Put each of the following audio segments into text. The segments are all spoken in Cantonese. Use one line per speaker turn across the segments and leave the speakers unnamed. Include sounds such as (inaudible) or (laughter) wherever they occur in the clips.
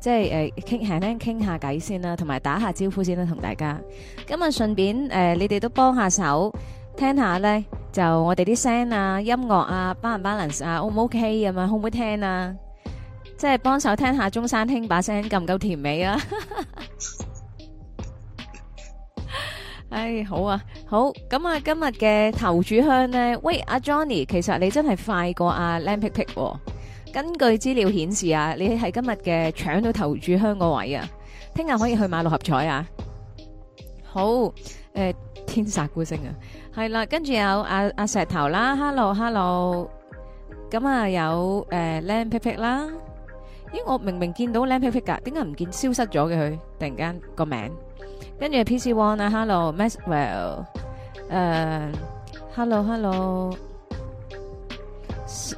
即係誒，傾下咧，傾下偈先啦，同埋打下招呼先啦，同大家。今日順便，誒，你哋都幫下手，聽下咧，就我哋啲聲啊，音樂啊，balance 啊，O 唔 OK 咁啊，好唔好聽啊？即係幫手聽下中山兄把聲夠唔夠甜美啊？哎，好啊，好。咁啊，今日嘅頭柱香咧，喂，阿 Johnny，其實你真係快過阿 Lenpicpic 喎。根據資料顯示啊，你係今日嘅搶到頭柱香個位啊，聽日可以去買六合彩啊。好，誒，天煞孤星啊，係啦，跟住有阿阿石頭啦，hello hello，咁啊有誒靚皮皮啦，咦，我明明見到靚皮皮噶，點解唔見消失咗嘅佢？突然間個名，跟住 PC One 啊，hello Maxwell，誒，hello hello，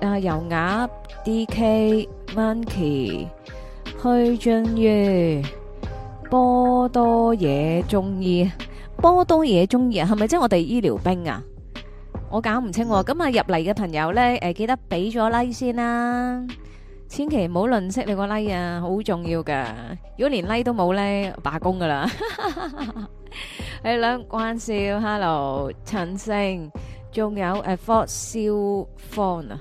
啊油鴨。D K Monkey，許俊宇，波多野中醫，波多野中醫啊，係咪即係我哋醫療兵啊？我搞唔清，咁啊入嚟嘅朋友咧，誒，記得俾咗 like 先啦，千祈唔好吝嗇你個 like 啊，好重要噶，如果連 like 都冇咧，罷工噶啦。係啦，關笑，Hello 陳星，仲有誒，For 肖方啊。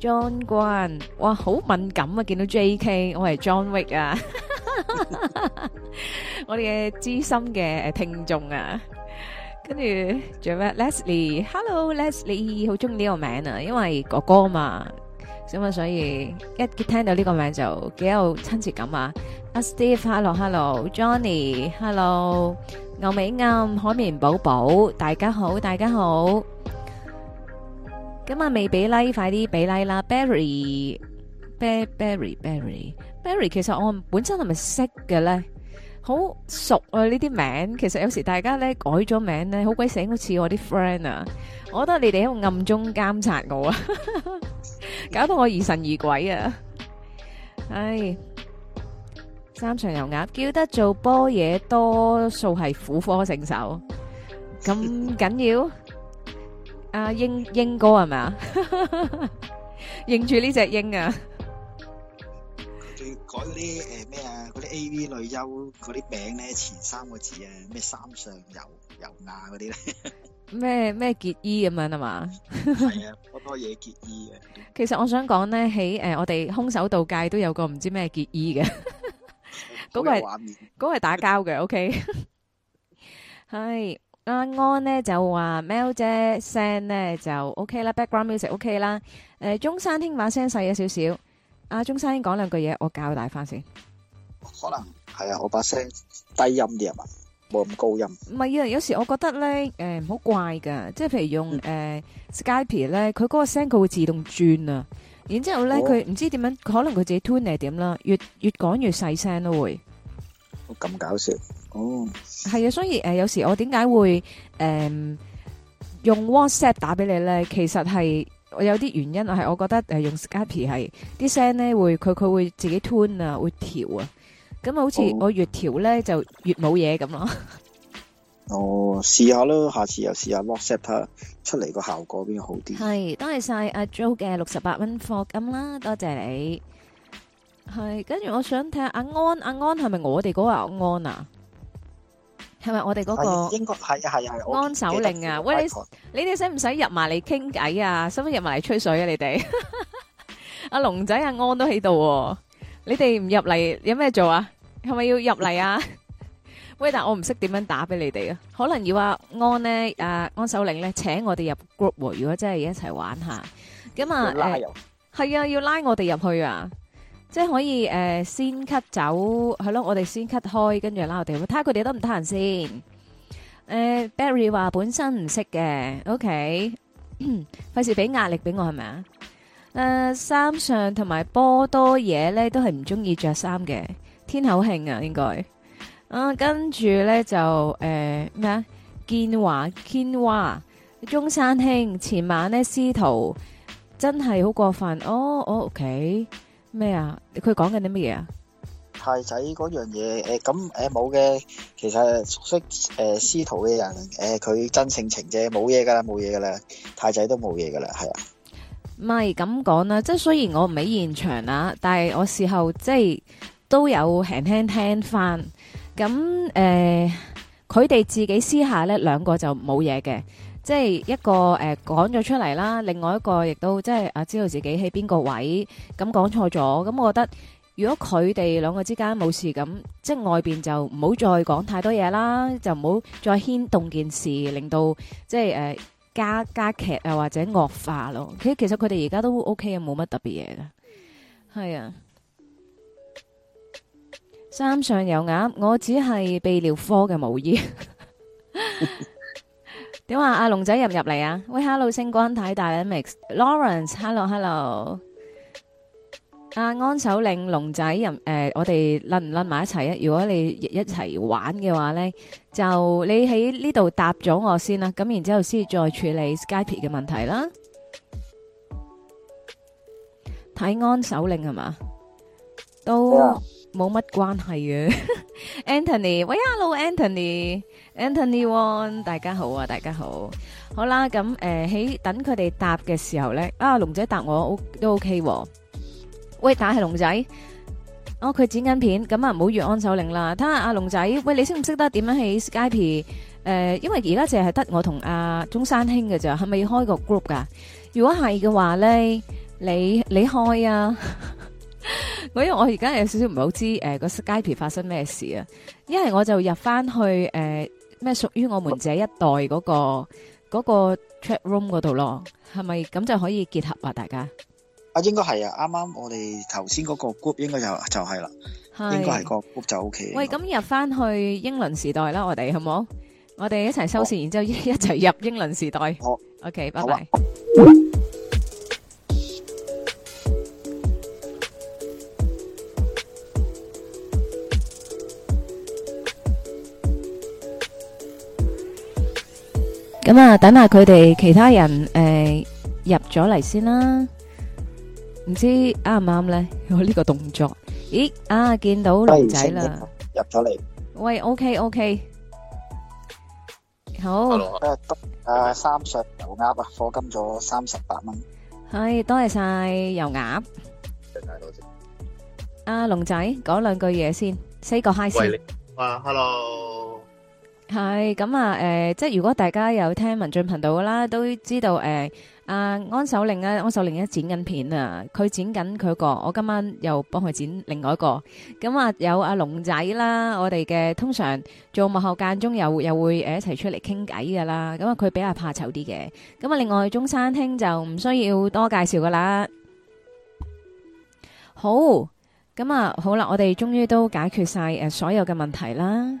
John 關，哇，好敏感啊！見到 J.K. 我係 John Wick 啊，我哋嘅資深嘅誒聽眾啊，跟住仲有咩？Leslie，Hello Leslie，好中意呢個名啊，因為哥哥嘛，咁啊，所以一聽到呢個名就幾有親切感啊。Steve，Hello，Hello，Johnny，Hello，牛尾暗海綿寶寶，大家好，大家好。咁啊，未俾 like，快啲俾 like 啦！Berry，啤 Berry，Berry，Berry，其實我本身係咪識嘅咧？好熟啊！呢啲名，其實有時大家咧改咗名咧，好鬼醒，好似我啲 friend 啊！我覺得你哋喺度暗中監察我啊，搞到我疑神疑鬼啊！唉，三長油鴨叫得做波嘢，多數係苦科聖手，咁緊要？啊，英英哥係咪啊？認住呢隻鷹啊！
佢改嗰啲誒咩啊？嗰啲 A V 女優嗰啲名咧，前三個字啊，咩三上悠悠亞嗰啲咧？
咩咩結衣咁樣啊嘛？係
啊，好多嘢結衣嘅。
其實我想講咧，喺誒我哋空手道界都有個唔知咩結衣嘅，嗰個係嗰個係打交嘅。OK，係。安安咧就話 Mel 姐聲咧就 O K 啦，background music O K 啦。誒，中山兄把聲細咗少少。阿中山兄講兩句嘢，我校大翻先。
可能係啊，我把聲低音啲啊嘛，冇咁高音。
唔係啊，有時我覺得咧，誒唔好怪噶，即係譬如用誒 Skype 咧，佢嗰個聲佢會自動轉啊，然之後咧佢唔知點樣，可能佢自己 tune 係點啦，越越講越細聲都會。
咁搞笑。
哦，係啊，所以誒、呃，有時我點解會誒、嗯、用 WhatsApp 打俾你咧？其實係我有啲原因，係我覺得誒用 Skype 係啲聲咧會佢佢會自己 tune 啊，會調啊，咁好似我越調咧、哦、就越冇嘢咁咯。
哦，試下咯，下次又試下 WhatsApp，出嚟個效果邊
好啲。係，多謝晒阿 Joe 嘅六十八蚊課金啦，多謝你。係，跟住我想睇下阿安，阿安係咪我哋嗰個阿安啊？係咪我哋嗰個？應該係啊，係啊，係安守令啊！喂，你哋使唔使入埋嚟傾偈啊？使唔使入埋嚟吹水啊？你哋？阿龍仔阿安都喺度，你哋唔入嚟有咩做啊？係咪要入嚟啊？喂，但我唔識點樣打俾你哋啊！可能要阿安咧，阿安守令咧，請我哋入 group 喎。如果真係要一齊玩下，咁啊，係啊，要拉我哋入去啊！即係可以誒，先 cut 走係咯，我哋先 cut 開，跟住啦我哋睇下佢哋得唔得閒先。誒，Barry 話本身唔識嘅，OK，費事俾壓力俾我係咪啊？誒，三上同埋波多嘢咧，都係唔中意着衫嘅天口慶啊，應該啊。跟住咧就誒咩啊？建華堅華中山兄前晚咧，司徒真係好過分哦哦，OK。咩啊？佢講緊啲乜嘢啊？
太子嗰樣嘢誒，咁誒冇嘅。其實熟悉誒司徒嘅人誒，佢真性情啫，冇嘢噶啦，冇嘢噶啦，太子都冇嘢噶啦，係啊。
唔係咁講啦，即係雖然我唔喺現場啊，但係我事後即係都有輕輕聽翻。咁誒，佢哋自己私下咧，兩個就冇嘢嘅。即係一個誒講咗出嚟啦，另外一個亦都即係啊知道自己喺邊個位咁講錯咗咁，我覺得如果佢哋兩個之間冇事咁，即係外邊就唔好再講太多嘢啦，就唔好再牽動件事，令到即係誒、呃、加加劇啊或者惡化咯。其實其實佢哋而家都 O K 嘅，冇乜特別嘢嘅，係啊。三上有鴨，我只係泌尿科嘅毛衣。 (laughs) (laughs) 點啊！阿龍仔入唔入嚟啊？喂，Hello，星光睇大 mix，Lawrence，Hello，Hello，阿安守令，龍仔入誒、呃，我哋攣唔攣埋一齊啊？如果你一齊玩嘅話咧，就你喺呢度答咗我先啦，咁然之後先至再處理 Skype 嘅問題啦。睇安守令係嘛，都冇乜關係嘅。 (laughs) Anthony，喂，Hello，Anthony。Hello, Anthony. Anthony Won 大家好啊！大家好，好啦，咁誒喺等佢哋答嘅時候咧，啊龍仔答我都 OK 喎，啊。喂，打係龍仔，哦佢剪緊片，咁啊唔好越安手令啦。睇下阿龍仔，喂，你識唔識得點樣起 Skype？誒，呃，因為而家淨係得我同阿、啊、中山兄嘅咋，係咪要開個 group 噶？如果係嘅話咧，你你開啊！ (laughs) 我因為我而家有少少唔好知誒個、呃、Skype 發生咩事啊，一係我就入翻去誒。呃咩屬於我們這一代嗰個嗰個 chat room 嗰度咯？係咪咁就可以結合啊？大家
啊，應該係啊，啱啱我哋頭先嗰個 group 應該就就係啦，應該係個 group 就 O K。喂，
咁入翻去英倫時代啦，我哋好唔好？我哋一齊收線，然之後一齊入英倫時代。好，O K，拜拜。咁啊，等下佢哋其他人誒入咗嚟先啦，唔知啱唔啱咧？我呢個動作，咦啊，見到龍仔啦，
入咗嚟。
喂，OK OK，好。
啊，三叔油鴨啊，課金咗
三十八蚊。係，多謝晒油鴨。阿龍仔講兩句嘢先，say 個 hi
先。啊，hello。
係咁啊！誒、呃，即係如果大家有聽文進頻道啦，都知道誒、呃，安守令啊，安守令剪剪一剪緊片啊，佢剪緊佢一個，我今晚又幫佢剪另外一個。咁啊，有阿龍仔啦，我哋嘅通常做幕後間中又又會誒一齊出嚟傾偈噶啦。咁啊，佢比較怕醜啲嘅。咁啊，另外中山兄就唔需要多介紹噶啦。好，咁啊，好啦，我哋終於都解決晒誒、呃、所有嘅問題啦。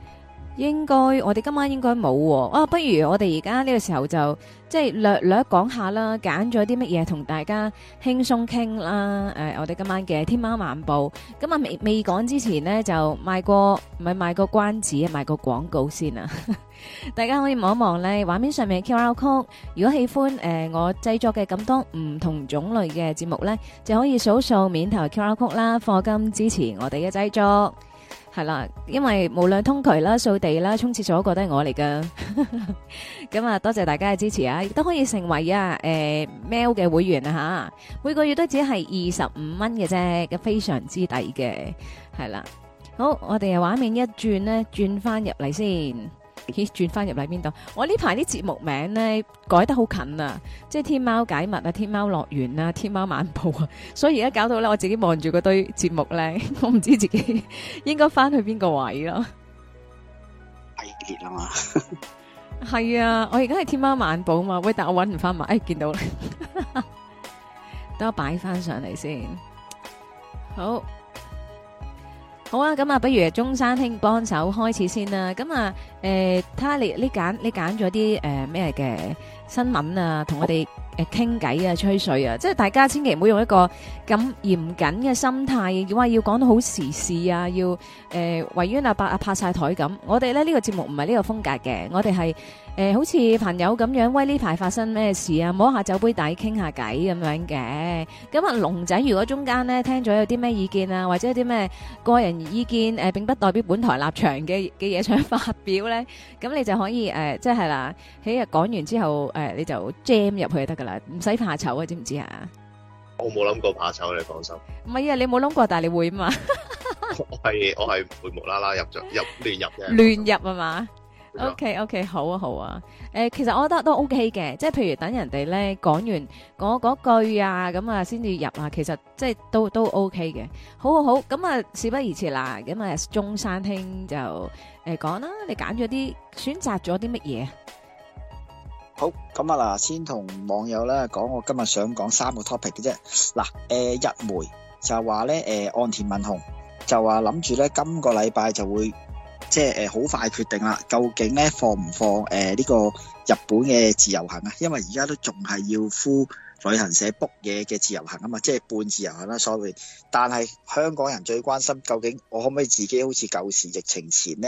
應該我哋今晚應該冇喎，啊不如我哋而家呢個時候就即係略略講下啦，揀咗啲乜嘢同大家輕鬆傾啦。誒，我哋今晚嘅天喵晚報咁啊未未講之前呢，就賣個唔係賣個關子啊，賣個廣告先啊！ (laughs) 大家可以望一望咧畫面上面嘅 QR code。Ode，如果喜歡、呃、我製作嘅咁多唔同種類嘅節目咧，就可以數數面頭 QR code 啦，課金支持我哋嘅製作。係啦，因為無論通渠啦、掃地啦、沖廁所個都係我，覺得我嚟噶，咁啊多謝大家嘅支持啊，亦都可以成為啊誒喵嘅會員啊吓，每個月都只係二十五蚊嘅啫，嘅非常之抵嘅，係啦，好，我哋嘅畫面一轉咧，轉翻入嚟先。轉翻入嚟邊度？我呢排啲節目名咧改得好近啊！即係天喵解密啊，天喵樂園啊，天喵晚報啊，所以而家搞到咧，我自己望住嗰堆節目咧，我唔知自己應該翻去邊個位咯。係 (laughs) 啊，我而家係天喵晚報啊嘛，喂，但我搵唔翻埋，哎，見到啦，等 (laughs) 我擺翻上嚟先，好。好啊，咁啊，不如中山兄幫手開始先啦。咁啊，誒，睇下你你揀你揀咗啲誒咩嘅新聞啊，同我哋誒傾偈啊，吹水啊，即係大家千祈唔好用一個咁嚴謹嘅心態，話要講到好時事啊，要誒圍、呃、冤阿伯啊，啊拍晒台咁。我哋咧呢、呢個節目唔係呢個風格嘅，我哋係。誒、呃，好似朋友咁樣，喂，呢排發生咩事啊？摸下酒杯底，傾下偈咁樣嘅。咁、嗯、啊，龍仔，如果中間咧聽咗有啲咩意見啊，或者有啲咩個人意見，誒、呃，並不代表本台立場嘅嘅嘢，想發表咧，咁、嗯、你就可以誒，即係啦，喺日講完之後，誒、呃，你就 jam 入去就得噶啦，唔使怕醜啊，知唔知啊？
我冇諗過怕醜，你放心。
唔係啊，你冇諗過，但係你會啊嘛。
(laughs) 我係我係會無啦啦入進入亂入嘅。亂
入啊嘛。O K O K，好啊好啊，誒，其實我覺得都 O K 嘅，即係譬如等人哋咧講完嗰嗰句啊，咁啊先至入啊，其實即係都都 O K 嘅，好好好，咁啊事不宜遲啦，咁啊中山兄就誒講啦，你揀咗啲選擇咗啲乜嘢
好，咁啊嗱，先同網友咧講，我今日想講三個 topic 嘅啫，嗱，誒日媒就話咧，誒岸田文雄就話諗住咧今個禮拜就會。即係誒好快決定啦，究竟咧放唔放誒呢個日本嘅自由行啊？因為而家都仲係要呼旅行社 book 嘢嘅自由行啊嘛，即係半自由行啦。Sorry，但係香港人最關心究竟我可唔可以自己好似舊時疫情前呢，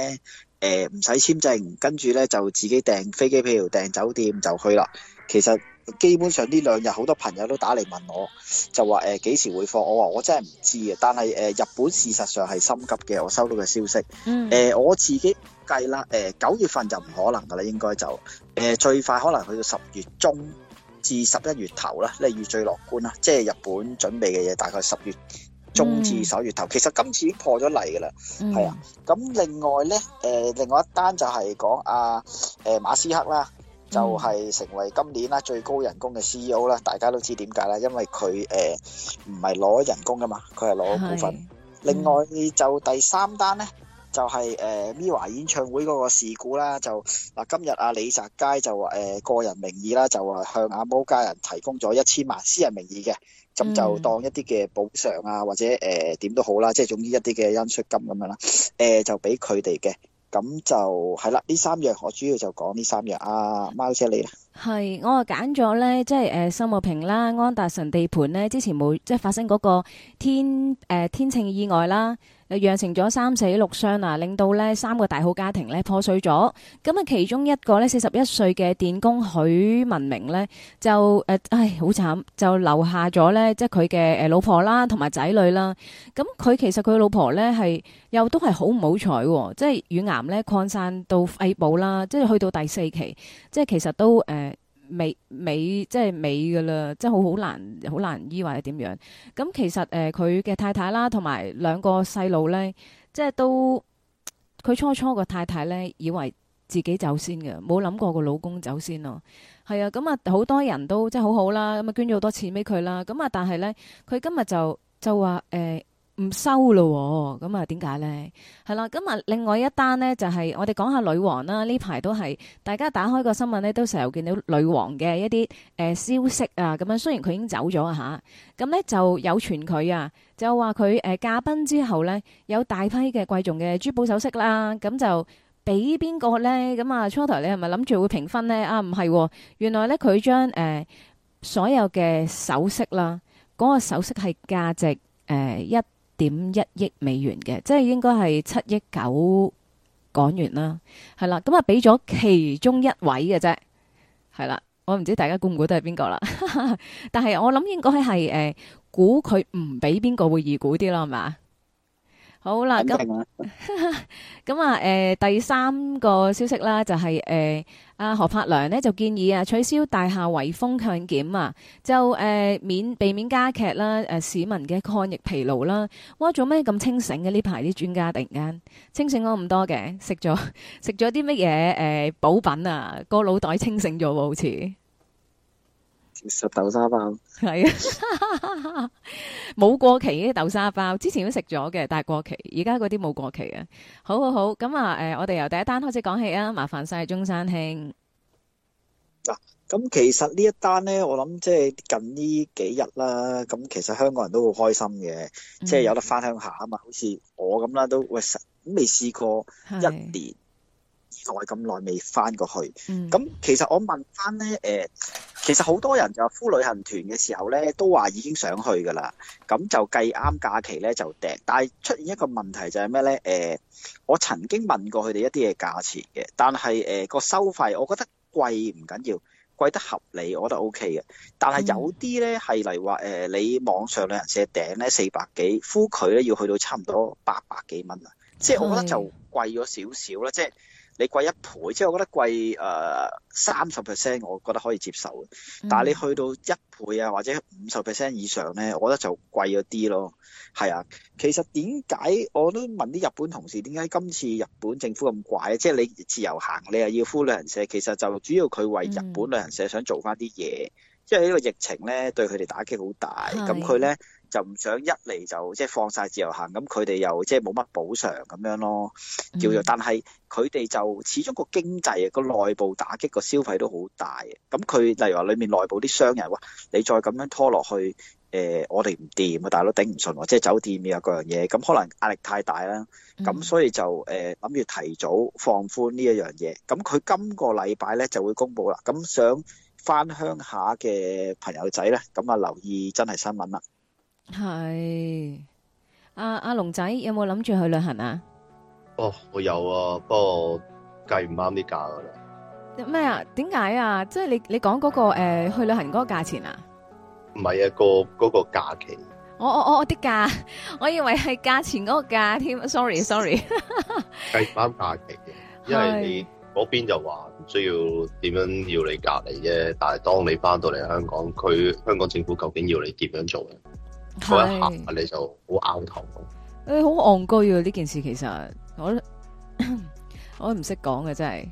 誒唔使簽證，跟住呢就自己訂飛機票、訂酒店就去啦。其實。基本上呢兩日好多朋友都打嚟問我，就話誒幾時會放？我話我真係唔知啊！但係誒日本事實上係心急嘅，我收到嘅消息。嗯。誒我自己計啦，誒九月份就唔可能噶啦，應該就誒最快可能去到十月中至十一月頭啦，例如最樂觀啦，即係日本準備嘅嘢大概十月中至十一月頭。其實今次已經破咗例噶啦，係啊。咁另外咧，誒另外一單就係講阿誒馬斯克啦。就係成為今年啦最高人工嘅 CEO 啦，大家都知點解啦，因為佢誒唔係攞人工噶嘛，佢係攞股份。是另外就第三單呢，就係誒 Mirror 演唱會嗰個事故啦，就嗱、呃、今日阿、啊、李澤楷就誒、呃、個人名義啦，就向阿 Mo 家人提供咗一千萬私人名義嘅，咁就，就當一啲嘅補償啊，或者誒點、呃、都好啦，即、就、係、是、總之一啲嘅恩恤金咁樣啦，誒、呃、就俾佢哋嘅。咁就係啦，呢三樣我主要就講呢三樣啊，貓車你啦。
係，我啊揀咗咧，即係誒，秀、呃、茂坪啦，安達臣地盤咧，之前冇，即係發生嗰個天誒、呃、天秤意外啦。釀成咗三死六傷啊，令到咧三個大好家庭咧破碎咗。咁啊，其中一個咧四十一歲嘅電工許文明咧，就誒、呃，唉，好慘，就留下咗咧，即係佢嘅誒老婆啦，同埋仔女啦。咁佢其實佢老婆咧係又都係好唔好彩，即係乳癌咧擴散到肺部啦，即係去到第四期，即係其實都誒。呃美美即係美噶啦，即係好好難好難醫或者點樣。咁其實誒，佢、呃、嘅太太啦，同埋兩個細路呢，即係都佢初初個太太呢，以為自己走先嘅，冇諗過個老公走先咯。係啊，咁、嗯、啊，好多人都即係好好啦，咁啊捐咗好多錢俾佢啦。咁、嗯、啊，但係呢，佢今日就就話誒。呃唔收咯、哦，咁啊點解呢？係啦，咁啊另外一單呢，就係我哋講下女王啦。呢排都係大家打開個新聞呢，都成日見到女王嘅一啲誒消息啊。咁樣雖然佢已經走咗啊吓，咁呢就有傳佢啊，就話佢誒駕崩之後呢，有大批嘅貴重嘅珠寶首飾啦，咁就俾邊個呢？咁啊初頭你係咪諗住會平分呢？啊唔係，原來呢，佢將誒所有嘅首飾啦，嗰、那個首飾係價值誒一。呃點一億美元嘅，即係應該係七億九港元啦，係啦，咁啊俾咗其中一位嘅啫，係啦，我唔知大家猜猜都是 (laughs) 是是、呃、估唔估得係邊個啦，但係我諗應該係誒估佢唔俾邊個會易估啲咯，係嘛，好啦咁，咁啊誒第三個消息啦，就係、是、誒。呃啊何柏良呢就建議啊取消大廈圍封強檢啊，就誒免、呃、避免加劇啦誒、呃、市民嘅抗疫疲勞啦。哇做咩咁清醒嘅呢排啲專家突然間清醒咗咁多嘅？食咗食咗啲乜嘢誒補品啊，個腦袋清醒咗好似。
食豆沙包，
係啊，冇過期啲豆沙包，之前都食咗嘅，但係過期，而家嗰啲冇過期啊，好好好，咁啊，誒、呃，我哋由第一單開始講起啊，麻煩晒中山兄。
嗱，咁其實呢一單咧，我諗即係近呢幾日啦，咁其實香港人都好開心嘅，即係有得翻鄉下啊嘛，嗯、好似我咁啦，都喂未試過一年，耐咁耐未翻過去，咁其實我問翻咧，其實好多人就呼旅行團嘅時候咧，都話已經想去噶啦，咁就計啱假期咧就訂，但係出現一個問題就係咩咧？我曾經問過佢哋一啲嘅價錢嘅，但係誒個收費，我覺得貴唔緊要，貴得合理，我覺得 O K 嘅，但係有啲咧係例如話你網上旅行社訂咧四百幾，呼佢咧要去到差唔多八百幾蚊啊，即係我覺得就貴咗少少啦，即你貴一倍，即係我覺得貴誒三十 percent，我覺得可以接受嘅、嗯、但你去到一倍啊，或者五十 percent 以上咧，我覺得就貴咗啲咯。係啊，其實點解我都問啲日本同事點解今次日本政府咁怪啊？即係你自由行，你又要呼旅行社，其實就主要佢為日本旅行社想做翻啲嘢，嗯、因為呢個疫情咧對佢哋打擊好大，咁佢咧，就唔想一嚟就即係放曬自由行，咁佢哋又即係冇乜補償咁樣咯。
叫做，但
係佢哋就始終個經濟個內部打擊個消費都好大嘅。咁佢例如話裏面內部啲商人哇，你再咁樣拖落去，誒，我哋唔掂啊，大佬頂唔順喎，即係酒店啊各樣嘢，咁可能壓力太大啦。咁所以就誒諗住提早放寬呢一樣嘢。咁佢今個禮拜咧就會公佈啦。咁想翻鄉下嘅朋友仔咧，咁啊留意真係新聞啦。
係阿阿龍仔有冇諗住去旅行啊？
哦，我有啊，不過計唔啱啲價噶啦。
咩啊？點解啊？即係你你講嗰個誒去旅行嗰個價錢啊？
唔係啊，個嗰個假期。
我我我啲價，我以為係價錢嗰個價添。Sorry，Sorry，
計唔啱假期嘅，因為你嗰邊就話唔需要點樣要你隔離啫。但係當你翻到嚟香港，佢香港政府究竟要你點樣做嘅？行下你就好拗頭，
誒，好戇居啊！呢件事其實我 (coughs) 我都唔識講嘅真
係，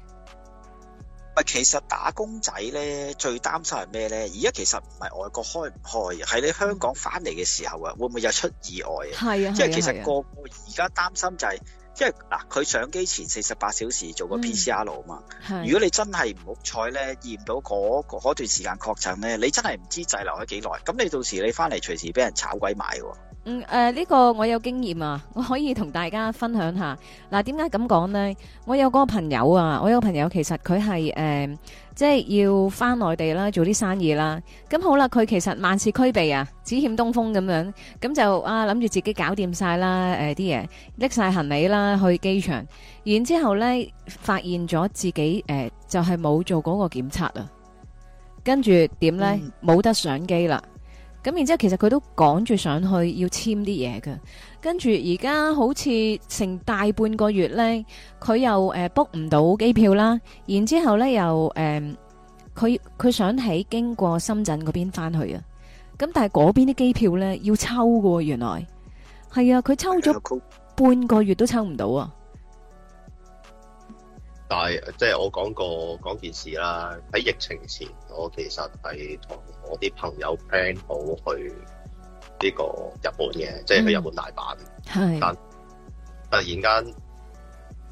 其實打工仔咧最擔心係咩咧？而家其實唔係外國開唔開，係你香港翻嚟嘅時候啊，會唔會有出意外啊？係啊，即係其實、啊、個個而家擔心就係、是。即係嗱，佢上機前四十八小時做個 PCR 啊嘛。嗯、
如果
你真係唔好彩呢，驗到嗰、那個、段時間確診呢，你真係唔知滯留咗幾耐。咁你到時你翻嚟，隨時俾人炒鬼賣喎。嗯、
誒、呢、呃，這個我有經驗啊，我可以同大家分享下。嗱、啊，點解咁講呢？我有個朋友啊，我有個朋友其實佢係誒。呃即係要返內地啦，做啲生意啦。咁好啦，佢其實萬事俱備啊，只欠東風咁樣。咁就啊，諗住自己搞掂晒啦，誒啲嘢拎晒行李啦，去機場。然之後呢，發現咗自己誒、呃、就係、是、冇做嗰個檢測啊。跟住點呢？冇、嗯、得上機啦。咁然之後，其實佢都趕住上去要簽啲嘢㗎。跟住而家好似成大半個月呢，佢又誒 book 唔到機票啦。然之後呢，又誒，佢、呃、佢想喺經過深圳嗰邊翻去啊。咁但係嗰邊啲機票呢，要抽嘅喎，原來係啊，佢抽咗半個月都抽唔到啊。
但係即係我講過講件事啦。喺疫情前，我其實係同我啲朋友 plan 好去。呢個日本嘅，即係喺日本大阪、嗯，但突然間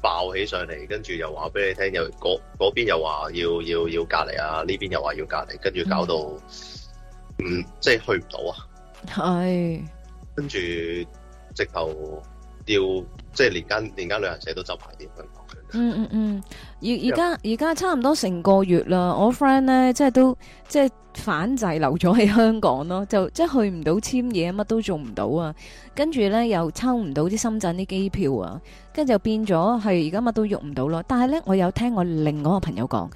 爆起上嚟，跟住又話俾你聽，又嗰邊又話要要要隔離啊，呢邊又話要隔離，跟住搞到唔、嗯嗯、即係去唔到啊，
係
跟住直後要即係連間連間旅
行社都走埋結婚。
嗯嗯嗯，而而家而家差唔多成個月啦，我 friend 咧即係都即係反滯留咗喺香港咯，就即係去唔到簽嘢，乜都做唔到啊，跟住咧又抽唔到啲深圳啲機票啊，跟住就變咗係而家乜都用唔到咯。但係咧，我有聽我另外一個朋友講，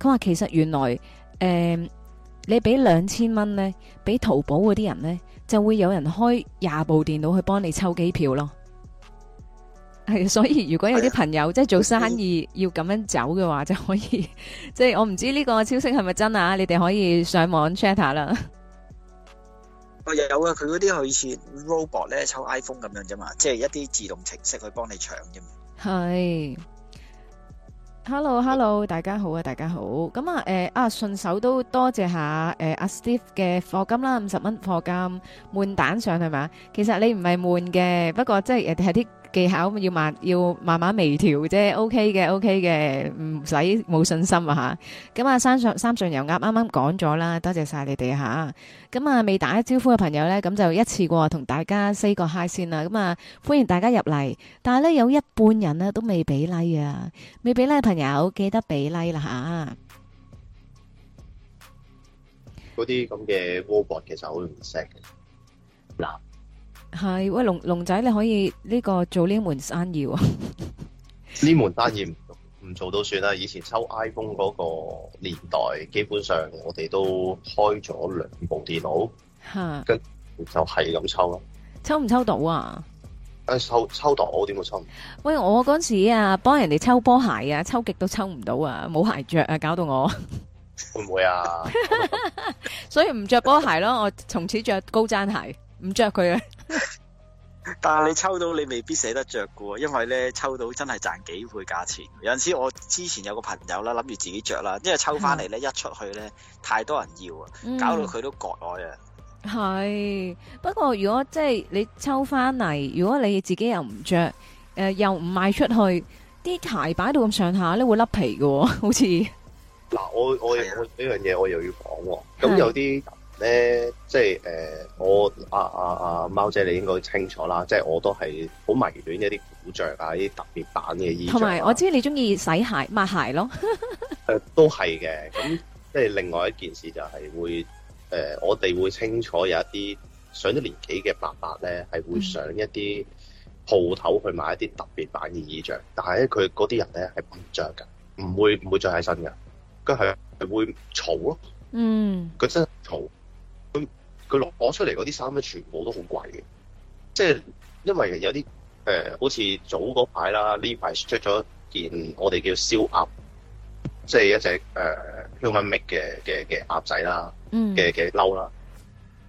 佢話其實原來誒、呃，你俾兩千蚊咧，俾淘寶嗰啲人咧，就會有人開廿部電腦去幫你抽機票咯。係，所以如果有啲朋友的即係做生意這要咁樣走嘅話，就可以 (laughs) 即係我唔知呢個消息係咪真啊？你哋可以上網 check 下啦。
我有啊，佢
嗰啲好似 robot 咧，抽 iPhone 咁樣啫嘛，即係一啲自動程式去幫你搶啫嘛。
係，hello hello，Yeah. 大家好啊，大家好。咁、呃、啊，誒啊，順手都多謝下誒阿、呃、Steve 嘅課金啦，五十蚊課金，悶蛋上係嘛？其實你唔係悶嘅，不過即係誒係啲。技巧要慢，要慢慢微調，啫，OK 嘅，OK 嘅，唔使冇信心啊吓！咁啊，三上三上油鴨啱啱講咗啦，多謝晒你哋吓！咁啊，未打招呼嘅朋友咧，咁就一次過同大家 say 個 hi 先啦！咁啊，歡迎大家入嚟，但係咧有一半人咧都未俾 like 啊，未俾 like 嘅朋友記得俾 like 啦吓！
嗰啲咁嘅 robot 其實好唔識嗱。
係喂，龍龍仔，你可以呢、呢個做呢門生意啊？
呢門生意唔做到算啦。以前抽 iPhone 嗰個年代，基本上我哋都開咗兩部電腦，吓哈跟就係咁抽咯。
抽唔抽到啊？
誒，抽抽到，我點會抽？
喂，我嗰時啊，幫人哋抽波鞋啊，抽極都抽唔到啊，冇鞋着啊，搞到我。
會唔會啊？
(laughs) (laughs) 所以唔着波鞋咯，我從此着高踭鞋，唔着佢啊。
(laughs) 但係你抽到你未必捨得着，嘅因為咧抽到真係賺幾倍價錢，有陣時我之前有個朋友啦，諗住自己着啦，因為抽翻嚟咧一出去咧太多人要啊，搞到佢都割愛啊。
係、嗯、不過如果即係、就是、你抽翻嚟，如果你自己又唔着，誒、呃、又唔賣出去，啲鞋擺到咁上下咧會甩皮嘅、哦，好似。
嗱，我我有呢樣嘢我又要講，咁有啲。咧、呃，即係誒、呃，我阿阿阿貓姐，你應該清楚啦。即係我都係好迷戀一啲古著啊，啲特別版嘅衣著、啊。同埋，
我知你中意洗鞋抹鞋咯。
誒、 (laughs) 呃，都係嘅。咁即係另外一件事就係會誒、呃，我哋會清楚有一啲上咗年紀嘅伯伯咧，係會上一啲鋪頭去買一啲特別版嘅衣著，但係咧佢嗰啲人咧係唔着噶，唔會唔會著喺身嘅。咁係係會吵咯。
吵，嗯，
佢真係吵。佢攞出嚟嗰啲衫咧，全部都好貴嘅，即係因為有啲誒、呃，好似早嗰排啦，呢排出咗一件我哋叫燒鴨，即係一隻誒 Human Made 嘅嘅嘅鴨仔啦，嘅嘅褸啦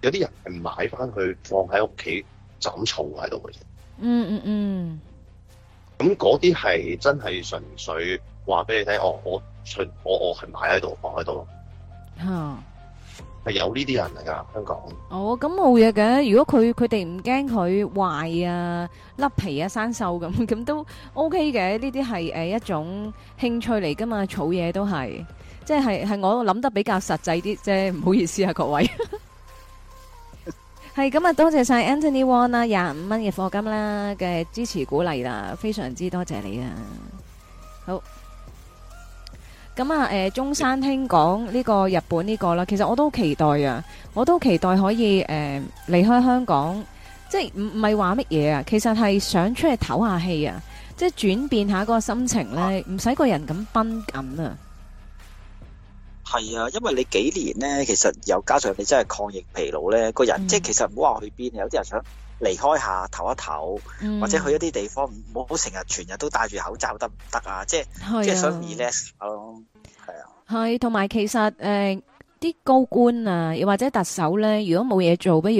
，mm. 有啲人係買翻去放喺屋企斬草喺度嘅啫。嗯嗯嗯。咁嗰啲係真係純粹話俾你聽，哦，我純我我係買喺度，放喺度咯。嚇～、huh.
係有呢啲人嚟噶，香港。哦，咁冇嘢嘅。如果佢佢哋唔驚佢壞啊、甩皮啊、生鏽咁，咁都 OK 嘅。呢啲係誒一種興趣嚟噶嘛，儲嘢都係。即係係係我諗得比較實際啲啫，唔好意思啊，各位。係， (laughs) (laughs) 咁啊，多謝晒 Anthony Wong 啦，廿五蚊嘅課金啦嘅支持鼓勵啦，非常之多謝你啊。好。咁啊，誒、呃、中山聽講呢個日本呢、呢個啦，其實我都期待啊，我都期待可以誒、呃、離開香港，即係唔唔係話乜嘢啊，其實係想出去唞下氣啊，即係轉變下個心情咧，唔使個人咁繃緊啊。
係
啊，啊，因為你幾年咧，其實又加上你真係抗疫疲勞咧，個人、嗯、即係其實唔好話去邊，有啲人想。離開下唞一唞，或者去一啲地方，唔好好成日全日都戴住口罩得唔得啊？即係即係想 relax 咯，
係啊。係同埋其實誒啲高官啊，又或者特首咧，如果冇嘢做，不如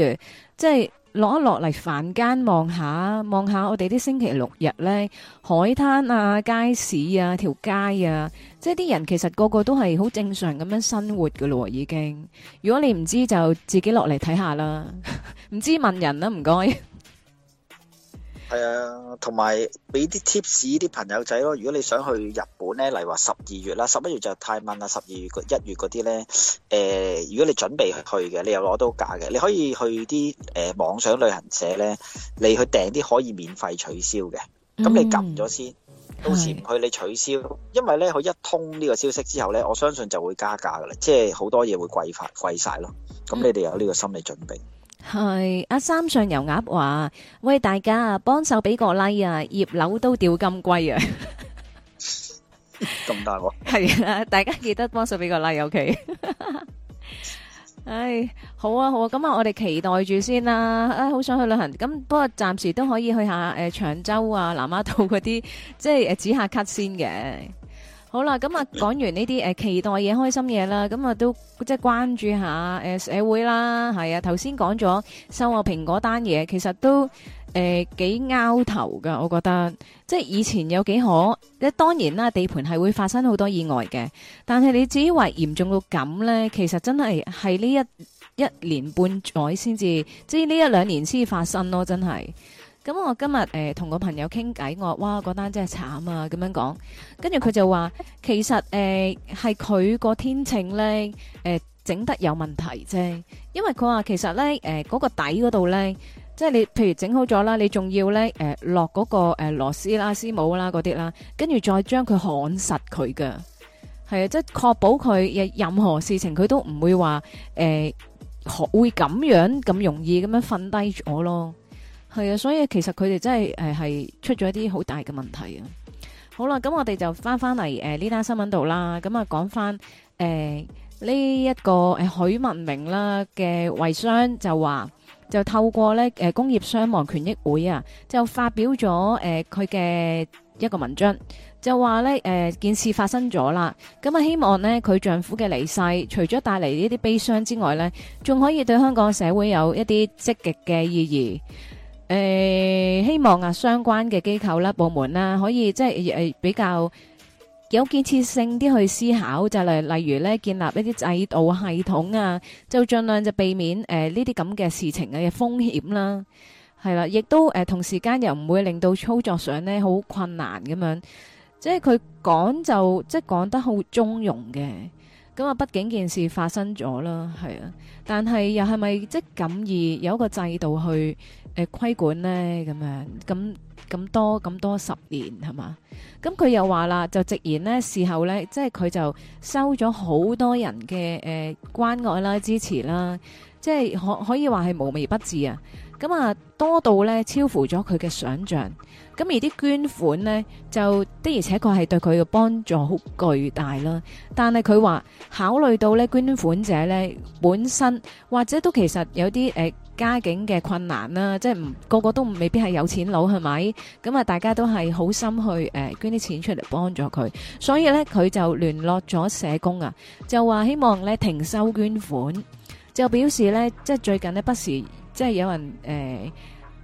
即係落一落嚟凡間望下，望下我哋啲星期六日咧，海灘啊、街市啊、條街啊。即係啲人其實個個都係好正常咁樣生活嘅咯喎，已經。如果你唔知就自己落嚟睇下啦，唔 (laughs) 知問人啦，唔該。
係啊，同埋俾啲 tips 啲朋友仔咯。如果你想去日本咧，例如話十二月啦、十一月就太冷啦，十二月、一月嗰啲咧，誒、呃，如果你準備去嘅，你又攞到假嘅，你可以去啲誒、呃、網上旅行社咧，你去訂啲可以免費取消嘅。
咁你撳咗先。嗯到時
唔去你取消，因為咧佢一通呢個消息之後咧，我相信就會加價噶啦，即係好多嘢會貴法貴曬咯。咁你哋有呢個心理準備？
係阿三上油鴨話，喂，大家啊，幫手俾個 like 啊，葉樓都掉金龜啊，咁大喎。係啊，大家記得幫手俾個 like，OK。唉，好啊好啊，咁啊我哋期待住先啦，啊好想去旅行，咁不過暫時都可以去下誒、呃、長洲啊南丫島嗰啲，即係誒指下卡先嘅。好、啊呃、啦，咁啊講完呢啲誒期待嘢、開心嘢啦，咁啊都即係關注下誒、呃、社會啦，係啊頭先講咗收我蘋果單嘢，其實都。誒，幾拗、呃、頭噶，我覺得即係以前有幾可，即當然啦，地盤係會發生好多意外嘅。但係你至於話嚴重到咁呢，其實真係係呢一一年半載先至，即係呢一兩年先至發生咯，真係。咁我今日誒同個朋友傾偈，我話哇，嗰單真係慘啊，咁樣講。跟住佢就話，其實誒係佢個天秤呢誒整、呃、得有問題啫，因為佢話其實呢誒嗰、呃那個底嗰度呢。」即係你，譬如整好咗、呃那個呃、啦，你仲要咧，誒落嗰個誒螺絲啦、絲帽啦嗰啲啦，跟住再將佢焊實佢噶，係啊，即係確保佢任何事情佢都唔會話誒學會咁樣咁容易咁樣瞓低咗咯，係啊，所以其實佢哋真係誒係出咗一啲好大嘅問題啊。好啦，咁、嗯、我哋就翻翻嚟誒呢單新聞度啦，咁啊講翻誒呢一個誒許文明啦嘅遺孀就話。就透過咧誒工業傷亡權益會啊，就發表咗誒佢嘅一個文章，就話咧誒件事發生咗啦，咁啊希望咧佢丈夫嘅離世，除咗帶嚟呢啲悲傷之外咧，仲可以對香港社會有一啲積極嘅意義。誒、呃、希望啊相關嘅機構啦、部門啦，可以即係誒比較有建設性啲去思考，就例例如咧，建立一啲制度系統啊，就盡量就避免誒呢啲咁嘅事情嘅風險啦，係啦，亦都誒同時間又唔會令到操作上咧好困難咁樣，即係佢講就即係講得好中庸嘅。咁啊、嗯，畢竟件事發生咗啦，係啊，但係又係咪即係咁易有一個制度去誒、呃、規管呢？咁樣咁咁多咁多十年係嘛？咁佢、嗯、又話啦，就直言呢，事後呢，即係佢就收咗好多人嘅誒、呃、關愛啦、支持啦，即係可可以話係無微不至啊！咁啊，多到咧超乎咗佢嘅想象，咁而啲捐款呢，就的而且確係對佢嘅幫助好巨大啦。但係佢話考慮到咧捐款者咧本身或者都其實有啲誒家境嘅困難啦，即係唔個個都未必係有錢佬，係咪？咁啊，大家都係好心去誒捐啲錢出嚟幫助佢，所以咧佢就聯絡咗社工啊，就話希望咧停收捐款，就表示咧即係最近呢，不時。即係有人、呃、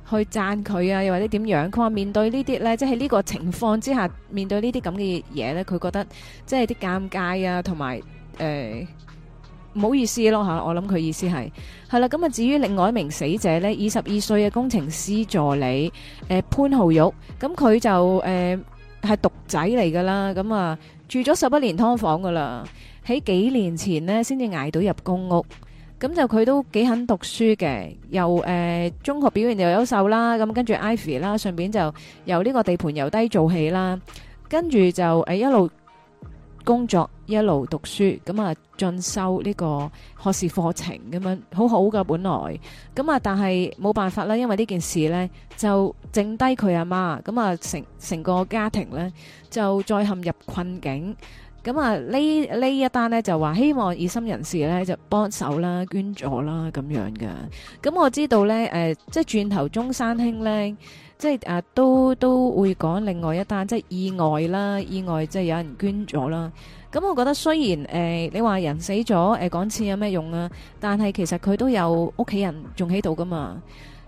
去讚佢啊，又或者點樣？佢話面對呢啲呢，即係呢個情況之下，面對呢啲咁嘅嘢呢，佢覺得即係啲尷尬啊，同埋唔好意思咯。我諗佢意思係係啦。咁啊、嗯，至於另外一名死者呢，二十二歲嘅工程師助理、呃、潘浩玉，咁、嗯、佢就誒係獨仔嚟噶啦。咁、嗯、啊住咗十一年劏房噶啦，喺幾年前呢，先至捱到入公屋。咁就佢都幾肯讀書嘅，又誒、呃、中學表現又優秀啦，咁跟住 Ivy 啦，順便就由呢個地盤由低做起啦，跟住就一路工作一路讀書，咁啊進修呢個學士課程咁樣好好㗎，本來咁啊，但係冇辦法啦，因為呢件事呢，就剩低佢阿媽，咁啊成成個家庭呢，就再陷入困境。咁啊，呢呢一單呢就話希望熱心人士呢就幫手啦，捐咗啦咁樣㗎，咁、嗯、我知道呢，誒、呃，即係轉頭中山兄呢，即係啊，都都會講另外一單即係意外啦，意外即係有人捐咗啦。咁、嗯、我覺得雖然誒、呃，你話人死咗，誒、呃，講錢有咩用啊？但係其實佢都有屋企人仲喺度噶嘛。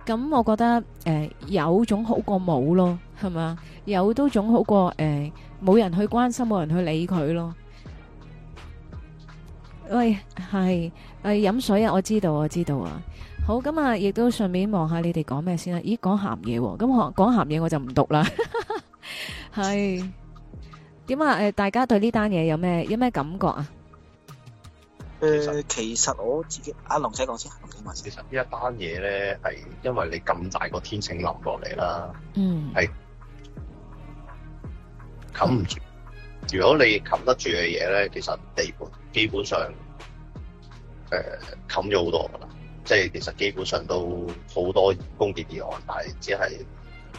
咁我覺得誒，有種好過冇咯，係咪啊？有都種好過誒，冇人去關心，冇人去理佢咯。喂，係誒，飲水啊！我知道，我知道啊。好，咁啊，亦都順便望下你哋講咩先啦。咦，講咸嘢喎，咁講講咸嘢我就唔讀啦。係點啊？誒，大家對呢單嘢有咩有咩感覺啊？
誒、呃，其實我自己，阿龍仔講先，先其實這一事呢一單嘢咧，係因
為你咁大個天秤冧落嚟啦，嗯、mm.，係冚唔住。如果你冚得住嘅嘢咧，其實地盤基本上誒冚咗好多啦，即係其實基本上都好多工地意外，但係只係。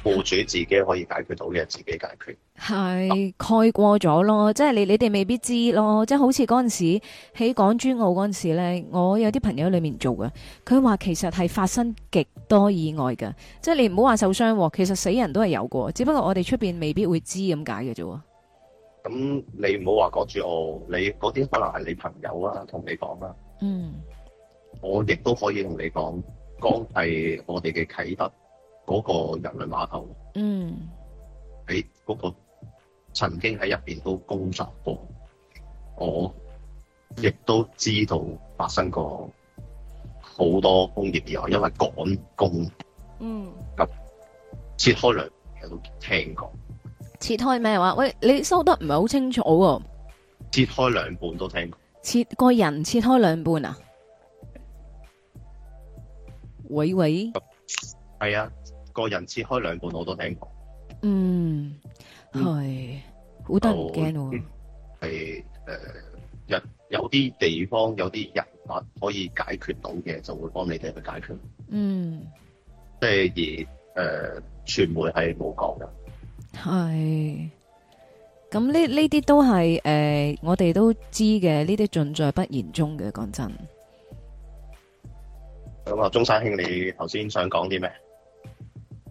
雇主自己可以解決到嘅，自己解決
係蓋過咗咯，即係你你哋未必知咯，即係好似嗰陣時喺港珠澳嗰陣時咧，我有啲朋友裏面做嘅，佢話其實係發生極多意外嘅，即係你唔好話受傷，其實死人都係有過，只不過我哋出邊未必會知咁解嘅啫。
咁你唔好話港珠澳，你嗰啲可能係你朋友啊同你講啦。嗯，我亦都可以同你講，講係我哋嘅啟德。嗰個人類碼頭，嗯，喺嗰個曾經喺入邊都工作過，我亦都知道發生過好多工業意外，因為趕工，嗯，急切開兩半，我都聽過。
切開咩話？喂，你收得唔係好清楚喎。
切開兩半都聽過。
切個人切開兩半啊？喂喂，
係啊。個人切開兩半，我都聽過，嗯，
係好得人驚喎，
係誒就，人，嗯呃、有啲地方有啲人物可以解決到嘅，就會幫你哋去解決，嗯，即係而誒、傳、呃、媒係冇講嘅，
係，咁呢呢啲都係誒、呃，我哋都知嘅，呢啲盡在不言中嘅，講真。
咁啊，中山兄，你頭先想講啲
咩？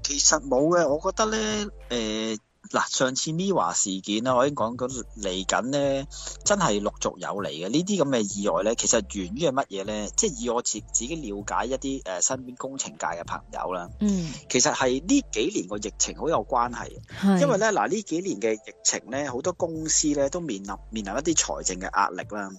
其實冇嘅，我覺得咧，誒、欸。嗱，上次 MIRROR 事件啦，我已經講緊嚟緊咧，真係陸續有嚟嘅。呢啲咁嘅意外咧，其實源於係乜嘢咧？即係以我自自己了解一啲誒身邊工程界嘅朋友啦，嗯，其實係呢幾年個疫情好有關係是因為咧嗱，呢幾年嘅疫情咧，好多公司咧都面臨面臨一啲財政嘅壓力啦。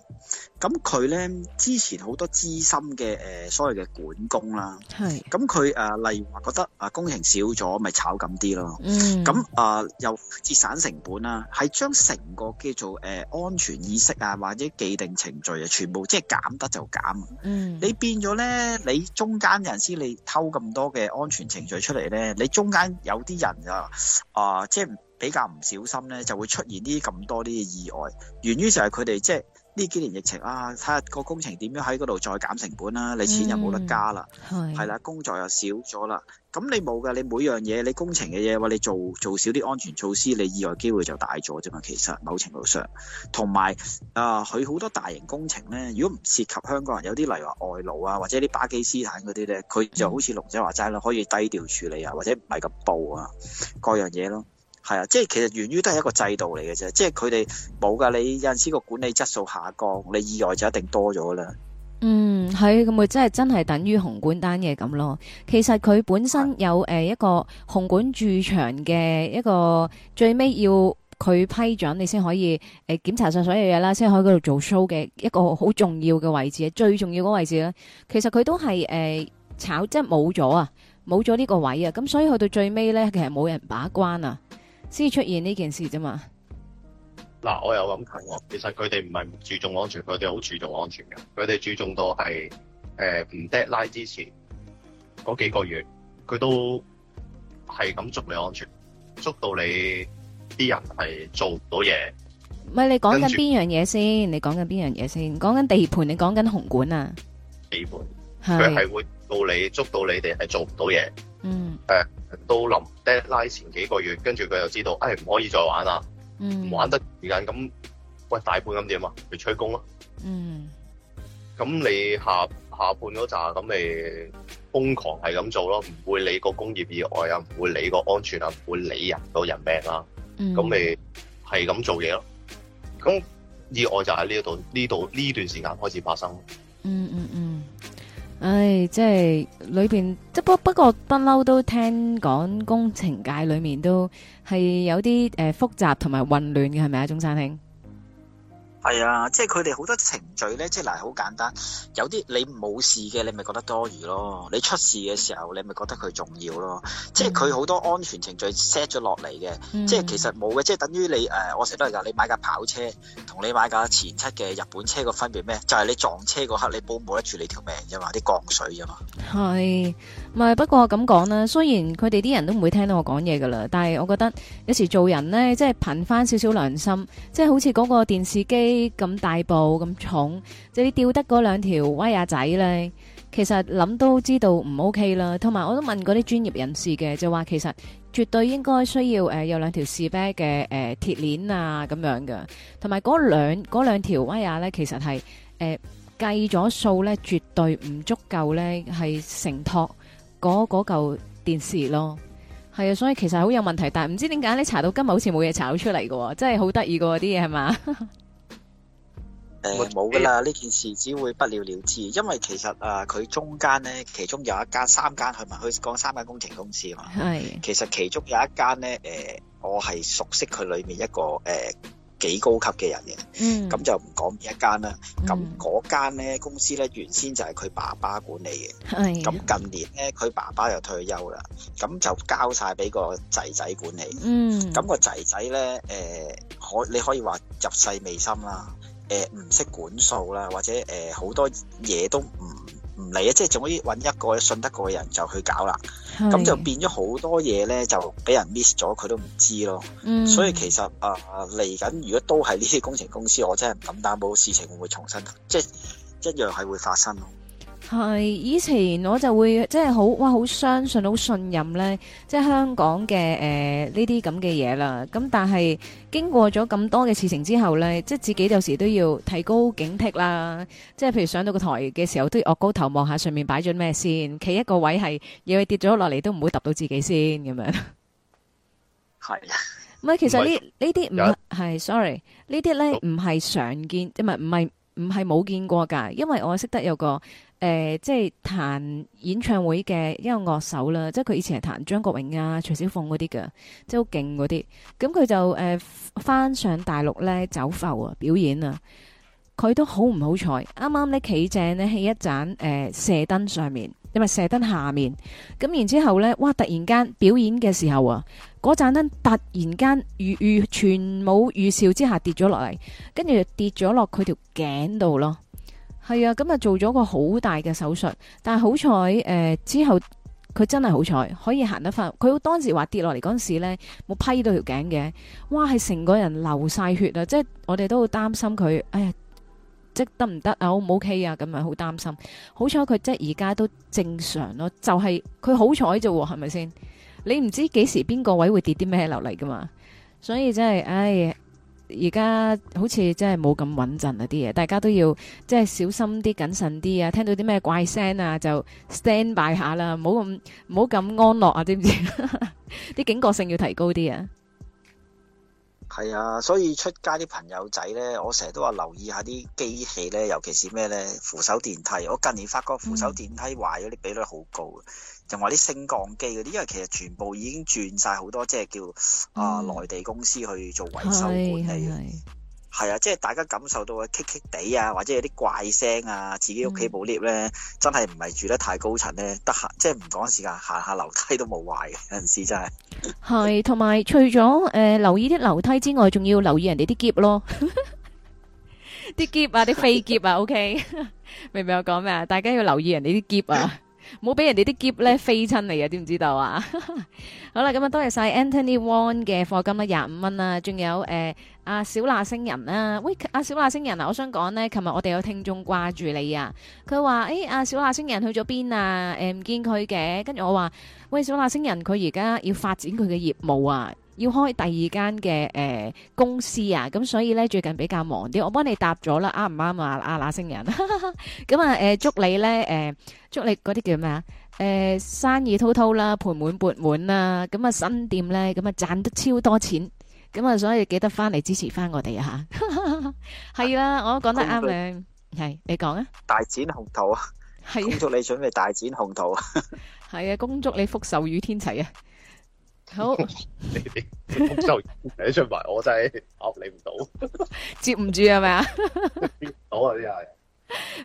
咁佢咧之前好多資深嘅誒、呃、所謂嘅管工啦，係咁佢誒例如話覺得啊工程少咗，咪炒咁啲咯，嗯，咁啊。呃又節省成本啦、啊，係將成個叫做誒、呃、安全意識啊，或者既定程序啊，全部即係減得就減。嗯，你變咗咧，你中間人先你偷咁多嘅安全程序出嚟咧，你中間有啲人啊啊、呃，即係比較唔小心咧，就會出現啲咁多啲嘅意外，源於就係佢哋即係。呢幾年疫情啊，睇下個工程點樣喺嗰度再減成本啦、啊，你錢又冇得加啦，係啦、嗯，工作又少咗啦，咁你冇㗎，你每樣嘢你工程嘅嘢，話你做做少啲安全措施，你意外機會就大咗啫嘛。其實某程度上，同埋啊，佢好多大型工程呢，如果唔涉及香港人，有啲例如話外勞啊，或者啲巴基斯坦嗰啲呢，佢就好似龍仔話齋啦，可以低調處理啊，或者唔係咁暴啊，各樣嘢咯。係啊，即係其實源於都係一個制度嚟嘅啫，即係佢哋冇噶，你有陣時個管理質素下降，你意外就一定多咗啦。嗯，
係，咁咪真係真係等於紅館單嘢咁咯。其實佢本身有誒一個紅館駐場嘅一個的最尾要佢批准你先可以誒檢查晒所有嘢啦，先可以嗰度做 show 嘅一個好重要嘅位置，最重要嗰個位置咧，其實佢都係誒炒即係冇咗啊，冇咗呢個位啊，咁所以去到最尾咧，其實冇人把關啊。先出現呢件事啫嘛。
嗱，我又諗緊喎，其實佢哋唔係唔注重安全，佢哋好注重安全嘅。佢哋注重到係，誒、呃，唔 deadline 之前嗰幾個月，佢都係咁捉你安全，捉到你啲人係做唔到嘢。
唔係你講緊邊樣嘢先？你講緊邊樣嘢先？講緊地盤？你講緊紅館啊？
地盤。佢係會。到你捉到你哋係做唔到嘢，
嗯，
誒、呃，到臨 deadline 前幾個月，跟住佢就知道，哎，唔可以再玩啦，
唔、嗯、玩得
時間，咁喂，大半咁點啊？去吹工咯，嗯，咁你下下半嗰扎咁咪瘋狂係咁做咯，唔會理個工業意外啊，唔會理個安全啊，唔會理人到人命啊，咁咪係咁做嘢咯，咁意外就喺呢一度呢度呢段時間開始發生，嗯，嗯嗯
嗯。唉、哎，即係裏邊，即不不過不嬲都聽講工程界裏面都係有啲誒複雜同埋混亂嘅，係咪啊？中山兄？
係啊，即係佢哋好多程序咧，即係嗱，好簡單。有啲你冇事嘅，你咪覺得多餘咯；你出事嘅時候，你咪覺得佢重要咯。嗯、即係佢好多安全程序 set 咗落嚟嘅，即係其實冇嘅，即係等於你誒、呃，我成日都係咁，你買架跑車同你買架前七嘅日本車個分別咩？就係、是、你撞車嗰刻，你保唔保得住你條命啫嘛，啲鋼水啫嘛。
係咪是？嗯、不過咁講啦，雖然佢哋啲人都唔會聽到我講嘢噶啦，但係我覺得有時做人咧，即係憑翻少少良心，即係好似嗰個電視機。咁大部咁重，即係吊得嗰兩條威亞仔咧，其實諗都知道唔 OK 啦。同埋我都問嗰啲專業人士嘅，就話其實絕對應該需要誒、呃、有兩條士 b 嘅誒鐵鏈啊咁樣嘅。同埋嗰兩條兩條威亞咧，其實係誒計咗數咧，絕對唔足夠咧係承托嗰嗰嚿電視咯。係啊，所以其實好有問題，但係唔知點解你查到今日好似冇嘢炒出嚟嘅，哦，真係好得意噶啲嘢係嘛。 (laughs)
誒，冇㗎喇！呢、欸、件事只會不了了之，因為其實啊，佢中間呢，其中有一間三間，佢咪佢講三間工程公司嘛。係是。其實其中有一間呢，誒、呃，我係熟悉佢裏面一個誒幾、呃、高級嘅人嘅。嗯。咁就唔講一間啦。咁嗰、嗯、間呢，公司呢，原先就係佢爸爸管理嘅。係是。咁近年呢，佢爸爸又退休啦，咁就交晒俾個仔仔管理。嗯。咁個仔仔呢，誒、呃，可你可以話入世未深啦。誒，唔識、呃、管數啦，或者誒，好、呃、多嘢都唔唔嚟啊，即係仲可以搵一個信得過嘅人就去搞啦，咁的就變咗好多嘢咧，就俾人 miss 咗，佢都唔知咯。嗯、所以其實啊，嚟、呃、緊如果都係呢啲工程公司，我真係唔敢擔保事情會唔會重新，即係一樣係會發生。
係以前我就會即係好哇，好相信，好信任呢，即係香港嘅誒呢啲咁嘅嘢啦。咁、呃、但係經過咗咁多嘅事情之後呢，即係自己有時都要提高警惕啦。即係譬如上到個台嘅時候，都要岳高頭望下上面擺咗咩先，企一個位係，要佢跌咗落嚟都唔會揼到自己先咁樣。係啊的，唔係其實呢呢啲唔係，sorry 呢啲呢唔係常見，即係唔係唔係冇見過噶，因為我識得有個。誒、呃、即係彈演唱會嘅一個樂手啦，即係佢以前係彈張國榮啊、徐小鳳嗰啲㗎，即係好勁嗰啲。咁、嗯、佢就誒返上大陸咧走埠啊表演啊，佢都好唔好彩。啱啱咧企正咧喺一盞誒、呃、射燈上面，因、呃、係射燈下面。咁然之後咧，哇！突然間表演嘅時候啊，嗰盞燈突然間預預全冇預兆之下跌咗落嚟，跟住跌咗落佢條頸度咯。係啊，咁啊做咗個好大嘅手術，但係好彩誒、呃、之後佢真係好彩，可以行得翻。佢當時話跌落嚟嗰陣時呢冇，批到條頸嘅，哇係成個人流晒血啊！即係我哋都好擔心佢，哎呀，即得唔得啊？O 唔 OK 啊？咁啊好擔心。好彩佢即係而家都正常咯，就係佢好彩啫，係咪先？你唔知幾時邊個位會跌啲咩落嚟噶嘛，所以真係呀。哎而家好似真係冇咁穩陣嗰啲嘢，大家都要即係、就是、小心啲、謹慎啲啊！聽到啲咩怪聲啊，就 stand by 一下啦，唔好咁唔好咁安樂啊，知唔知？啲警覺性要提高啲啊！係
啊，所以出街啲朋友仔呢，我成日都話留意一下啲機器呢，尤其是咩呢？扶手電梯。我近年發覺扶手電梯壞咗啲比率好高。嗯又埋啲升降機嗰啲，因為其實全部已經轉晒好多，即係叫啊內地公司去做維修管理。係啊，即係大家感受到啊，棘棘地啊，或者有啲怪聲啊，自己屋企部 lift 咧，真係唔係住得太高層咧，得閒即係唔趕時間行下樓
梯都冇壞嘅，有陣時真係。係，同埋除咗誒留意啲樓梯之外，仲要留意人哋啲夾咯，啲夾啊，啲飛夾啊，OK，明唔明我講咩啊？大家要留意人哋啲夾啊。冇俾人哋啲喼咧飛親嚟 (laughs) 啊！知唔知道啊？好啦，咁啊，多謝晒 Anthony Wong 嘅課金啦，廿五蚊啦，仲有阿小辣星人啊，喂，阿、啊、小辣星人啊，我想講咧，琴日我哋有聽眾掛住你啊，佢話誒阿小辣星人去咗邊啊？唔、欸、見佢嘅，跟住我話，喂，小辣星人佢而家要發展佢嘅業務啊！要開第二間嘅誒公司啊，咁所以咧最近比較忙啲，我幫你答咗啦，啱唔啱啊啊那、啊、星人？咁啊誒祝你咧誒、呃、祝你嗰啲叫咩啊？誒、呃、生意滔滔啦，盆滿缽滿啦，咁、嗯、啊新店咧咁啊賺得超多錢，咁、嗯、啊所以記得翻嚟支持翻我哋 (laughs) (laughs) 啊吓，係啊，我都講得啱嘅？係你講啊！
大展鴻圖啊！係啊！恭祝你準備大展鴻圖
啊！係啊！恭祝你福壽與天齊啊！
好，你哋豐睇出埋， (laughs) 我真
係呃你唔到，
接唔住係咪啊？
好啊，呢下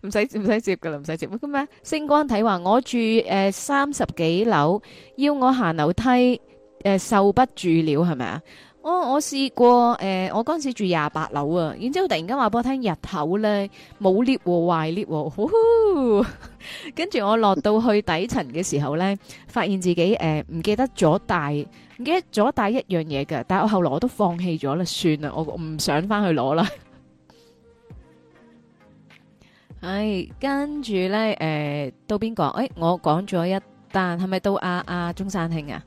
唔使唔使接㗎喇，唔使接咁嘅咩？星光睇話我住誒、呃、三十幾樓，要我行樓梯誒、呃、受不住了，係咪啊？我我試過誒，我嗰陣、呃、時住廿八樓啊，然之後突然間話俾 (laughs) 我聽日頭咧冇 lift 壞 lift，跟住我落到去底層嘅時候咧，發現自己誒唔、呃、記得咗帶，唔記得咗帶一樣嘢㗎，但係我後來我都放棄咗啦，算啦，我唔想翻去攞啦、 (laughs) 哎。唉，跟住咧誒，到邊個？誒、哎，我講咗一單，係咪到啊？啊，中山兄啊？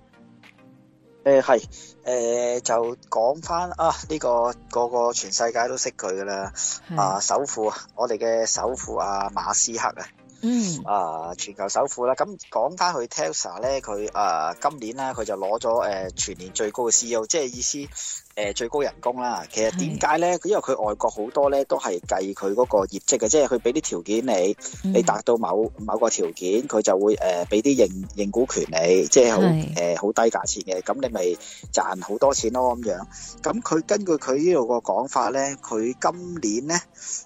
誒係，誒、呃呃、就講翻啊呢、這個個個全世界都識佢噶啦，的啊首富啊，我哋嘅首富啊，馬斯克、嗯、啊，嗯，啊全球首富啦，咁講翻去 Tesla 咧，佢啊今年咧佢就攞咗誒全年最高嘅 C E O，即係意思。誒，最高人工啦，其實點解咧？因為佢外國好多咧，都係計佢嗰個業績嘅，即係佢俾啲條件你，你達到某某個條件，佢就會誒俾啲認認股權你，即係好誒好低價錢嘅，咁你咪賺好多錢咯咁樣。咁佢根據佢呢度個講法咧，佢今年咧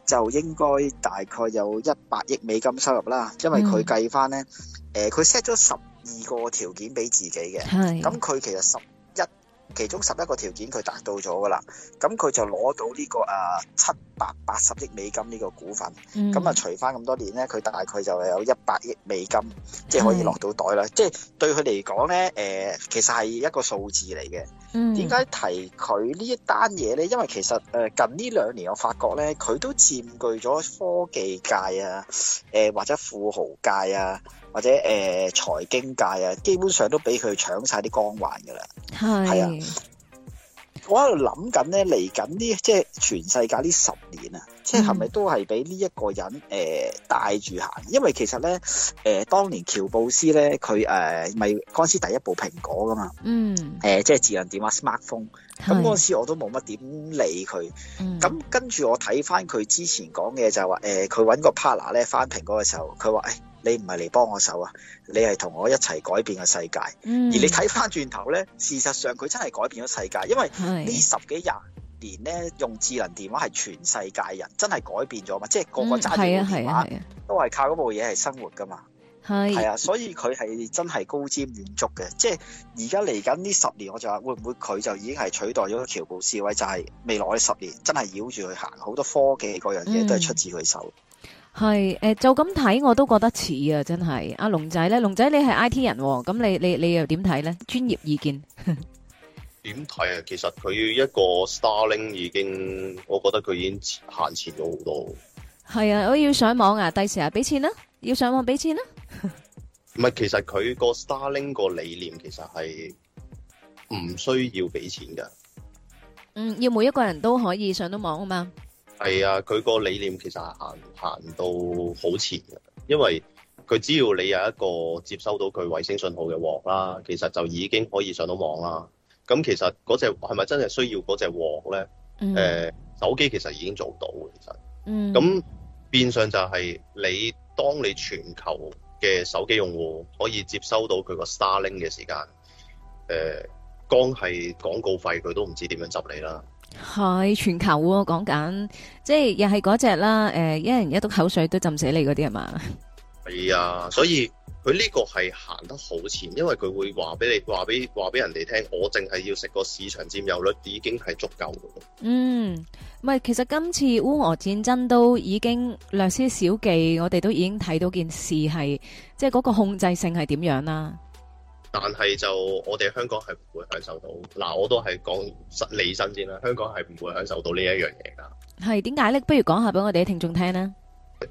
就應該大概有一百億美金收入啦，因為佢計翻咧，誒佢 set 咗十二個條件俾自己嘅，咁佢其實十。其中十一個條件佢達到咗㗎啦，咁佢就攞到呢、這個誒、呃、七百八十億美金呢個股份，咁啊、嗯、除翻咁多年咧，佢大概就係有一百億美金，即、就、係、是、可以落到袋啦。嗯、即係對佢嚟講咧，誒、呃、其實係一個數字嚟嘅。點解、嗯、提佢呢一單嘢咧？因為其實誒、呃、近呢兩年我發覺咧，佢都佔據咗科技界啊，誒、呃、或者富豪界啊。或者誒、呃、財經界啊，基本上都俾佢搶晒啲光環噶啦，
係是啊！
我喺度諗緊咧，嚟緊呢即係全世界呢十年啊，即係係咪都係俾呢一個人誒、嗯呃、帶住行？因為其實咧誒、呃，當年喬布斯咧，佢誒咪嗰陣時第一部蘋果噶嘛，嗯、呃、即係智能電話 smartphone。咁嗰陣時我都冇乜點理佢。咁、嗯、跟住我睇翻佢之前講嘅就話、是、誒，佢、呃、揾個 partner 咧翻蘋果嘅時候，佢話你唔係嚟幫我手啊！你係同我一齊改變個世界。嗯、而你睇翻轉頭呢，事實上佢真係改變咗世界，因為呢十幾廿年呢，用智能電話係全世界人真係改變咗嘛，嗯、即係個個揸住電話都係靠嗰部嘢係生活噶嘛。係啊、啊，所以佢係真係高瞻遠矚嘅。即係而家嚟緊呢十年，我就話會唔會佢就已經係取代咗喬布斯位？就係、是、未來十年真係繞住佢行，好多科技嗰樣嘢都係出自佢手。嗯
係誒、呃，就咁睇我都覺得似啊，真係阿龍仔咧，龍仔你係 I T 人、哦，咁你你你又點睇咧？專業意見
點睇 (laughs) 啊？其實佢一個 Starlink 已經，我覺得佢已經行前咗好多。
係啊，我要上網啊，第時啊俾錢啦、啊，要上網俾錢啦、
啊。唔係，其實佢個 Starlink 個理念其實係唔需要俾錢噶。嗯，
要每一個人都可以上到網啊嘛。
係啊，佢個理念其實係行行到好前嘅，因為佢只要你有一個接收到佢衛星信號嘅鑊啦，其實就已經可以上到網啦。咁其實嗰隻係咪真係需要嗰隻鑊咧？誒、嗯呃，手機其實已經做到其實嗯。咁變相就係你當你全球嘅手機用戶可以接收到佢個 Starlink 嘅時間，誒、呃，光係廣告費佢都唔知點樣執你啦。
係全球喎、啊，講、就、緊、是、即係又係嗰隻啦，誒、呃，一人一督口水都浸死你嗰啲吖嘛。
係啊，所以佢呢個係行得好前，因為佢會話俾你話俾話俾人哋聽，我淨係要食個市場占有率已經係足夠嘅。
嗯，唔係，其實今次烏俄戰爭都已經略施小計，我哋都已經睇到件事係即係嗰個控制性係點樣啦。
但係就我哋香港係唔會享受到，嗱、啊、我都係講實你身先啦，香港係唔會享受到這件事呢一樣嘢
㗎。係點解咧？不如講下俾我哋啲聽眾聽啦。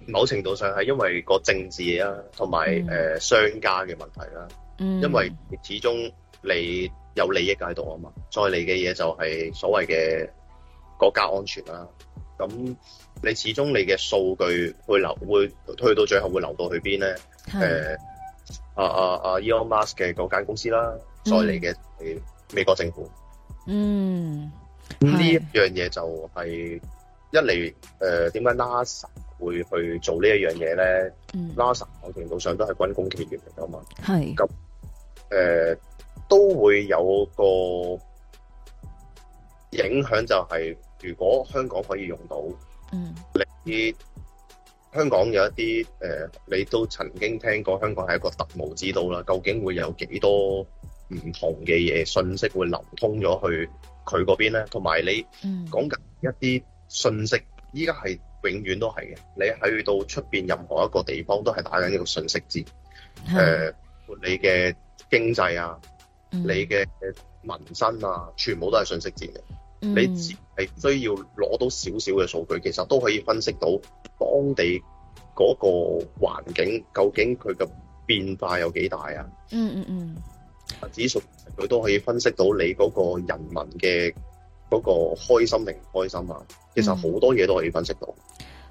某程度上係因為個政治啊，同埋誒商家嘅問題啦、啊。嗯。因為始終你有利益喺度啊嘛，再嚟嘅嘢就係所謂嘅國家安全啦、啊。咁你始終你嘅數據會流會推到最後會流到去邊咧？誒係。呃啊啊啊 Elon Musk 嘅嗰間公司啦，嗯、再嚟嘅係美國政府。嗯，
呢一
樣嘢就係一嚟，誒點解 NASA 會去做一呢一樣嘢咧？NASA 某程度上都係軍工企業嚟㗎嘛，係咁誒都會有個影響，就係如果香港可以用到，嗯。你香港有一啲誒、呃，你都曾經聽過香港係一個特務之都啦。究竟會有幾多唔同嘅嘢信息會流通咗去佢嗰邊咧？同埋你講緊一啲信息，依家係永遠都係嘅。你喺去到出邊任何一個地方都係打緊一個信息
戰。
誒、嗯呃，你嘅經濟啊，你嘅民生啊，全部都係信息戰嘅。
你只
需要攞到少少嘅數據，其實都可以分析到當地嗰個環境究竟佢嘅變化有幾大啊？嗯嗯嗯，指數佢都可以分析到你嗰個人民嘅嗰個開心定唔開心啊。其實好多嘢都可以分析到。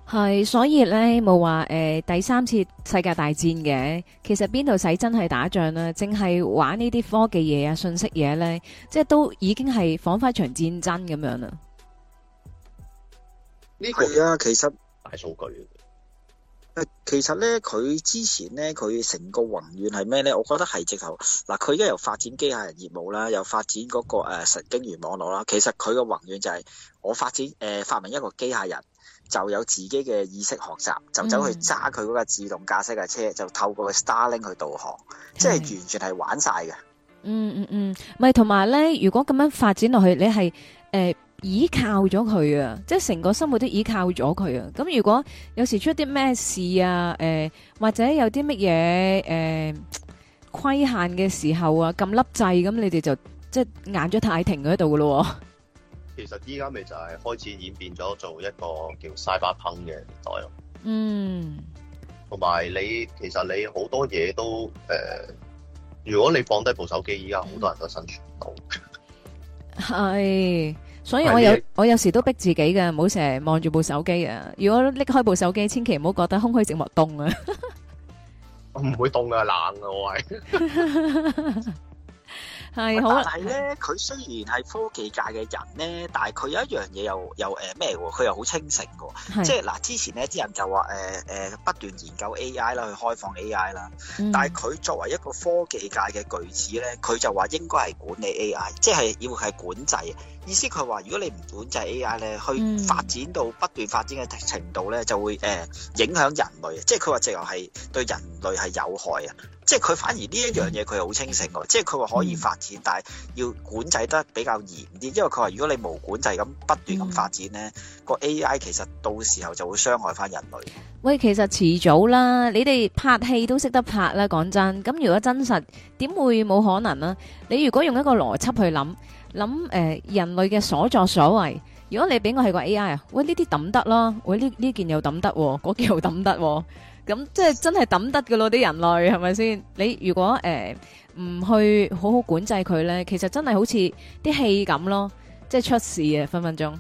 係，所以咧，冇話誒第三次世界大戰嘅，其實邊度使真係打仗咧？淨係玩呢啲科技嘢啊、信息嘢咧，即係都已經係仿翻一場戰爭咁樣啦。
呢個啊，其實大數據其實咧，佢之前咧，佢成個宏願係咩咧？我覺得係直頭嗱，佢而家由發展機械人業務啦，又發展嗰、嗰個誒、呃、神經元網絡啦。其實佢個宏願就係我發展誒、呃、發明一個機械人。就有自己嘅意識學習，就走去揸佢嗰架自動駕駛嘅車，嗯、就透過個 Starlink 去導航，是的 即係完全係玩晒嘅、嗯。嗯
嗯嗯，唔係同埋咧，如果咁樣發展落去，你係誒倚靠咗佢啊，即係成個生活都倚靠咗佢啊。咁如果有時出啲咩事啊，誒、呃、或者有啲乜嘢誒規限嘅時候啊，撳粒掣咁，那你哋就即係硬咗太停嗰度噶咯喎。
其實依家咪就係開始演變咗做一個叫 Cyberpunk 嘅年代咯、嗯。嗯，同埋你其實你好多嘢都誒、呃，如果你放低部手機，依家好多人都生存唔到。
係，所以我有是我有時都逼自己嘅，唔好成日望住部手機啊！如果拎開部手機，千祈唔好覺得空虛寂寞凍啊 (laughs) ！
我唔會
凍噶，冷噶我係。 (laughs)
(laughs) 係，是但係
咧，佢是雖然係科技界嘅人咧，是但係佢有一樣嘢又又誒咩喎？佢、呃、又好清醒㗎，即係嗱，之前咧啲人就話誒誒不斷研究 AI 啦，去開放 AI 啦
是，但係佢
作為一個科技界嘅巨子咧，佢就話應該係管理 AI，即係要係管制。意思佢話如果你唔管制 A.I 咧，嗯、去發展到不斷發展嘅程度咧，就會誒、呃、影響人類。即係佢話直頭係對人類係有害啊！即係佢反而呢一樣嘢佢好清醒、嗯、即係佢話可以發展，嗯、但係要管制得比較嚴啲，因為佢話如果你冇管制咁不斷咁發展呢個、嗯、A.I 其實到時候就會傷害翻人類。
喂，其實遲早啦，你哋拍戲都識得拍啦，講真。咁如果真實，點會冇可能呢？你如果用一個邏輯去諗。諗誒，人類嘅所作所為，如果你俾我係個 A.I. 啊，喂呢啲抌得咯，喂呢呢件又抌得，嗰件又抌得，咁即係真係抌得噶咯。啲人類係咪先？你如果誒唔去好好管制佢咧，其實真係好似啲戲咁咯，即係出事啊，分分鐘。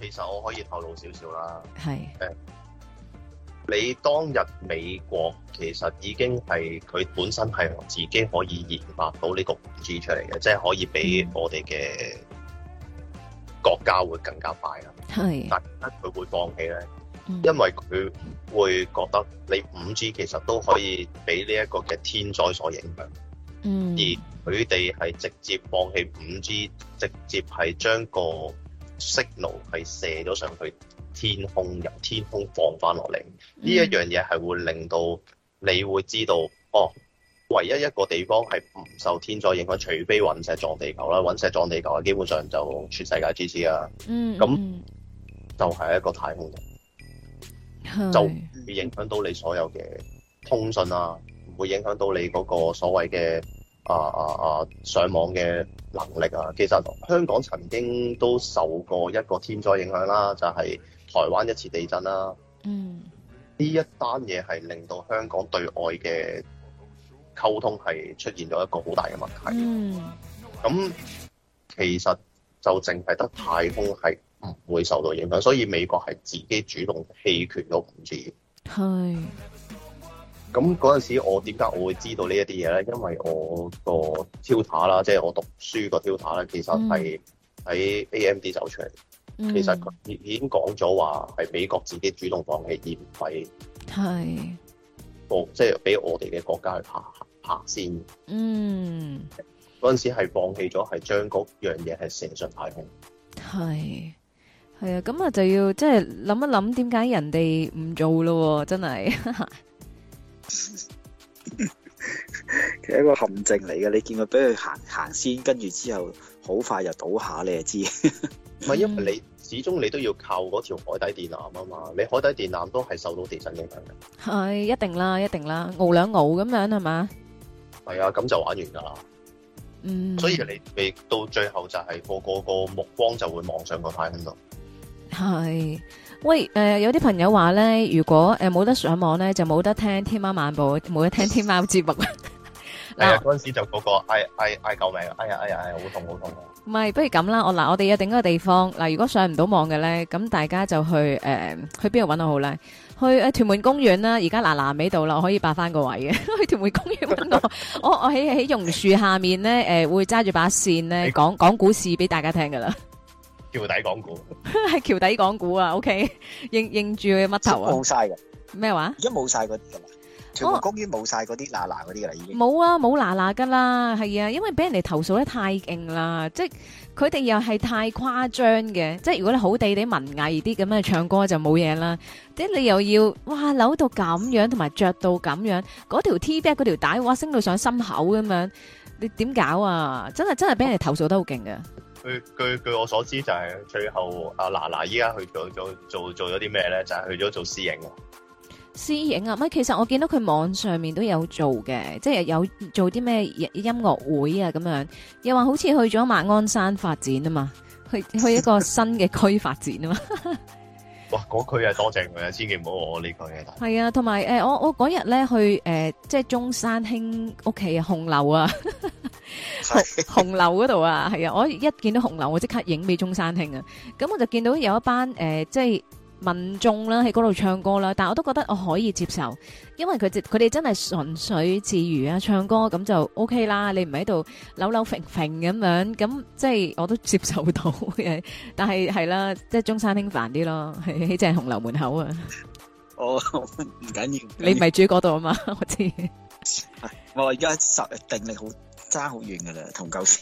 其實我可以透露少少啦。係。你當日美國其實已經係佢本身係自己可以研發到呢個五 G 出嚟嘅，即係可以俾我哋嘅國家會更加快啦。係，但佢會放棄咧，嗯，因為佢會覺得你五 G 其實都可以俾呢一個嘅天災所影響。嗯，而佢哋係直接放棄五 G，直接係將個 signal 係射咗上去。天空由天空放翻落嚟，呢一樣嘢係會令到你會知道，嗯、哦，唯一一個地方係唔受天災影響，除非隕石撞地球啦，隕石撞地球基本上就全世界知知啊。嗯，咁就係一個太空人
的就
會影響到你所有嘅通訊啊，會影響到你嗰個所謂嘅啊啊啊上網嘅能力啊。其實香港曾經都受過一個天災影響啦，啊，就係、是。台灣一次地震啦、啊，呢、
嗯、
一單嘢係令到香港對外嘅溝通係出現咗一個好大嘅問
題
的。
咁、嗯、其實就淨係得太空係唔會受到影響，所以美國係自己主動棄權咗唔少。
係是。
咁嗰陣時，我點解我會知道這些呢一啲嘢咧？因為我個 tutor 啦，即係我讀書個 tutor 咧，其實係喺 AMD 走出嚟。其實佢已已經講咗話係美國自己主動放棄而唔係，係我即係俾我哋嘅國家去爬行先。嗯，
嗰
陣時係放棄咗，係將嗰樣嘢係射上太空。
係係啊，咁啊就要即係諗一諗，點解人哋唔做咯、啊？真係，
其 (laughs) 實 (laughs) 一個陷阱嚟嘅。你見佢俾佢行行先，跟住之後好快就倒下，你就知。唔係、嗯、因為你。
始終你都要靠嗰條海底電纜啊嘛，你海底電纜都係受到地震影響嘅，
係一定啦，一定啦，熬兩熬咁樣係嘛，
係啊，咁就玩完噶啦，嗯，
所以
你未到最後就係個個個目光就會望上個太喺度，
係，喂，誒、呃，有啲朋友話咧，如果誒冇、呃、得上網咧，就冇得聽天喵晚報，冇得聽天喵節目。 (laughs)
嗱嗰陣時就嗰個嗌嗌嗌救命啊！哎呀哎呀，係好痛好痛
啊！唔係，不如咁啦，我嗱我哋約定個地方。嗱，如果上唔到網嘅咧，咁大家就去誒去邊度搵我好咧？去誒屯門公園啦！而家嗱嗱尾度啦，我可以霸翻個位嘅。去屯門公園搵我，我我喺喺榕樹下面咧，誒會揸住把線咧，講講股市俾大家聽噶啦。
橋底講股，
係橋底講股啊！O K，認認住佢乜頭啊？冇晒嘅咩話？而家
冇晒嗰啲噶嘛？全部公演冇曬嗰啲嗱嗱嗰啲啦，已經
冇啊冇嗱嗱噶啦，係啊，因為俾人哋投訴得太勁啦，即係佢哋又係太誇張嘅，即係如果你好地地文藝啲咁樣唱歌就冇嘢啦，即係你又要哇扭到咁樣，同埋著到咁樣，嗰條 T-back 嗰條帶哇升到上心口咁樣，你點搞啊？真係真係俾人哋投訴得好勁嘅。
據據據我所知就係最後啊嗱嗱依家去咗做做做咗啲咩咧？就係去咗做私影。
私影啊？乜其實我見到佢網上面都有做嘅，即係有做啲咩音樂會啊咁樣，又話好似去咗馬鞍山發展啊嘛，去去一個新嘅區發展啊嘛。
(laughs) 哇！嗰區啊，多謝佢啊，千祈唔好我呢區啊。
係啊，同埋誒，我我嗰日咧去誒、呃，即係中山興屋企啊， (laughs) (laughs) 紅樓啊，紅紅樓嗰度啊，係啊，我一見到紅樓，我即刻影俾中山興啊。咁我就見到有一班誒、呃，即係。民眾啦喺嗰度唱歌啦，但係我都覺得我可以接受，因為佢佢哋真係純粹自娛啊，唱歌咁就 OK 啦。你唔係喺度扭扭揈揈咁樣，咁即係我都接受到。但係係啦，即係中餐廳煩啲咯，喺喺正紅樓門口
啊。哦，唔緊要，你唔係住
嗰度啊嘛？我知。
我而家實定力好差好遠噶啦，同舊時。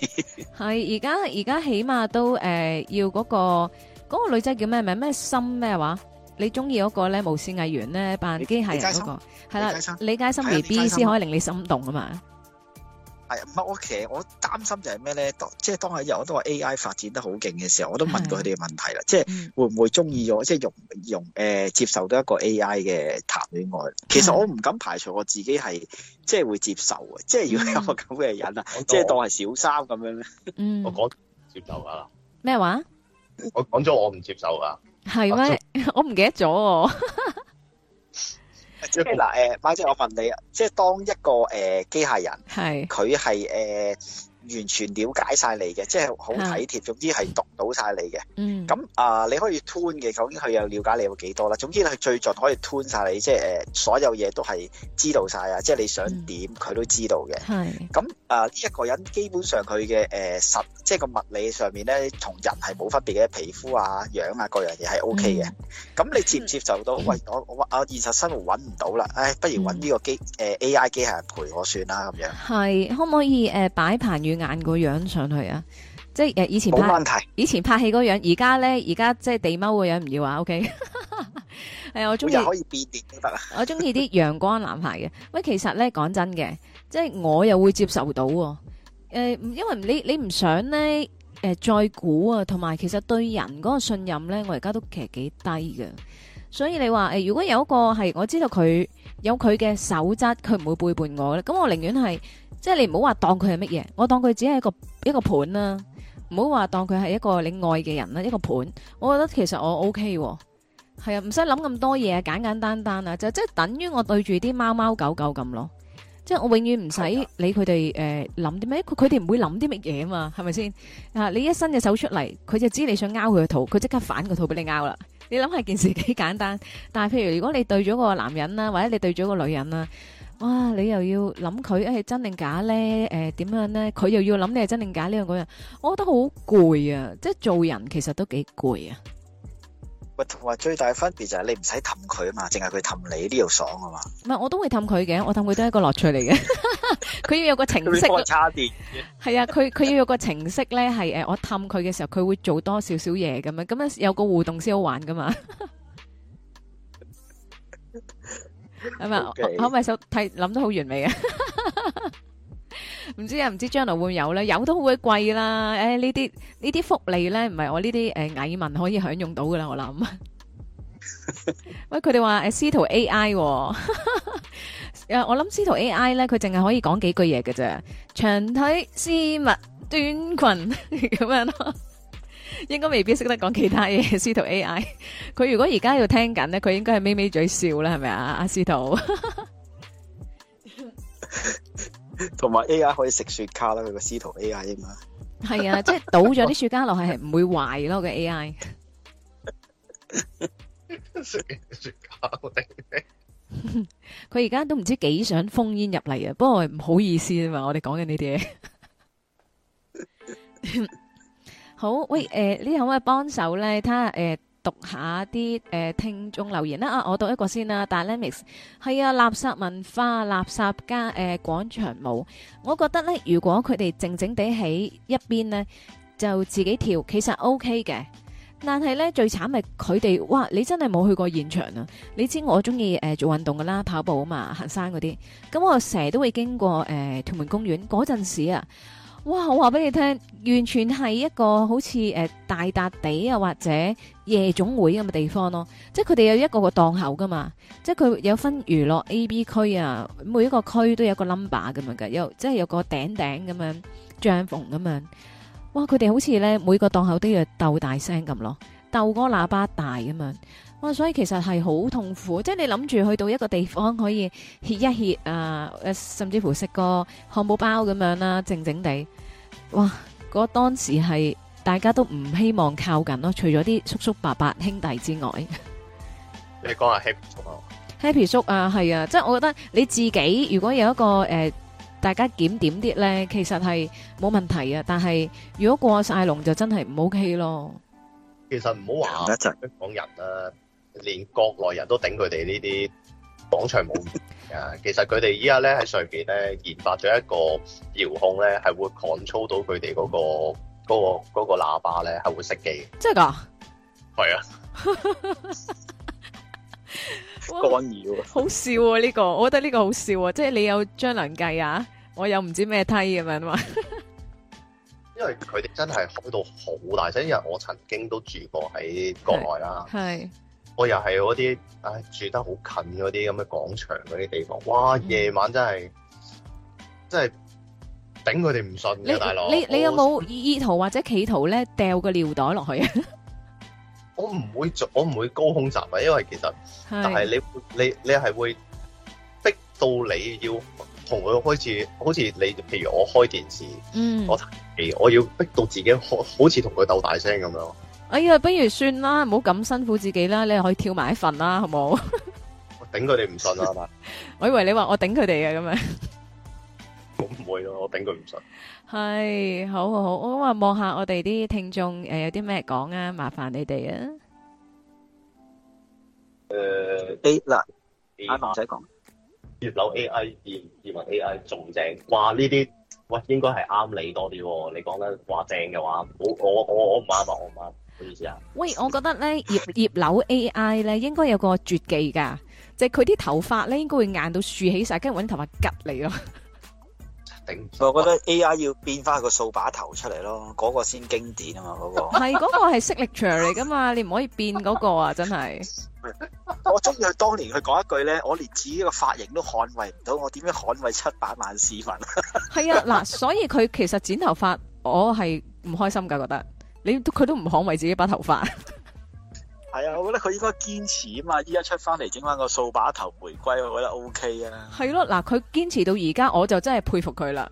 係而家而家起碼都誒要嗰個。嗰個女仔叫咩名？咩心咩話？你中意嗰個咧？無線藝員咧，扮機械人嗰個係啦，李佳芯 B B 先可以令你心動啊嘛。
係唔係？我其實我擔心就係咩咧？當即係當係，我都話 A I 發展得好勁嘅時候，我都問過佢哋嘅問題啦。即係會唔會中意咗？即係用用誒接受到一個 A I 嘅談戀愛？其實我唔敢排除我自己係即係會接受嘅。即係如果有個咁嘅人啊，即係當係小三咁樣咧。嗯，我講接受啊。
咩話？
我講咗我唔接受噶，
係咩嗎？啊、我唔記得
咗我。嗱、 (laughs) 哎，誒、哎，馬姐，我問你，即係當一個誒機、呃、械人，係佢係誒。完全了解晒你嘅，即係好體貼，的總之係讀到晒你嘅。咁啊、嗯呃，你可以 t u 嘅，究竟佢有了解你有幾多啦？總之佢最作可以 t u r 你，即係、呃、所有嘢都係知道晒啊！即係你想點，佢、嗯、都知道嘅。咁啊的，呢一、呃這個人基本上佢嘅誒實，即係個物理上面咧，同人係冇分別嘅，皮膚啊、樣啊各樣嘢係 O K 嘅。咁、嗯、你接唔接受到？嗯、喂，我我實現實生活揾唔到啦，不如揾呢個機 A I 機械人陪我算啦咁樣。
係，可唔可以誒、呃、擺盤？眼個樣上去啊，即係誒，以前拍冇問題，以前拍戲個樣，而家咧，而家即係地踎個樣唔要啊。O、OK? K， (laughs) 我中又可
以都
得 (laughs) 我中意啲陽光男孩嘅。喂，其實咧講真嘅，即係我又會接受到誒、呃，因為你你唔想咧誒、呃、再估啊，同埋其實對人嗰個信任咧，我而家都其實幾低嘅。所以你話誒、呃，如果有一個係我知道佢有佢嘅守則，佢唔會背叛我咧，咁我寧願係。即係你唔好話當佢係乜嘢，我當佢只係一個一個盤啦，唔好話當佢係一個你愛嘅人啦，一個盤，啊啊。我覺得其實我 O K，係啊，唔使諗咁多嘢，簡簡單，單單啊，就即係等於我對住啲貓貓狗狗咁咯。即係我永遠唔使理佢哋誒諗啲咩，佢哋唔會諗啲乜嘢啊嘛，係咪先？啊，你一伸隻手出嚟，佢就知你想拗佢個肚，佢即刻反個肚俾你拗啦。你諗下件事幾簡單。但係譬如如果你對咗個男人啦，啊，或者你對咗個女人啦，啊。哇！你又要諗佢，誒、哎、係真定假咧？誒、呃、點樣咧？佢又要諗你係真定假呢？我覺得好攰啊！即係做人其實都幾攰啊！
喂同埋最大分別就係你唔使氹佢啊嘛，淨係佢氹你呢度爽啊嘛。
唔係，我都會氹佢嘅，我氹佢都係一個樂趣嚟嘅。佢 (laughs) (laughs) 要有個程式，係 (laughs) (laughs) 啊，佢佢要有個程式咧，係我氹佢嘅時候，佢會做多少少嘢咁樣，咁樣有個互動先好玩噶嘛。 (laughs) 係咪 Okay. 可唔可以手睇諗得好完美嘅？唔 (laughs) 知啊，唔知將來會，會有咧，有都好鬼貴啦。誒、哎，呢啲呢啲福利咧，唔係我呢啲誒蟻民可以享用到噶啦，我諗。 (laughs) 喂，佢哋話誒，司徒 AI，我諗司徒 AI 咧，佢淨係可以講幾句嘢嘅啫，長腿絲襪短裙咁 (laughs) 樣咯。應該未必識得講其他嘢、 (laughs) 啊，司徒 AI 佢如果而家要聽緊咧，佢應該係眯眯嘴笑啦，係咪啊？阿司徒，
同埋 AI 可以食雪卡啦，佢，個司徒 AI 啊嘛，
係 (laughs) 啊，即係倒咗啲雪茄落去係唔 (laughs) 會壞咯，個 (laughs) AI 食雪
卡
佢而家都唔知幾想封煙入嚟啊！不過唔好意思啊嘛，我哋講緊呢啲嘢。 (laughs) (laughs) 好喂，誒、呃，你可唔可以幫手咧？睇下誒，讀下啲誒、呃、聽眾留言啦。啊，我讀一個先啦。但 l e m i s 係啊，垃圾文化、垃圾加誒、呃、廣場舞。我覺得咧，如果佢哋靜靜地喺一邊咧，就自己跳，其實 OK 嘅。但係咧，最慘係佢哋，哇！你真係冇去過現場啊？你知我中意、呃、做運動噶啦，跑步啊嘛，行山嗰啲。咁我成日都會經過誒屯、呃、門公園嗰陣時啊。哇！我話俾你聽，完全係一個好似誒、呃、大笪地啊，或者夜總會咁嘅地方咯。即係佢哋有一個個檔口噶嘛，即係佢有分娛樂 A、B 區啊。每一個區都有一個 number 咁樣嘅，有即係有個頂頂咁樣帳篷咁樣。哇！佢哋好似咧每個檔口都要鬥大聲咁咯，鬥嗰個喇叭大咁樣。哇！所以其實係好痛苦，即係你諗住去到一個地方可以歇一歇啊，甚至乎食個漢堡包咁樣啦，靜靜地。哇！嗰當時係大家都唔希望靠近咯，除咗啲叔叔伯伯兄弟之外。
你講下 Happy 叔啊。
啊！Happy 叔啊，啊，係啊，即係我覺得你自己如果有一個誒、呃，大家檢點啲呢，其實係冇問題啊。但係如果過晒龍就真係唔 OK 咯。
其實唔好話香港人啊。連國內人都頂佢哋呢啲廣場舞啊！其實佢哋依家咧喺上邊咧研發咗一個遙控咧，係會 control 到佢哋嗰個嗰個嗰個喇叭咧，係會熄機的。
真係㗎？
係啊！干擾。
好笑啊！呢個，我覺得呢個好笑啊！即係你有張良計啊，我有唔知咩梯咁樣嘛。
(laughs) 因為佢哋真係開到好大聲，因為我曾經都住過喺國內啦。係。我又係嗰啲，唉，住得好近嗰啲咁嘅廣場嗰啲地方，哇！夜、嗯、晚真係，真係頂佢哋唔順嘅大佬哥。你我你有冇
意圖或者企圖咧，掉個尿袋落去啊？
(laughs) 我唔會做，我唔會高空擲啊，因為其實，是但係你你你係會逼到你要同佢開始，好似你，譬如我開電視，嗯，我我要逼到自己，好好似同佢鬥大聲咁樣。
哎呀，不如算啦，唔好咁辛苦自己啦，你又可以跳埋一份啦，好唔好？
我頂佢哋唔信啊嘛！
我以為你話我頂佢哋啊咁樣！
我唔會啊，我頂佢唔信。
係，好好好，我話望下我哋啲聽眾誒，有啲咩講啊？麻煩你哋啊。誒，A
嗱，AI 唔使講，
月樓 AI 電電文 AI 仲正，話呢啲喂，應該係啱你多啲。你講得話正嘅話，唔好我我我唔啱呀我唔啱。
啊、喂，我覺得咧葉葉柳 A I 咧應該有個絕技噶，即係佢啲頭髮咧應該會硬到豎起晒，跟住搵頭髮吉你咯。
我覺得 A I 要變翻個掃把頭出嚟咯，嗰、嗰個先經典啊嘛，嗰、 (laughs) 嗰個。唔
係嗰個係 signature 嚟噶嘛， (laughs) 你唔可以變嗰個啊！真係。
(laughs) 我中意佢當年佢講一句咧，我連自己個髮型都捍衛唔到，我點樣捍衛七百萬市民？
係啊，嗱、 (laughs) 啊，所以佢其實剪頭髮我係唔開心噶，覺得。你佢都唔捍衛自己把頭髮，
係啊，我覺得佢應該堅持啊嘛，依家出翻嚟整翻個掃把頭回歸，我覺得 OK 啊。
係咯、啊，嗱，佢堅持到而家，我就真係佩服佢啦。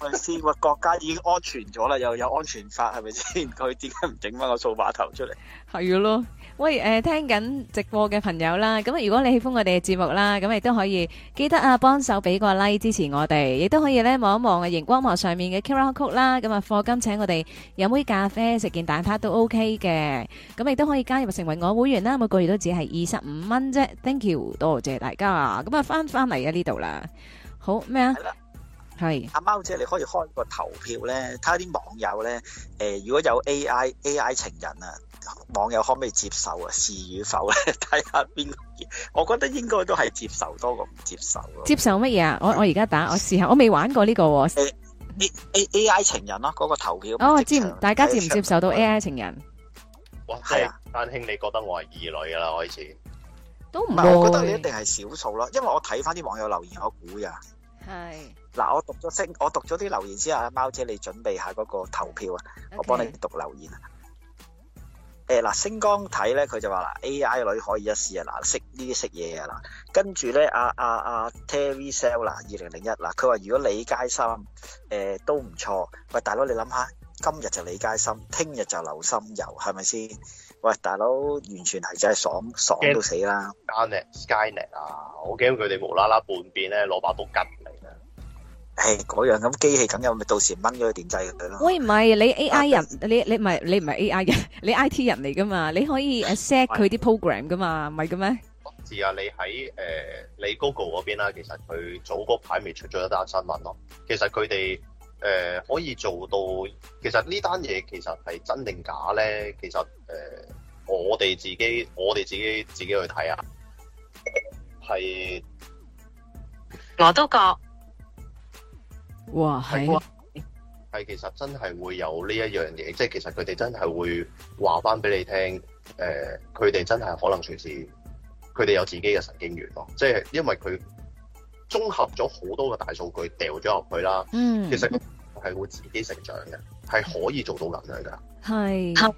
我哋先話國家已經安全咗啦， (laughs) 又有安全法，係咪先？佢點解唔整翻個掃把頭
出嚟？係咯、啊。.喂，誒，聽緊直播嘅朋友啦，咁啊，如果你喜歡我哋嘅節目啦，咁亦都可以記得啊，幫手俾個 like 支持我哋，亦都可以咧望一望啊，熒光幕上面嘅 QR Code 啦，咁啊，課金請我哋飲杯咖啡，食件蛋撻都 OK 嘅，咁亦都可以加入成為我會員啦，每個月都只係二十五蚊啫，thank you，多謝大家啊，咁啊，翻翻嚟，啊呢度啦，好咩啊？係
阿貓姐，你可以開個投票咧，睇下啲網友咧，誒，如果有 AI AI 情人啊？網友可唔可以接受啊？是與否咧？睇下邊，我覺得應該都係接受多過唔接受咯。接受乜嘢
啊？我我而家打我試下，我未玩過呢個
喎。A A A I 情人咯，嗰個投票。
哦，接唔大家接唔接受
到 A I 情人？
哇，係丹兄，你覺得我係異類噶啦？我以前
都唔係，我覺得你一定
係少
數咯，因為我睇翻啲網友留言，我估呀。係嗱，我讀咗聲，我讀咗啲留言之後，貓姐你準備下嗰個投票啊，我幫你讀留言啊。誒嗱，星光睇咧，佢就話嗱，AI 女可以一試啊，嗱，識呢啲識嘢啊嗱，跟住咧，阿阿阿 Terry Sell 嗱，二零零一嗱，佢話如果李佳芯，誒，都唔錯，喂，大佬你諗下，今日就李佳芯，聽日就劉心悠，係咪先？喂，大佬完全係真係爽，爽到死啦
！SkyNet 啊，我驚佢哋無啦啦半邊咧攞把刀刉。
誒，嗰、哎、樣咁機器咁樣，咪到時掹咗去電掣佢去
咯。
喂，唔係你 A I 人、啊、人，你你唔係你唔係 A I 人，你 I T 人嚟噶嘛？你可以 set 佢啲 program 噶嘛？唔係嘅咩？
係啊，你喺誒，
你 Google 嗰邊啦，其實佢早嗰排咪出咗一單新聞咯。其實佢哋誒可以做到，其實呢單嘢其實係真定假咧？其實誒，我哋自己我哋自己自己去睇啊。係，
我都覺。哇，係
係，其實真係會有呢一樣嘢，即係其實佢哋真係會話翻俾你聽，誒、呃，佢哋真係可能隨時，佢哋有自己嘅神經元咯，即係因為佢綜合咗好多嘅大數據掉咗入去啦，嗯、其實係會自己成長嘅，係可以做到咁樣㗎。
係，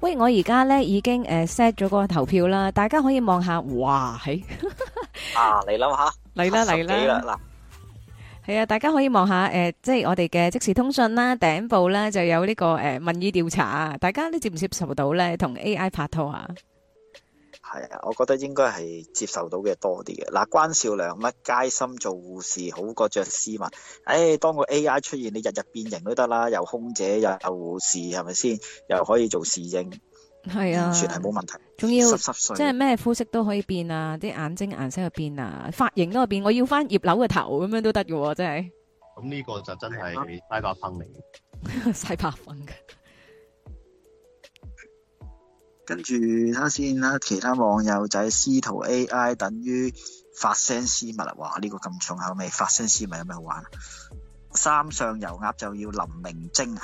喂，我而家咧已經誒 set 咗個投票啦，大家可以望下，哇，係
(laughs) 啊，你諗下，嚟啦嚟啦。
係啊，大家可以望下，誒、呃，即係我哋嘅即時通訊啦，頂部咧就有呢、這個誒民意調查啊。大家都接唔接受到咧？同 AI 拍拖啊？
係啊，我覺得應該係接受到嘅多啲嘅。嗱、啊，關少良乜街心做護士好過著絲嘛。誒、哎，當個 AI 出現，你日日變形都得啦，又空姐又護士，係咪先？又可以做侍應。
係啊，完全係冇問題。仲要濕濕即係咩膚色都可以變啊，啲眼睛顏色又變啊，髮型都變，我要翻葉柳嘅頭咁樣都得嘅喎，真係。
咁呢、嗯、個就真係西柏噴嚟。啊、 (laughs)
西柏噴嘅。
跟住睇下先啦，其他網友仔，司徒 AI 等於發聲私密，哇！呢、這個咁重口味，發聲私密有咩好玩？三上油鴨就要林明晶啊！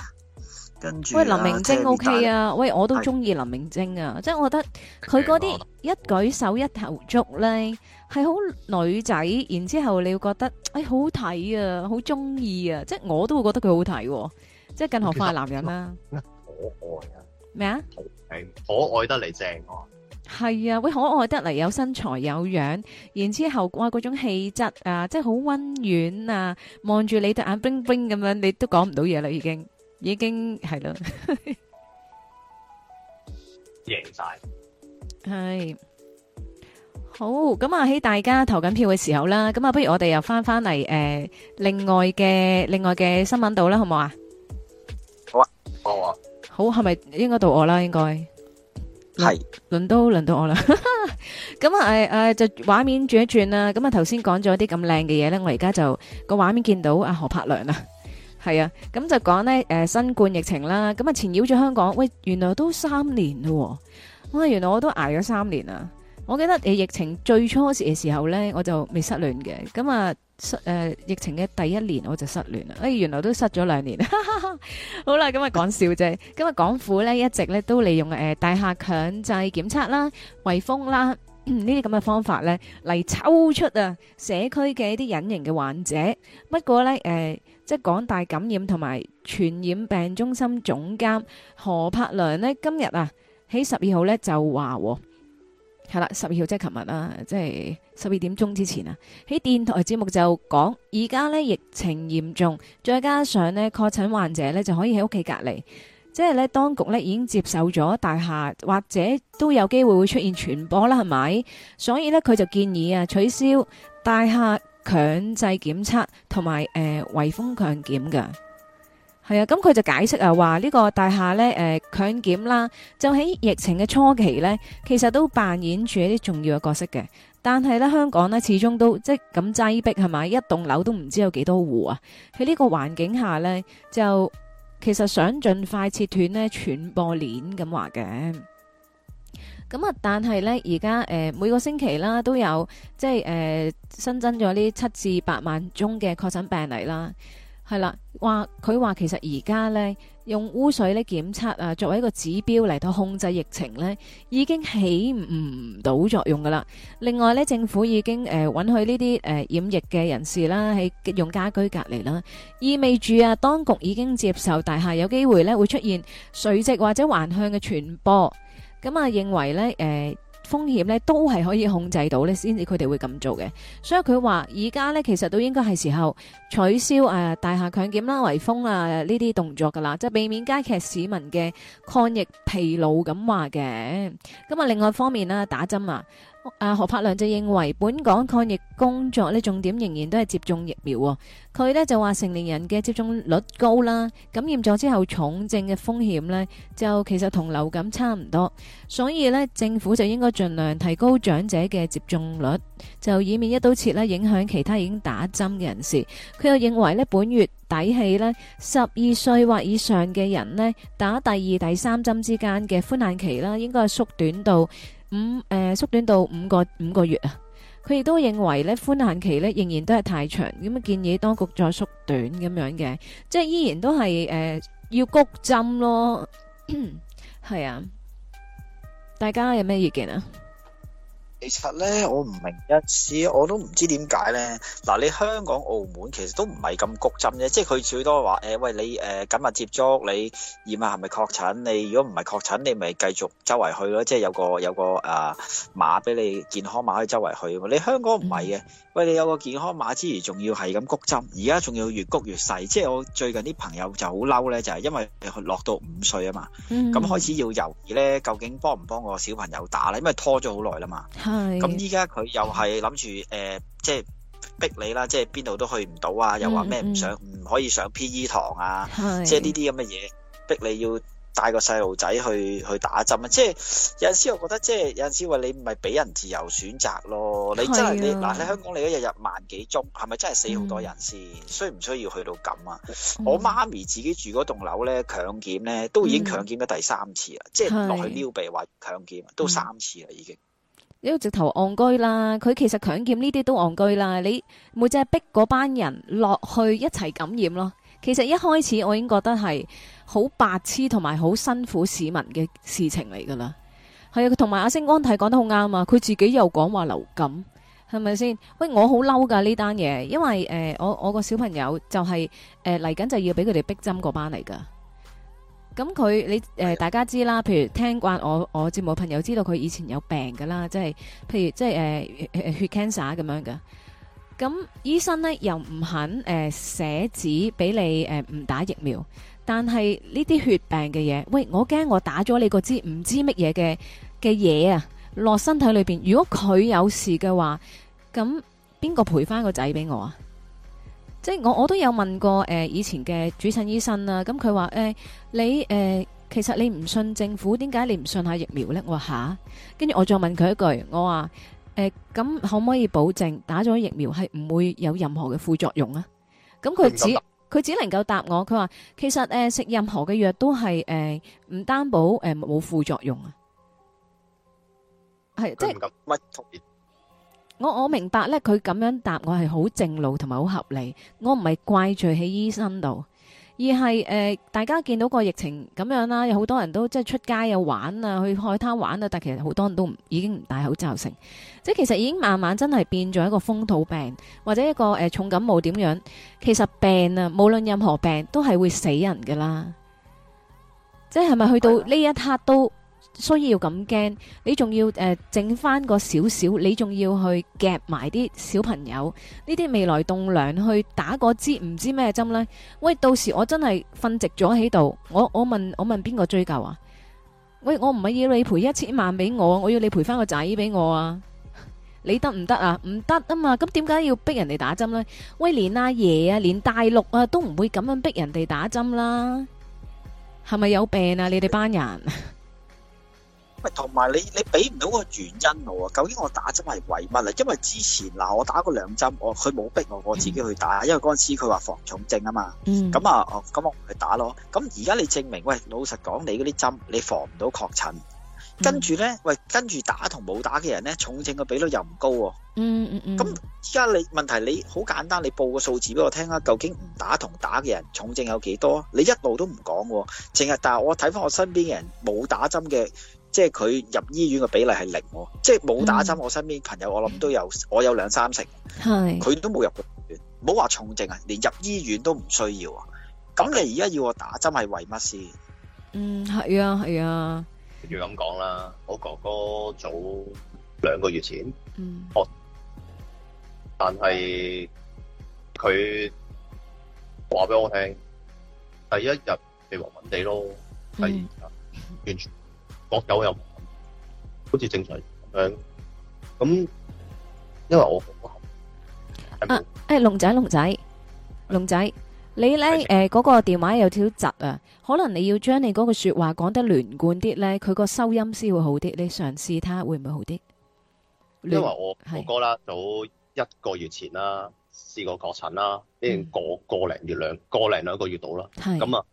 啊、喂，林明晶 O K 啊！但喂，我都中
意林明晶啊，是的即係我覺得佢嗰啲一舉手一投足咧，係好女仔，然之後你會覺得誒、哎、好睇啊，好中意啊，即係我都會覺得佢好睇、啊，即係更何況係男人啦，
可
愛啊！咩啊？
可愛得嚟正啊！
係啊！喂，可愛得嚟有身材有樣，然之後哇嗰種氣質啊，即係好溫婉啊，望住你對眼冰冰咁樣，你都講唔到嘢啦已經。已經係咯，
贏晒，
係好。咁啊，喺大家投緊票嘅時候啦，咁啊，不如我哋又翻翻嚟，誒，另外嘅另外嘅新聞度啦，好唔好啊？
好啊，好啊，
好係咪應該到我啦？應該係輪到輪到我啦。咁啊，誒誒，就畫面轉一轉啦。咁啊，頭先講咗啲咁靚嘅嘢咧，我而家就個畫面見到阿何柏良啦。係啊，咁就講呢。誒、呃，新冠疫情啦，咁啊，纏繞咗香港。喂，原來都三年咯、哦，啊、哎，原來我都挨咗三年啊。我記得誒、呃，疫情最初時嘅時候呢，我就未失戀嘅。咁啊，失、呃、誒，疫情嘅第一年我就失戀啦。哎，原來都失咗兩年哈哈哈哈，好啦，咁啊，講笑啫。咁啊，港府呢一直咧都利用誒、呃、大廈強制檢測啦、圍封啦呢啲咁嘅方法呢嚟抽出啊社區嘅一啲隱形嘅患者。不過呢。誒、呃。即係港大感染同埋傳染病中心總監何柏良呢，今日啊喺十二號呢就話係啦，十二號即係琴日啊，即係十二點鐘之前啊，喺電台節目就講，而家呢疫情嚴重，再加上呢確診患者呢就可以喺屋企隔離，即係呢當局呢已經接受咗大廈，或者都有機會會出現傳播啦，係咪？所以呢，佢就建議啊取消大廈。強制檢測同埋誒圍封強檢嘅係啊，咁佢就解釋啊，話呢個大廈呢誒強檢啦，就喺疫情嘅初期呢，其實都扮演住一啲重要嘅角色嘅。但係呢，香港呢，始終都即咁擠逼係咪？一棟樓都唔知有幾多戶啊。喺呢個環境下呢，就其實想盡快切斷呢傳播鏈咁話嘅。咁啊！但係咧，而家誒每個星期啦，都有即係誒、呃、新增咗呢七至八萬宗嘅確診病例啦，係啦。話佢話其實而家咧用污水咧檢測啊，作為一個指標嚟到控制疫情咧，已經起唔到作用㗎喇。另外咧，政府已經誒、呃、允許呢啲誒染疫嘅人士啦，喺用家居隔離啦，意味住啊，當局已經接受大廈有機會咧會出現垂直或者橫向嘅傳播。咁啊，認為咧，誒、呃、風險咧都係可以控制到咧，先至佢哋會咁做嘅。所以佢話，而家咧其實都應該係時候取消、呃、大廈強檢啦、圍封啊呢啲動作噶啦，即係避免加劇市民嘅抗疫疲勞咁話嘅。咁啊，另外方面啦打針啊。啊，何柏良就認為本港抗疫工作呢重點仍然都係接種疫苗，哦。佢呢就話成年人嘅接種率高啦，感染咗之後重症嘅風險呢，就其實同流感差唔多，所以呢，政府就應該盡量提高長者嘅接種率，就以免一刀切呢影響其他已經打針嘅人士。佢又認為呢本月底起呢，十二歲或以上嘅人呢，打第二、第三針之間嘅寬限期啦，應該係縮短到。五誒，縮、呃、短到五個五個月啊！佢亦都認為咧寬限期咧仍然都係太長，咁啊建議當局再縮短咁樣嘅，即係依然都係誒、呃、要谷針咯，係 (coughs) 啊，大家有咩意見啊？
其實咧，我唔明一次，我都唔知點解咧。嗱，你香港澳門其實都唔係咁谷針啫，即係佢最多話誒、欸，喂你誒，緊密接觸你驗下係咪確診？你、呃、你，是是確診你如果唔係確診，你咪繼續周圍去咯，即係有個有個誒碼俾你健康碼可以周圍去。你香港唔係嘅，嗯、喂你有個健康碼之餘，仲要係咁谷針，而家仲要越谷越細。即係我最近啲朋友就好嬲咧，就係、是、因為落到五歲啊嘛，咁、嗯、開始要猶豫咧，究竟幫唔幫個小朋友打咧？因為拖咗好耐啦嘛。咁依家佢又係諗住誒，即係逼你啦，即係邊度都去唔到啊。又話咩唔想唔可以上 P.E. 堂啊，即係呢啲咁嘅嘢逼你要帶個細路仔去去打針啊。即係有陣時，我覺得即係有陣時話你唔係俾人自由選擇咯。你真係你嗱，喺香港你一日日萬幾宗，係咪真係死好多人先？需唔需要去到咁啊？我媽咪自己住嗰棟樓咧，強檢咧都已經強檢咗第三次啦，即係落去撩鼻話強檢都三次啦，已經。
因為直頭戇居啦，佢其實強檢呢啲都戇居啦。你每只係逼嗰班人落去一齊感染咯。其實一開始我已經覺得係好白痴同埋好辛苦市民嘅事情嚟噶啦。係啊，同埋阿星安泰講得好啱啊。佢自己又講話流感，係咪先？喂，我好嬲噶呢單嘢，因為誒、呃，我我個小朋友就係誒嚟緊就要俾佢哋逼針嗰班嚟噶咁佢你誒、呃、大家知啦，譬如聽慣我我節目朋友知道佢以前有病噶啦，即係譬如即係誒、呃、血 cancer 咁樣噶，咁醫生咧又唔肯誒寫紙俾你誒唔、呃、打疫苗，但係呢啲血病嘅嘢，喂我驚我打咗你個支唔知乜嘢嘅嘅嘢啊落身體裏邊，如果佢有事嘅話，咁邊個賠翻個仔俾我啊？即係我我都有問過誒、呃、以前嘅主診醫生啦、啊，咁佢話誒你誒、呃、其實你唔信政府，點解你唔信下疫苗咧？我話吓，跟、啊、住我再問佢一句，我話誒咁可唔可以保證打咗疫苗係唔會有任何嘅副作用啊？咁佢只佢只能夠答我，佢話其實誒食任何嘅藥都係誒唔擔保誒冇副作用啊，係即係是。我我明白咧，佢咁樣答我係好正路同埋好合理，我唔係怪罪喺醫生度，而係誒、呃、大家見到個疫情咁樣啦，有好多人都即係出街啊玩啊，去海灘玩啊，但其實好多人都唔已經唔戴口罩成，即係其實已經慢慢真係變咗一個風土病或者一個誒、呃、重感冒點樣，其實病啊，無論任何病都係會死人噶啦，即係咪去到呢一刻都？所以要咁驚，你仲要誒剩翻，個少少，你仲要去夾埋啲小朋友呢啲未來棟樑去打個支，唔知咩針呢？喂，到時我真係瞓直咗喺度，我我問我問邊個追究啊？喂，我唔係要你賠一千萬俾我，我要你賠翻個仔俾我啊！你得唔得啊？唔得啊嘛，咁點解要逼人哋打針呢？喂，連阿爺啊，連大陸啊都唔會咁樣逼人哋打針啦，係咪有病啊？你哋班人。 (laughs)
同埋你，你俾唔到個原因我啊？究竟我打針係為乜啊？因為之前嗱，我打過兩針，我佢冇逼我，我自己去打。因為嗰陣時佢話防重症啊嘛。咁啊、嗯，哦，咁我去打咯。咁而家你證明，喂，老實講，你嗰啲針你防唔到確診，跟住呢，喂，跟住打同冇打嘅人呢，重症嘅比率又唔高。嗯嗯，咁而家你問題你好簡單，你報個數字俾我聽啊？究竟唔打同打嘅人重症有幾多？你一路都唔講，淨係但係我睇翻我身邊嘅人冇打針嘅。即係佢入醫院嘅比例係零、啊，即係冇打針。嗯、我身邊朋友我諗都有，我有兩三成，
係佢
是都冇入過院。唔好話重症啊，連入醫院都唔需要啊。咁你而家要我打針係為乜
先？嗯，係啊，
係啊。要咁
講啦，我哥哥早兩個月前，嗯，哦，但係佢話俾我聽，第一日你暈暈哋咯，嗯、第二日完全。各有有，好似正常咁咁。因為我哥
哥，誒，龍仔，龍仔，龍仔，你咧誒，嗰個電話有少少窒啊，可能你要將你嗰個說話講得連貫啲咧，佢個收音先會好啲。你嘗試睇下會唔會好啲？因為
我我哥哥啦，早一個月前啦，試過確診啦，已經個個零月亮，個零兩個月到啦，係咁啊。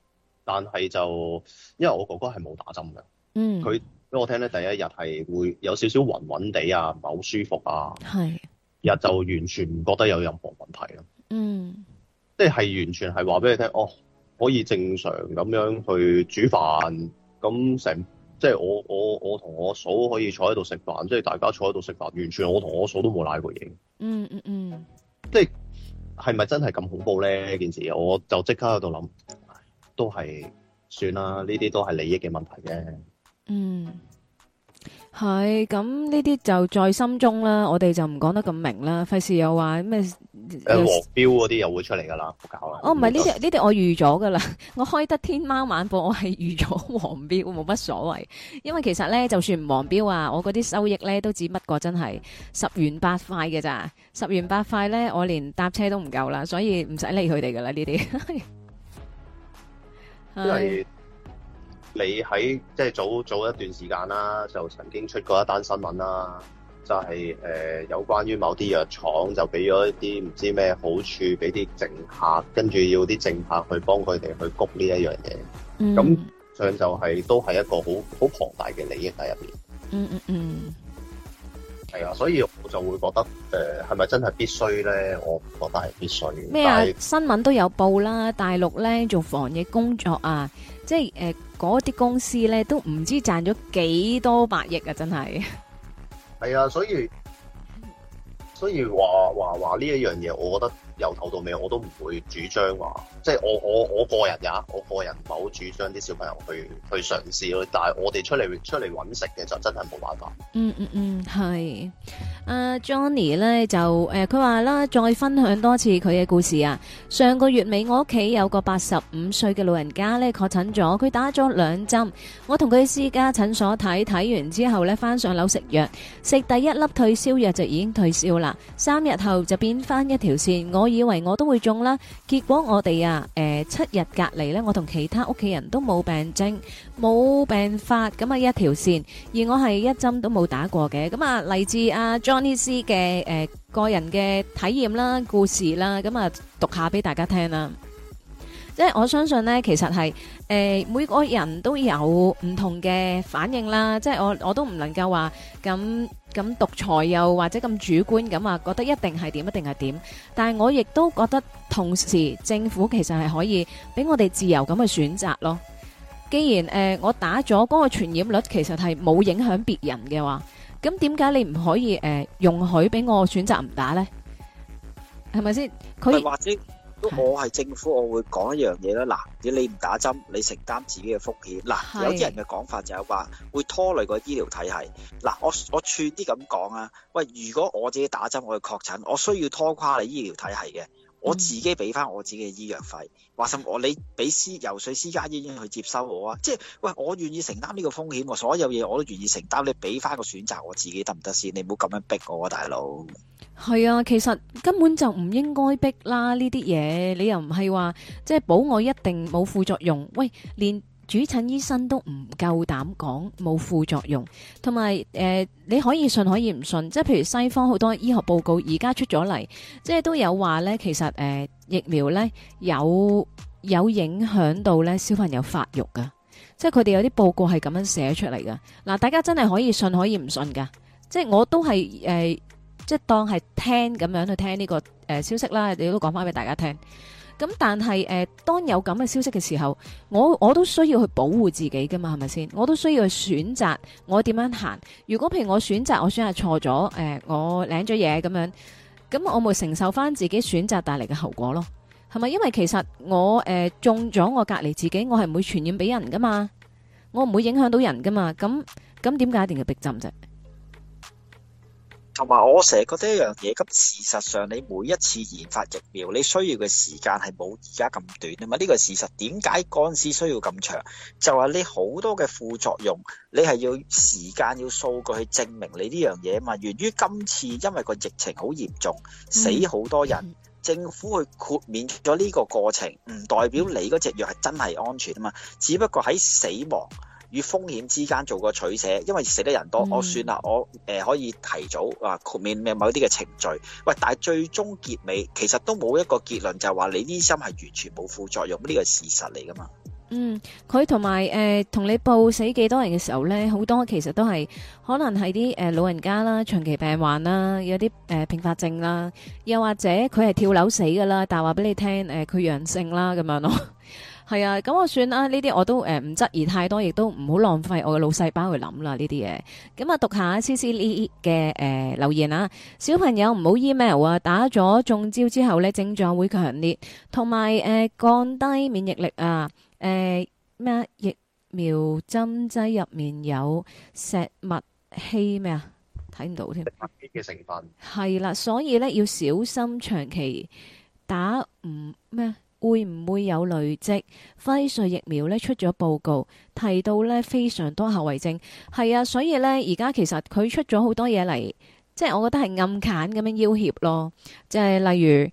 但係就因為我哥哥係冇打針嘅。嗯，佢俾我聽咧，第一日係會有少少暈暈地啊，唔係好舒服啊。係是日就完全唔覺得有任何問題咯。嗯，即係完全係話俾你聽，哦，可以正常咁樣去煮飯，咁成即係我我我同我嫂可以坐喺度食飯，即係大家坐喺度食飯，完全我同我嫂都冇瀨過嘢、嗯。嗯嗯嗯，即係係咪真係咁恐怖咧？呢件事我就即刻喺度諗，都係算啦，呢啲都係利益嘅問題嘅。
嗯，係咁呢啲就在心中啦，我哋就唔講得咁明啦，費事又話咩？誒，黃
標嗰啲又會出嚟噶啦，搞啦！哦，唔係呢啲
呢啲我預咗噶啦， (laughs) 我開得天貓晚報，我係預咗黃標，冇乜所謂。因為其實咧，就算唔黃標啊，我嗰啲收益咧都只不過真係十元八塊嘅咋，十元八塊咧我連搭車都唔夠啦，所以唔使理佢哋噶啦呢啲。係。 (laughs) 是因為
你喺即係早早一段時間啦、啊，就曾經出過一單新聞啦、啊，就係、是、誒、呃、有關於某啲藥廠就俾咗一啲唔知咩好處俾啲政客，跟住要啲政客去幫佢哋去谷呢一、嗯、樣嘢、就是。咁上就係都係一個好好龐大嘅利益喺入邊。嗯嗯嗯，係啊，所以我就會覺得誒，係、呃、咪真係必須咧？我覺得係必須。咩啊麼？
是新聞都有報啦，大陸咧做防疫工作啊。即係誒，嗰、呃、啲公司咧都唔知賺咗幾多百億啊！真係，
係啊，所以所以話話話呢一樣嘢，這件事我覺得。由頭到尾我都唔會主張話，即係我我我個人也，我個人唔係好主張啲小朋友去去嘗試。但係我哋出嚟出嚟揾食嘅就真係冇辦法。嗯嗯
嗯，係、嗯。Uh, Johnny 咧就誒，佢話啦，再分享多次佢嘅故事啊。上個月尾，我屋企有個八十五歲嘅老人家咧確診咗，佢打咗兩針。我同佢私家診所睇，睇完之後咧翻上樓食藥，食第一粒退燒藥就已經退燒啦。三日後就變翻一條線，我。以為我都會中啦，結果我哋啊，誒、呃、七日隔離呢，我同其他屋企人都冇病徵，冇病發，咁啊一條線，而我係一針都冇打過嘅，咁啊嚟自阿、啊、Johnny C 嘅誒、呃、個人嘅體驗啦、故事啦，咁啊讀下俾大家聽啦。即係我相信呢，其實係，誒，每個人都有唔同嘅反應啦。即係我我都唔能夠話咁咁獨裁又或者咁主觀咁話覺得一定係點一定係點。但係我亦都覺得同時政府其實係可以俾我哋自由咁去選擇咯。既然誒我打咗嗰個傳染率其實係冇影響別人嘅話，咁點解你唔可以誒容許俾我選擇唔打呢？係咪先？佢
或者。如果我係政府，我會講一樣嘢啦。嗱，如果你唔打針，你承擔自己嘅風險。嗱，有啲人嘅講法就係話會拖累個醫療體系。嗱，我我串啲咁講啊。喂，如果我自己打針，我去確診，我需要拖垮你醫療體系嘅，我自己俾翻我自己嘅醫藥費。嗯、話實我你俾私游水私家醫院去接收我啊？即係喂，我願意承擔呢個風險，我所有嘢我都願意承擔。你俾翻個選擇，我自己得唔得先？你唔好咁樣逼我啊，大佬。
係啊，其實根本就唔應該逼啦。呢啲嘢，你又唔係話即係保我一定冇副作用。喂，連主診醫生都唔夠膽講冇副作用，同埋誒，你可以信可以唔信。即係譬如西方好多醫學報告而家出咗嚟，即係都有話呢。其實誒、呃、疫苗呢，有有影響到呢小朋友發育噶，即係佢哋有啲報告係咁樣寫出嚟噶。嗱，大家真係可以信可以唔信噶，即係我都係誒。呃即係當係聽咁樣去聽呢，這個誒、呃、消息啦，你都講翻俾大家聽。咁但係誒、呃，當有咁嘅消息嘅時候，我我都需要去保護自己噶嘛，係咪先？我都需要去選擇我點樣行。如果譬如我選擇，我選擇錯咗，誒、呃，我領咗嘢，咁樣，咁我咪承受翻自己選擇帶嚟嘅後果咯。係咪？因為其實我誒、呃、中咗我隔離自己，我係唔會傳染俾人噶嘛，我唔會影響到人噶嘛。咁咁點解一定要逼針啫？
同埋我成日覺得一樣嘢，咁事實上你每一次研發疫苗，你需要嘅時間係冇而家咁短啊嘛，呢個事實。點解嗰陣時需要咁長？就話你好多嘅副作用，你係要時間要數據去證明你呢樣嘢嘛。源於今次因為個疫情好嚴重，嗯、死好多人，政府去豁免咗呢個過程，唔代表你嗰隻藥係真係安全啊嘛。只不過喺死亡與風險之間做個取捨，因為死得人多，我、嗯哦、算啦，我誒、呃、可以提早啊，豁免、呃、某啲嘅程序。喂，但係最終結尾其實都冇一個結論，就係話你醫生係完全冇副作用，呢、這個係事實嚟噶嘛？嗯，
佢同埋誒同你報死幾多人嘅時候呢，好多其實都係可能係啲誒老人家啦、長期病患啦、有啲誒併發症啦，又或者佢係跳樓死噶啦，但係話俾你聽誒，佢、呃、陽性啦咁樣咯。哦係啊，咁我算啦，呢啲我都唔、呃、質疑太多，亦都唔好浪費我嘅腦細胞去諗啦呢啲嘢。咁啊，讀下 CCLee 嘅、呃、留言啦、啊。小朋友唔好 email 啊！打咗中招之後呢，症狀會強烈，同埋誒降低免疫力啊。咩、呃啊、疫苗針劑入面有石墨烯咩啊？睇唔到添。嘅成分係啦，所以呢要小心長期打唔咩？嗯會唔會有累積？輝瑞疫苗呢出咗報告，提到呢非常多後遺症。係啊，所以呢而家其實佢出咗好多嘢嚟，即係我覺得係暗砍咁樣要挾咯。即係例如誒、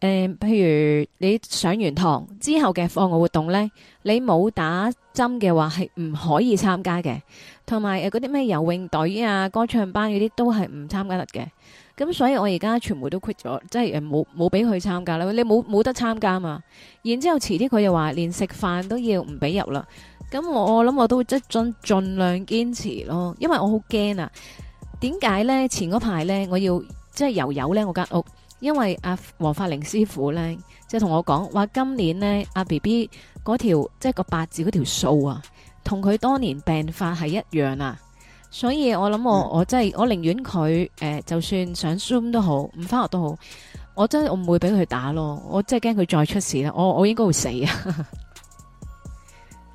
呃，譬如你上完堂之後嘅課外活動呢，你冇打針嘅話係唔可以參加嘅，同埋誒嗰啲咩游泳隊啊、歌唱班嗰啲都係唔參加得嘅。咁所以，我而家全部都 quit 咗，即係誒冇冇俾佢參加啦。你冇冇得參加嘛？然之後遲啲佢又話連食飯都要唔俾入啦。咁我諗我都盡盡盡量堅持咯，因為我好驚啊。點解呢？前嗰排呢，我要即係游友呢我間屋，因為阿黃發玲師傅呢，即係同我講話今年呢，阿、啊、B B 嗰條即係個八字嗰條數啊，同佢當年病發係一樣啊。所以我諗我、嗯、我真係，我寧願佢誒，就算想 Zoom 都好，唔翻學都好，我真係我唔會俾佢打咯，我真係驚佢再出事啦，我我應該
會死啊！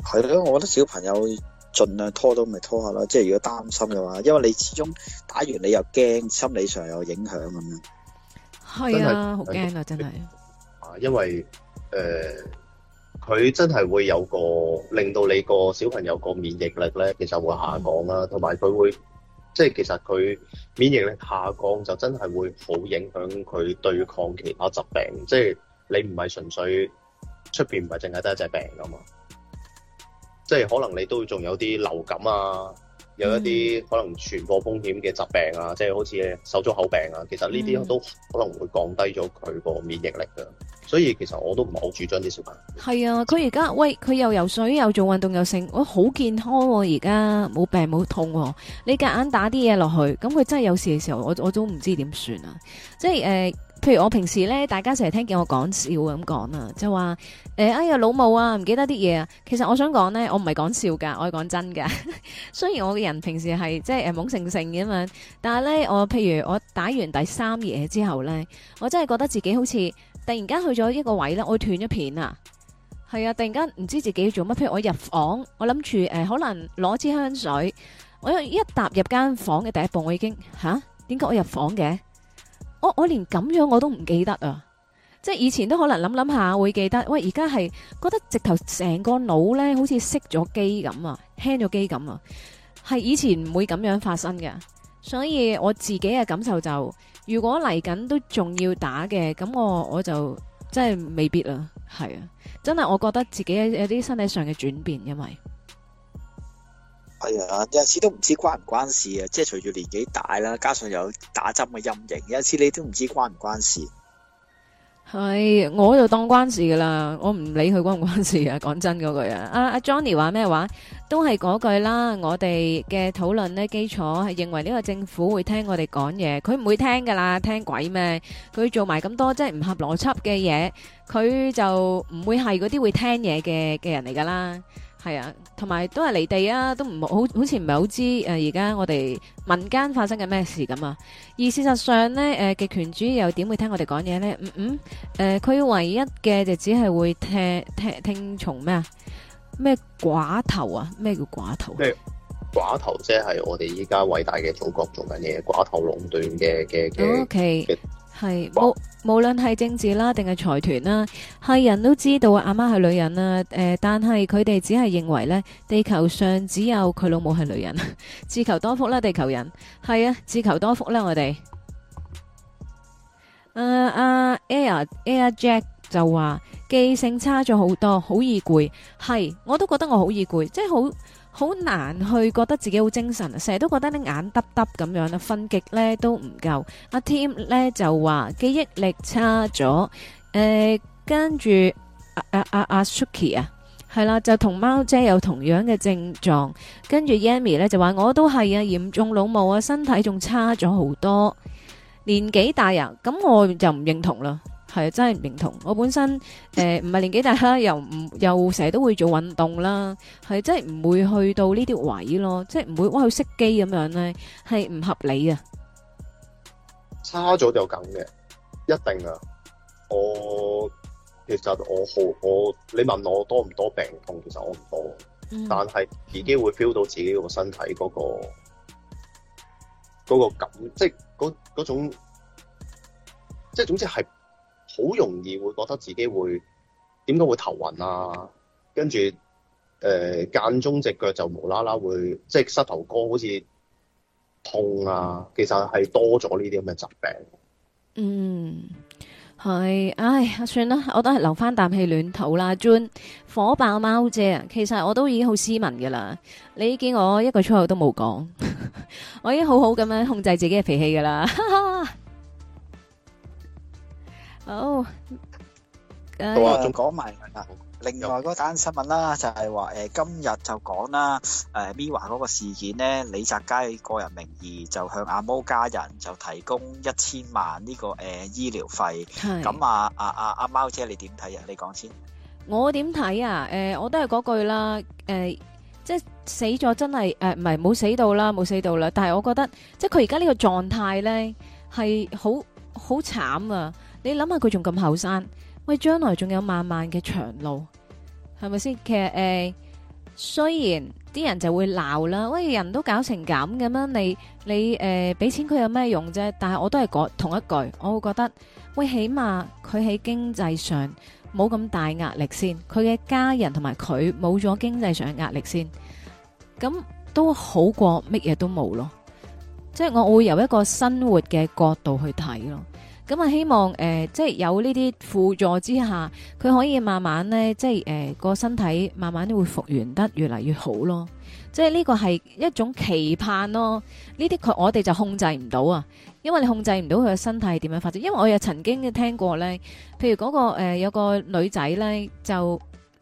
係咯，我覺得小朋友盡量拖都咪拖下啦，即係如果擔心嘅話，因為你始終打完你又驚，心理上有影響咁樣，
係啊，好驚的啊，真係，
因為誒。呃佢
真係會有個令到你個小朋友個免疫力咧，其實會下降啦，同埋佢會即係其實佢免疫力下降就真係會好影響佢對抗其他疾病。即係你唔係純粹出邊唔係淨係得一隻病㗎嘛，即係可能你都會仲有啲流感啊。有一啲可能傳播風險嘅疾病啊，即係好似手足口病啊，其實呢啲都可能會降低咗佢個免疫力㗎，所以其實我都唔係好主張啲小朋友。
係啊，佢而家喂佢又游水又做運動又成，我好健康喎而家，冇病冇痛啊。你夾硬打啲嘢落去，咁佢真係有事嘅時候，我我都唔知點算啊！即係誒。呃譬如我平時咧，大家成日聽見我講笑咁講啊，就話誒、欸，哎呀老母啊，唔記得啲嘢啊。其實我想講呢，我唔係講笑噶，我係講真噶。 (laughs) 雖然我嘅人平時係即係懵盛盛噉樣，但係呢，我譬如我打完第三嘢之後呢，我真係覺得自己好似突然間去咗一個位呢，我斷咗片啊。係啊，突然間唔知自己要做乜。譬如我入房，我諗住誒，可能攞支香水。我一踏入間房嘅第一步，我已經吓，點、啊、解我入房嘅？我我連咁樣我都唔記得啊！即係以前都可能諗諗下會記得，喂而家係覺得直頭成個腦咧，好似熄咗機咁啊，輕咗機咁啊，係以前唔會咁樣發生嘅。所以我自己嘅感受就，如果嚟緊都仲要打嘅，咁我我就真係未必啦，係啊，真係我覺得自己有啲身體上嘅轉變，因為。
係啊，有陣時都唔知關唔關事啊！即係隨住年紀大啦，加上有打針嘅陰影，有陣時你都唔知關唔關事。
係，我就當關事噶啦，我唔理佢關唔關事啊！講真嗰句啊，阿阿 Johnny 話咩話？都係嗰句啦。我哋嘅討論呢，基礎係認為呢個政府會聽我哋講嘢，佢唔會聽噶啦，聽鬼咩？佢做埋咁多即係唔合邏輯嘅嘢，佢就唔會係嗰啲會聽嘢嘅嘅人嚟噶啦。係啊，同埋都係離地啊，都唔好，好似唔係好知誒，而家我哋民間發生緊咩事咁啊？而事實上咧，誒、呃、極權主義又點會聽我哋講嘢咧？嗯嗯，誒、呃，佢唯一嘅就只係會聽聽聽從咩啊？咩寡頭啊？咩叫
寡頭？寡頭即係我哋依家偉大嘅祖國做緊嘢，寡頭壟斷嘅嘅嘅。OK。
係無無論係政治啦，定係財團啦，係人都知道阿媽係女人啦，啊。誒、呃，但係佢哋只係認為咧，地球上只有佢老母係女人。 (laughs) 自求多福啦，地球人。係啊，自求多福啦，我哋。誒，阿 Air Air Jack 就話記性差咗好多，好易攰。係，我都覺得我好易攰，即係好。好難去覺得自己好精神，成日都覺得你眼耷耷咁樣啦，分極咧都唔夠。阿 Tim 咧就話記憶力差咗，誒跟住阿阿阿 Suki 啊，係、啊啊啊、啦就同貓姐有同樣嘅症狀，跟住 Yami 咧就話我都係啊，嚴重老母啊，身體仲差咗好多，年紀大啊，咁我就唔認同啦。係啊，真係唔認同。我本身誒唔係年紀大啦，又唔又成日都會做運動啦，係真係唔會去到呢啲位咯，即係唔會哇去熄機咁樣咧，係唔合理啊！
差咗就咁嘅，一定啊！我其實我好我你問我多唔多病痛，其實我唔多，但係自己會 feel 到自己個身體嗰個嗰個感，即係嗰嗰種，即係總之係。好容易會覺得自己會點解會頭暈啊？跟住誒間中隻腳就無啦啦會即係膝頭哥好似痛啊！其實係多咗呢啲咁嘅疾病。嗯，
係，唉，算啦，我都係留返啖氣暖肚啦。阿尊火爆貓姐啊，其實我都已經好斯文噶啦。你見我一個粗口都冇講， (laughs) 我已經好好咁樣控制自己嘅脾氣噶啦。哈哈。
好，我講埋啦。另外嗰單新聞啦，就係話誒，今日就講啦。誒，MIRROR 嗰個事件咧，李澤佳個人名義就向阿 Mo 家人就提供一千萬呢個誒醫療費。係咁啊，阿阿阿貓姐，你點睇啊？你講先。
我點睇啊？誒，我都係嗰句啦。誒，即係死咗真係誒，唔係冇死到啦，冇死到啦。但係我覺得即係佢而家呢個狀態咧，係好好慘啊。你諗下佢仲咁後生，喂，將來仲有漫漫嘅長路，係咪先？其實誒、呃，雖然啲人就會鬧啦，喂，人都搞成咁咁樣，你你誒，俾、呃、錢佢有咩用啫？但係我都係講同一句，我會覺得，喂，起碼佢喺經濟上冇咁大壓力先，佢嘅家人同埋佢冇咗經濟上嘅壓力先，咁都好過乜嘢都冇咯。即係我會由一個生活嘅角度去睇咯。咁啊，希望誒、呃，即係有呢啲輔助之下，佢可以慢慢咧，即係誒個身體慢慢咧會復原得越嚟越好咯。即係呢個係一種期盼咯。呢啲我哋就控制唔到啊，因為你控制唔到佢個身體係點樣發展。因為我又曾經聽過咧，譬如嗰、嗰個、呃、有個女仔咧，就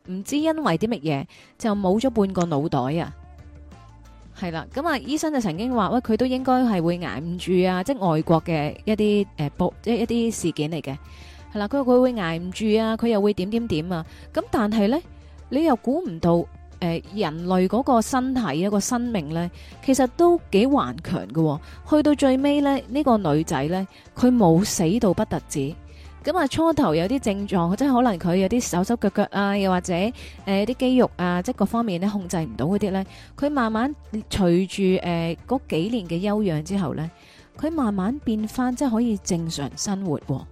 唔知因為啲乜嘢就冇咗半個腦袋啊。係啦，咁啊，醫生就曾經話，喂，佢都應該係會捱唔住啊！即係外國嘅一啲誒暴，即、呃、係一啲事件嚟嘅。係啦，佢話佢會捱唔住啊，佢又會點點點啊！咁但係呢，你又估唔到誒、呃、人類嗰個身體一、那個生命呢，其實都幾頑強嘅、哦。去到最尾呢，呢、呢個女仔呢，佢冇死到不特止。咁啊，初頭有啲症狀，即係可能佢有啲手手腳腳啊，又或者誒啲、呃、肌肉啊，即各方面咧控制唔到嗰啲咧，佢慢慢隨住誒嗰幾年嘅休養之後咧，佢慢慢變翻，即係可以正常生活、哦。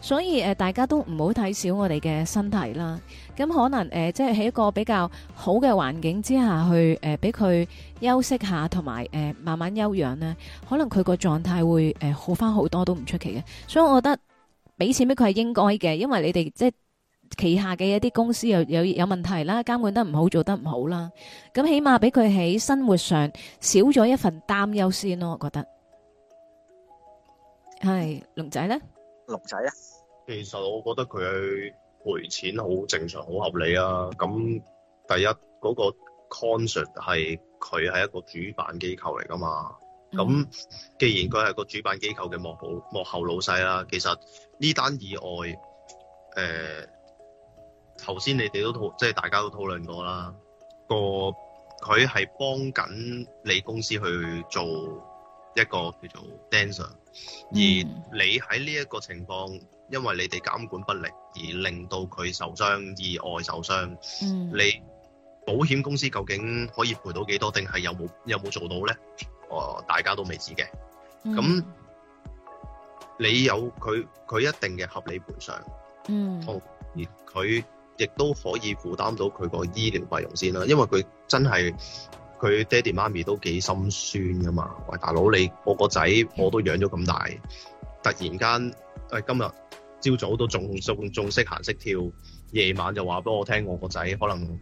所以誒、呃，大家都唔好睇小我哋嘅身體啦。咁、呃、可能誒、呃，即係喺一個比較好嘅環境之下去誒，俾、呃、佢休息下，同埋誒慢慢休養咧，可能佢個狀態會誒好翻好多都唔出奇嘅。所以我覺得。俾錢俾佢係應該嘅，因為你哋即係旗下嘅一啲公司又有有，有問題啦，監管得唔好，做得唔好啦。咁起碼俾佢喺生活上少咗一份擔憂先咯。我覺得係龍仔咧，
龍仔啊，其實我覺得佢賠錢好正常，好合理啊。咁第一嗰、那個 concert 係佢係一個主辦機構嚟噶嘛，咁既然佢係個主辦機構嘅幕後、嗯、幕後老細啦、啊，其實。呢單意外，誒頭先你哋都討，即係大家都討論過啦。個，佢係幫緊你公司去做一個叫做 Dancer，而你喺呢一個情況，嗯、因為你哋監管不力而令到佢受傷，意外受傷。嗯、你保險公司究竟可以賠到幾多，定係有冇有冇做到咧？我、呃、大家都未知嘅。咁、嗯。嗯你有佢佢一定嘅合理賠償，嗯，同而佢亦都可以負擔到佢個醫療費用先啦，因為佢真係佢爹哋媽咪都幾心酸噶嘛。喂，大佬，你我個仔我都養咗咁大，突然間誒、哎、今日朝早都仲仲仲識行識跳，夜晚就話俾我聽，我個仔可能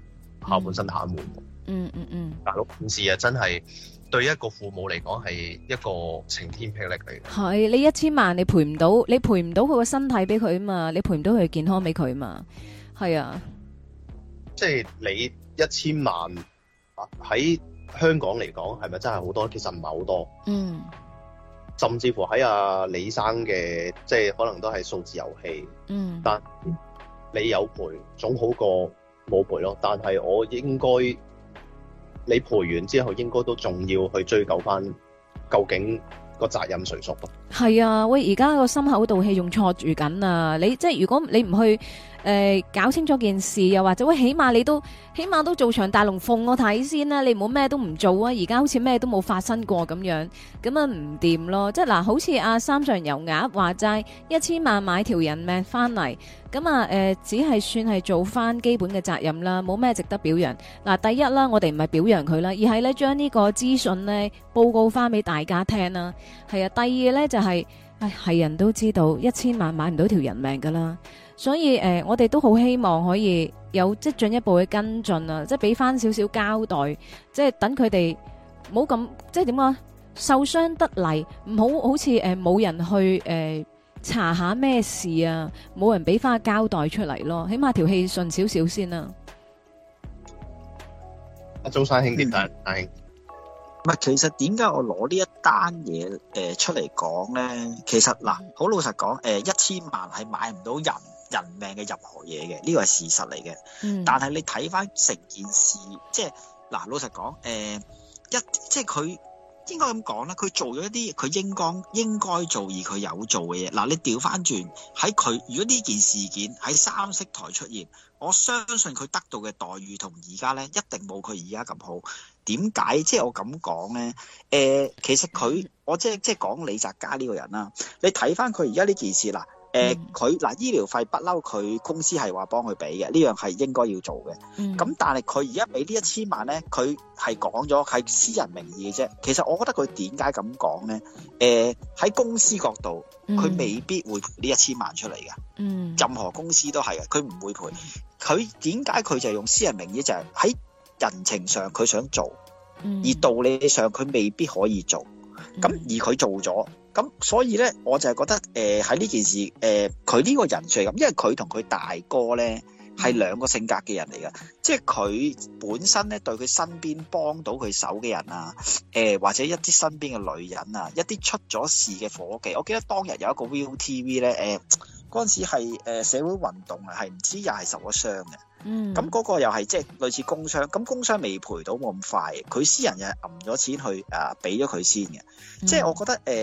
下半身癱瘓、嗯。嗯嗯
嗯，
大佬件事啊真係～對一個父母嚟講係一個晴天霹靂嚟。
係你一千萬你賠唔到，你賠唔到佢個身體俾佢啊嘛，你賠唔到佢健康俾佢啊嘛，係啊。即
係你一千萬喺香港嚟講係咪真係好多？其實唔係好多。嗯。甚至乎喺阿、啊、李生嘅，即係可能都係數字遊戲。嗯。但你有賠總好過冇賠咯，但係我應該。你賠完之後，應該都仲要去追究返，究竟個責任誰屬？
係啊，喂！而家個心口度氣仲錯住緊啊！你即係如果你唔去。誒、嗯，搞清楚件事又或者喂，起碼你都起碼都做場大龍鳳我睇先啦，你唔好咩都唔做啊！而家好似咩都冇發生過咁樣，咁啊唔掂咯。即係嗱，好似阿三上油鴨話齋，一千萬買條人命翻嚟，咁啊誒，只係算係做翻基本嘅責任啦，冇咩值得表揚。嗱，第一啦，我哋唔係表揚佢啦，而係咧將呢個資訊呢報告翻俾大家聽啦。係啊，第二咧就係、是。唉，係人、哎、都知道一千萬買唔到條人命噶啦，所以誒、呃，我哋都好希望可以有即進一步嘅跟進啊，即係俾翻少少交代，即係等佢哋冇咁即係點啊，受傷得嚟唔好好似誒冇人去誒、呃、查下咩事啊，冇人俾翻交代出嚟咯，起碼條氣順少少先啦、
啊。阿做晒兄弟，但係。嗯唔其實點解我攞呢一單嘢誒出嚟講呢？其實嗱，好老實講，誒一千萬係買唔到人人命嘅任何嘢嘅，呢個係事實嚟嘅。嗯、但係你睇翻成件事，即係嗱，老實講，誒、呃、一即係佢應該咁講啦，佢做咗一啲佢應該應該做而佢有做嘅嘢。嗱，你調翻轉喺佢，如果呢件事件喺三色台出現，我相信佢得到嘅待遇同而家呢，一定冇佢而家咁好。點解即係我咁講呢，誒、呃，其實佢我即係即係講李澤嘉呢個人啦。你睇翻佢而家呢件事啦，佢、呃、嗱、嗯、醫療費不嬲，佢公司係話幫佢俾嘅，呢樣係應該要做嘅。咁、嗯、但係佢而家俾呢一千萬呢，佢係講咗係私人名義嘅啫。其實我覺得佢點解咁講呢？誒、呃，喺公司角度，佢未必會賠呢一千萬出嚟嘅。嗯，任何公司都係嘅，佢唔會賠。佢點解佢就用私人名義就係喺？人情上佢想做，而道理上佢未必可以做。咁而佢做咗，咁所以咧，我就係覺得誒喺呢件事誒佢呢個人就咁，因為佢同佢大哥咧係兩個性格嘅人嚟嘅，即係佢本身咧對佢身邊幫到佢手嘅人啊，誒、呃、或者一啲身邊嘅女人啊，一啲出咗事嘅伙計，我記得當日有一個 ViuTV 咧，誒、呃、陣時係誒、呃、社會運動啊，係唔知又係受咗傷嘅。
咁嗰、
嗯、個又係即係類似工傷，咁工傷未賠到冇咁快，佢私人又揞咗錢去啊俾咗佢先嘅，嗯、即係我覺得誒、呃、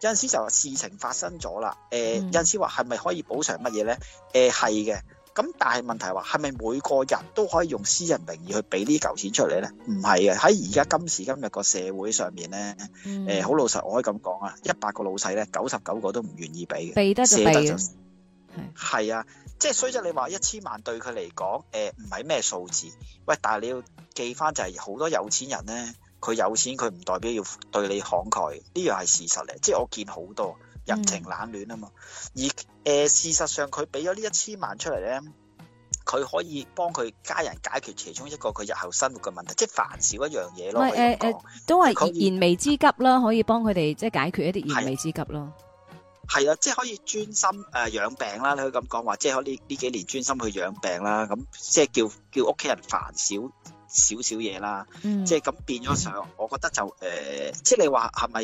有陣時就話事情發生咗啦，誒、呃嗯、有陣時話係咪可以補償乜嘢咧？誒係嘅，咁但係問題話係咪每個人都可以用私人名義去俾呢嚿錢出嚟咧？唔係嘅，喺而家今時今日個社會上面咧，誒好、嗯呃、老實我可以咁講啊，一百個老細咧，九十九個都唔願意俾，避得就避，係啊。的即係，所以即你話一千萬對佢嚟講，誒唔係咩數字？喂，但係你要記返就係好多有錢人咧，佢有錢佢唔代表要對你慷慨，呢樣係事實嚟，即係我見好多人情冷暖啊嘛。嗯、而誒、呃、事實上，佢俾咗呢一千萬出嚟咧，佢可以幫佢家人解決其中一個佢日後生活嘅問題，即係煩少一樣嘢咯。唔係誒
都係燃眉之急啦，可以幫佢哋即係解決一啲燃眉之急咯。
係啊，即係可以專心誒養病啦。你可以咁講話，即係可呢呢幾年專心去養病啦。咁即係叫叫屋企人煩少少少嘢啦。即係咁變咗上，我覺得就誒，即係你話係咪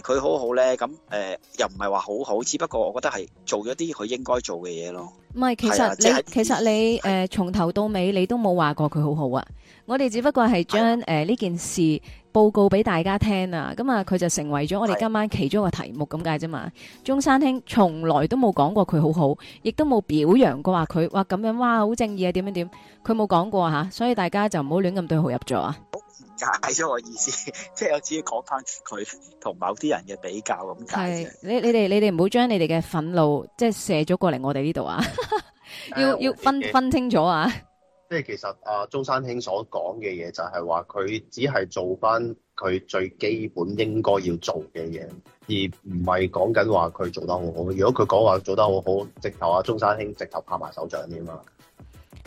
誒佢好好咧？咁誒又唔係話好好，只不過我覺得係做咗啲佢應該做嘅嘢咯。唔係，其實你其
實你誒從頭到尾你都冇話過佢好好啊。我哋只不過係將誒呢件事。報告俾大家聽啊！咁啊，佢就成為咗我哋今晚其中一個題目咁解啫嘛。的中山兄從來都冇講過佢好好，亦都冇表揚過話佢話咁樣哇好正義啊點樣點，佢冇講過嚇，所以大家就唔好亂咁對號入座啊！
解咗我意思，即係我只係講翻佢同某啲人嘅比較咁解啫。
你你哋你哋唔好將你哋嘅憤怒即係射咗過嚟我哋呢度啊！ (laughs) 要啊要分分清楚啊！
即係其實阿、啊、
中山兄所講嘅嘢，就係話佢只係做翻佢最基本應該要做嘅嘢，而唔係講緊話佢做得好好。如果佢講話做得好好，直頭阿、啊、中山兄直頭拍埋手掌添啊！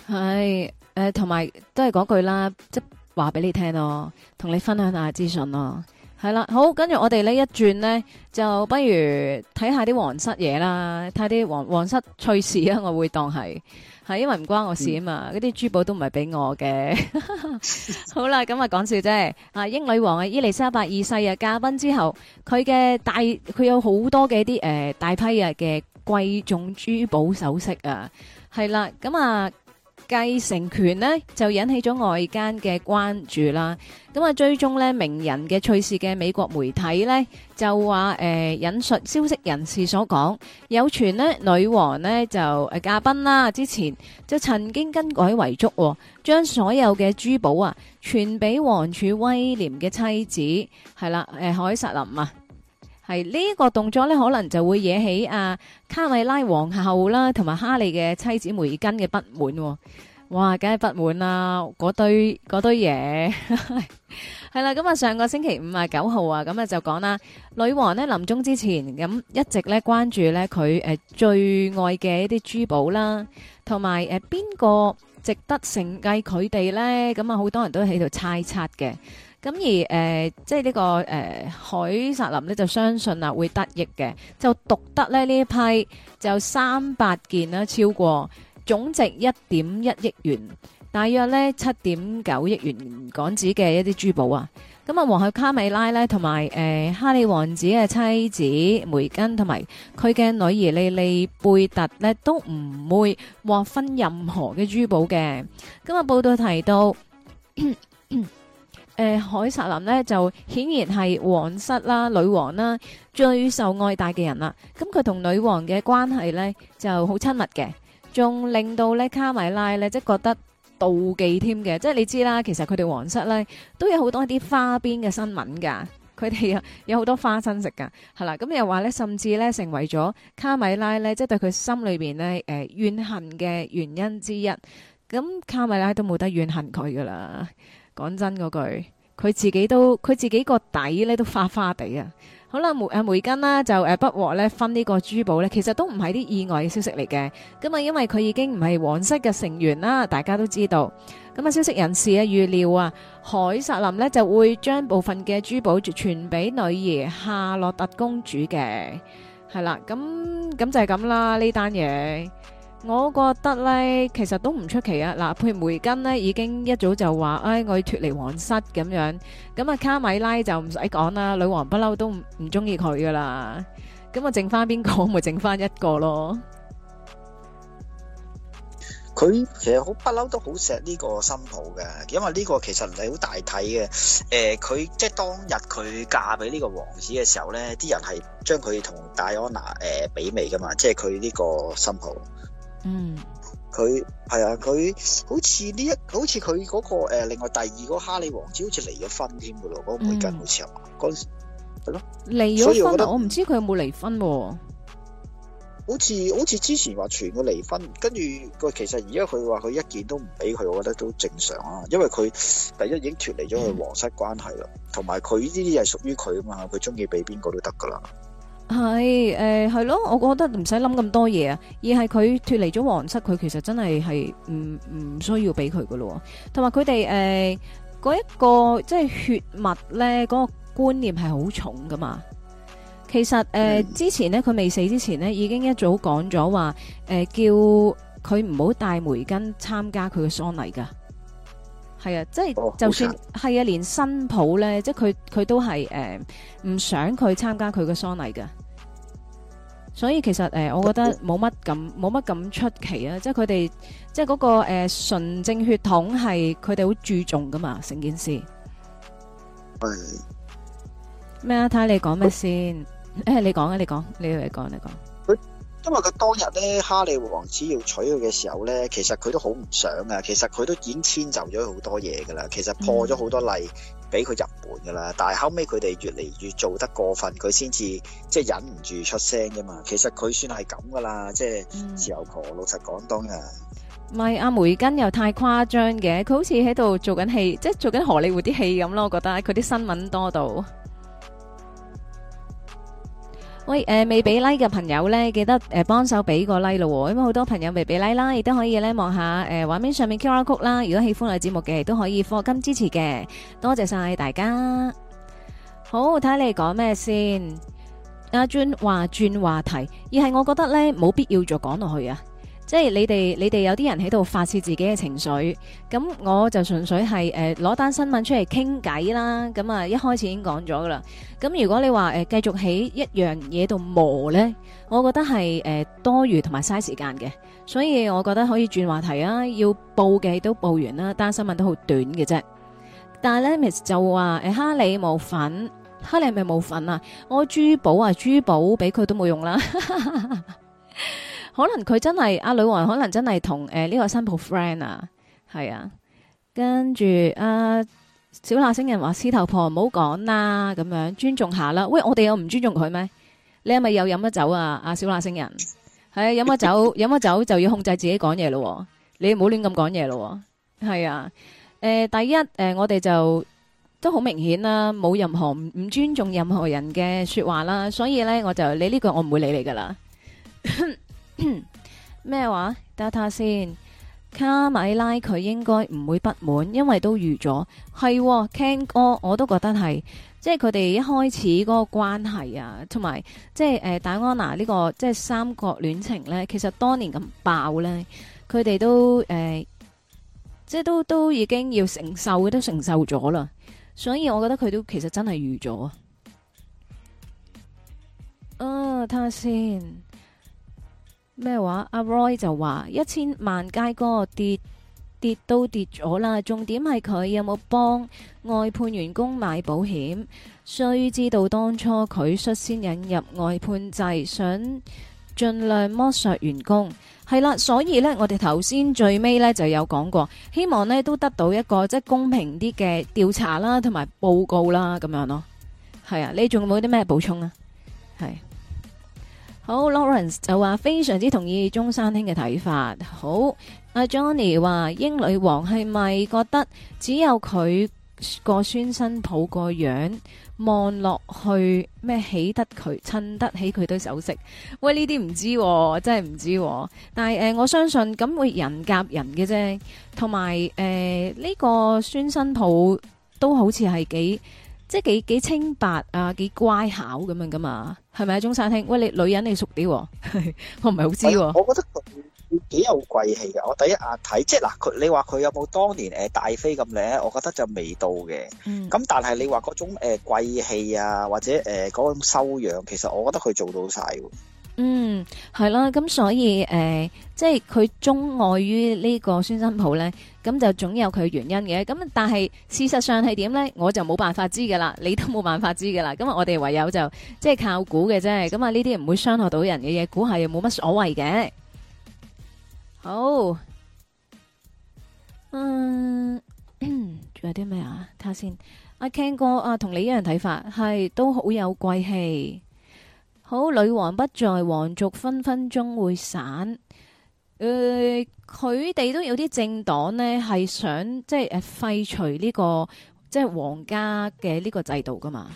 係誒，同埋、呃、都係嗰句啦，即係話俾你聽咯、喔，同你分享下資訊咯。係啦，好，跟住我哋呢一轉咧，就不如睇下啲皇室嘢啦，睇下啲皇皇室趣事啊，我會當係。係因為唔關我事啊嘛。嗰啲，嗯、珠寶都唔係俾我嘅。 (laughs) (laughs) (laughs) 好啦，咁啊講笑啫。英女王啊，伊麗莎白二世啊，駕崩之後，佢嘅大佢有好多嘅，呃、大批，啊、的嘅貴重珠寶首飾啊，係啦，咁啊。繼承權呢就引起咗外間嘅關注啦，咁啊追蹤呢名人嘅趣事嘅美國媒體呢，就話誒、呃、引述消息人士所講，有傳呢女王呢就誒、呃、駕崩啦，之前就曾經更改遺囑，哦，將所有嘅珠寶啊傳俾王儲威廉嘅妻子係啦，誒、呃、凱瑟琳啊。係呢、呢個動作呢可能就會惹起啊卡米拉皇后啦，同埋哈利嘅妻子梅根嘅不滿，哦。哇，梗係不滿啦，啊！嗰堆嗰堆嘢係啦。咁 (laughs) 啊，上個星期五啊，九號啊，咁啊就講啦，女王呢，臨終之前咁一直咧關注呢，佢誒、呃、最愛嘅一啲珠寶啦，同埋誒邊個值得承繼佢哋呢？咁啊，好多人都喺度猜測嘅。咁而、呃、即係呢、呢個誒、呃，凱薩琳呢，就相信啊，會得益嘅，就獨得呢一批，就三百件啦，超過總值一點一億元，大約呢七點九億元港紙嘅一啲珠寶啊。咁啊，王后卡米拉呢，同埋誒哈利王子嘅妻子梅根，同埋佢嘅女兒莉莉貝特呢，都唔會獲分任何嘅珠寶嘅。今日報道提到。 (coughs) 誒、呃，凱撒林呢，就顯然係皇室啦、啊、女王啦、啊、最受愛戴嘅人啦。咁佢同女王嘅關係呢，就好親密嘅，仲令到咧卡米拉呢，即係覺得妒忌添嘅。即係你知道啦，其實佢哋皇室呢，都有好多一啲花邊嘅新聞噶，佢哋有有好多花生食噶係啦。咁又話呢，甚至呢，成為咗卡米拉呢，即係對佢心裏邊呢，誒、呃、怨恨嘅原因之一。咁、嗯、卡米拉都冇得怨恨佢噶啦。講真嗰句，佢自己都佢自己個底咧都花花地啊！好啦，梅誒梅根啦就誒不獲咧分呢個珠寶咧，其實都唔係啲意外嘅消息嚟嘅。咁啊，因為佢已經唔係皇室嘅成員啦，大家都知道。咁啊，消息人士啊預料啊，凱撒琳咧就會將部分嘅珠寶傳俾女兒夏洛特公主嘅，係啦，咁咁就係咁啦呢單嘢。這件事我覺得咧，其實都唔出奇啊！嗱，佩梅根咧已經一早就話：，哎，我要脱離皇室咁樣。咁啊，卡米拉就唔使講啦，女王不嬲都唔唔中意佢噶啦。咁啊，咪剩翻邊個？咪剩翻一個咯。
佢其實好不嬲，都好錫呢個新抱嘅，因為呢個其實唔係好大體嘅。誒、呃，佢即係當日佢嫁俾呢個王子嘅時候咧，啲人係將佢同戴安娜誒比美噶嘛，即係佢呢個新抱。嗯，佢係啊，佢好似呢一，好似佢嗰個誒、呃，另外第二、嗰個哈利王子好似離咗婚添嘅咯，嗰個梅根好似係嗰陣時
係咯，離咗婚，但係我唔知佢有冇離婚喎。
好似好似之前話傳佢離婚，跟住個其實而家佢話佢一件都唔俾佢，我覺得都正常啊，因為佢第一已經脱離咗佢皇室關係啦，同埋佢呢啲係屬於佢啊嘛，佢中意俾邊個都得噶啦。
係，誒，係、呃、咯，我覺得唔使諗咁多嘢啊，而係佢脫離咗皇室，佢其實真係係唔唔需要俾佢噶咯，同埋佢哋誒，嗰、呃、一個即係血脈咧，嗰、嗰個觀念係好重噶嘛。其實誒，呃嗯、之前呢，佢未死之前呢，已經一早講咗話，誒、呃，叫佢唔好帶梅根參加佢嘅喪禮噶。係啊，即係就算係啊，連新抱咧，即係佢佢都係誒，唔想佢參加佢嘅喪禮嘅。所以其實誒，我覺得冇乜咁冇乜咁出奇啊！即係佢哋即係嗰個誒純正血統係佢哋好注重噶嘛，成件事。咩啊、嗯，睇下你講咩先？誒，你講啊！你講，你嚟講，你講。你講因為佢當日
咧，哈利王子要娶佢嘅時候咧，其實佢都好唔想啊。其實佢都已經遷就咗好多嘢噶啦，其實破咗好多例俾佢入門噶啦。嗯、但係後尾，佢哋越嚟越做得過分，佢先至即係忍唔住出聲啫嘛。其實佢算係咁噶啦，即係自由婆、嗯、老實講當日、啊。
唔係阿梅根又太誇張嘅，佢好似喺度做緊戲，即係做緊荷里活啲戲咁咯。我覺得佢啲新聞多到。喂，誒、呃，未俾 like 嘅朋友咧，記得誒幫、呃、手俾個 like 咯，因為好多朋友未俾 like 啦，亦都可以咧望下誒畫面上面 QR 曲啦。如果喜歡我哋節目嘅，亦都可以課金支持嘅，多謝晒大家。好，睇你講咩先？阿 Jun 話轉話題，而係我覺得咧冇必要再講落去啊。即係你哋，你哋有啲人喺度發洩自己嘅情緒，咁我就純粹係誒攞單新聞出嚟傾偈啦。咁啊，一開始已經講咗噶啦。咁如果你話誒繼續喺一樣嘢度磨咧，我覺得係誒、呃、多餘同埋嘥時間嘅。所以，我覺得可以轉話題啊。要報嘅都報完啦，單新聞都好短嘅啫。但係咧，Miss 就話哈利冇份，哈利咪冇份啊？我珠寶啊，珠寶俾佢都冇用啦。 (laughs) 可能佢真係阿女王，可能真係同誒呢個新抱 friend 啊。係啊，跟住阿、呃、小辣星人話屍 (laughs) 頭婆唔好講啦，咁樣尊重下啦。喂，我哋又唔尊重佢咩？你係咪又飲咗酒啊？阿、啊、小辣星人，係啊飲咗酒，飲咗酒就要控制自己講嘢咯。你唔好亂咁講嘢咯。係啊，誒、啊呃，第一誒、呃，我哋就都好明顯啦、啊，冇任何唔唔尊重任何人嘅說話啦。所以咧，我就你呢個我唔會理你噶啦。 (laughs) 咩 (coughs) 話？睇下先。卡米拉佢應該唔會不滿，因為都預咗。係 Ken 哥我，我都覺得係，即係佢哋一開始嗰個關係啊，同埋即係誒、呃，戴安娜呢、這個即係三角戀情呢，其實當年咁爆呢，佢哋都誒、呃，即係都都已經要承受嘅，都承受咗啦。所以我覺得佢都其實真係預咗啊。啊，睇下先。咩話？阿 Roy 就話：一千萬佳哥跌跌都跌咗啦。重點係佢有冇幫外判員工買保險？需知道當初佢率先引入外判制，想盡量剝削員工。係啦，所以呢，我哋頭先最尾呢就有講過，希望呢都得到一個即係公平啲嘅調查啦，同埋報告啦，咁樣咯。係啊，你仲有冇啲咩補充啊？好，Lawrence 就話非常之同意中山兄嘅睇法。好，阿 Johnny 話英女王係咪覺得只有佢個孫新抱個樣望落去咩起得佢襯得起佢對首飾？喂，呢啲唔知、啊，真係唔知、啊。但係誒、呃，我相信咁會人夾人嘅啫。同埋誒，呢、呃這個孫新抱都好似係幾即係幾幾清白啊，幾乖巧咁樣噶嘛？係咪啊中山兄？喂，你女人你熟啲、哦， (laughs) 我唔係好知、哦。我覺得佢
幾有貴氣嘅。我第一眼睇，即係嗱，佢你話佢有冇當年誒、呃、大飛咁靚？我覺得就未到嘅。咁、嗯、但係你話嗰種誒貴氣啊，或者誒嗰、呃、種修養，其實我覺得佢做到晒。
嗯，係啦，咁所以誒、呃，即係佢鍾愛於呢個孫新抱咧，咁就總有佢原因嘅。咁但係事實上係點咧，我就冇辦法知噶啦，你都冇辦法知噶啦。咁啊，我哋唯有就即係靠估嘅啫。咁啊，呢啲唔會傷害到人嘅嘢，估下又冇乜所謂嘅。好，嗯、呃，仲有啲咩啊？睇下先，阿 Ken 哥啊，同你一樣睇法，係都好有貴氣。好，女王不在，皇族分分鐘會散。誒、呃，佢哋都有啲政黨呢，係想即係廢除呢、呢個即係皇家嘅呢個制度噶嘛。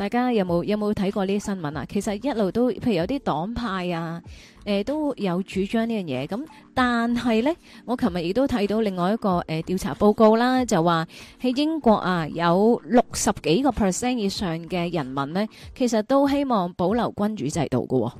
大家有冇有冇睇過呢啲新聞啊？其實一路都，譬如有啲黨派啊，誒都有主張呢樣嘢。咁但係咧，我琴日亦都睇到另外一個誒調查報告啦，就話喺英國啊，有六十幾個 percent 以上嘅人民咧，其實都希望保留君主制度㗎喎，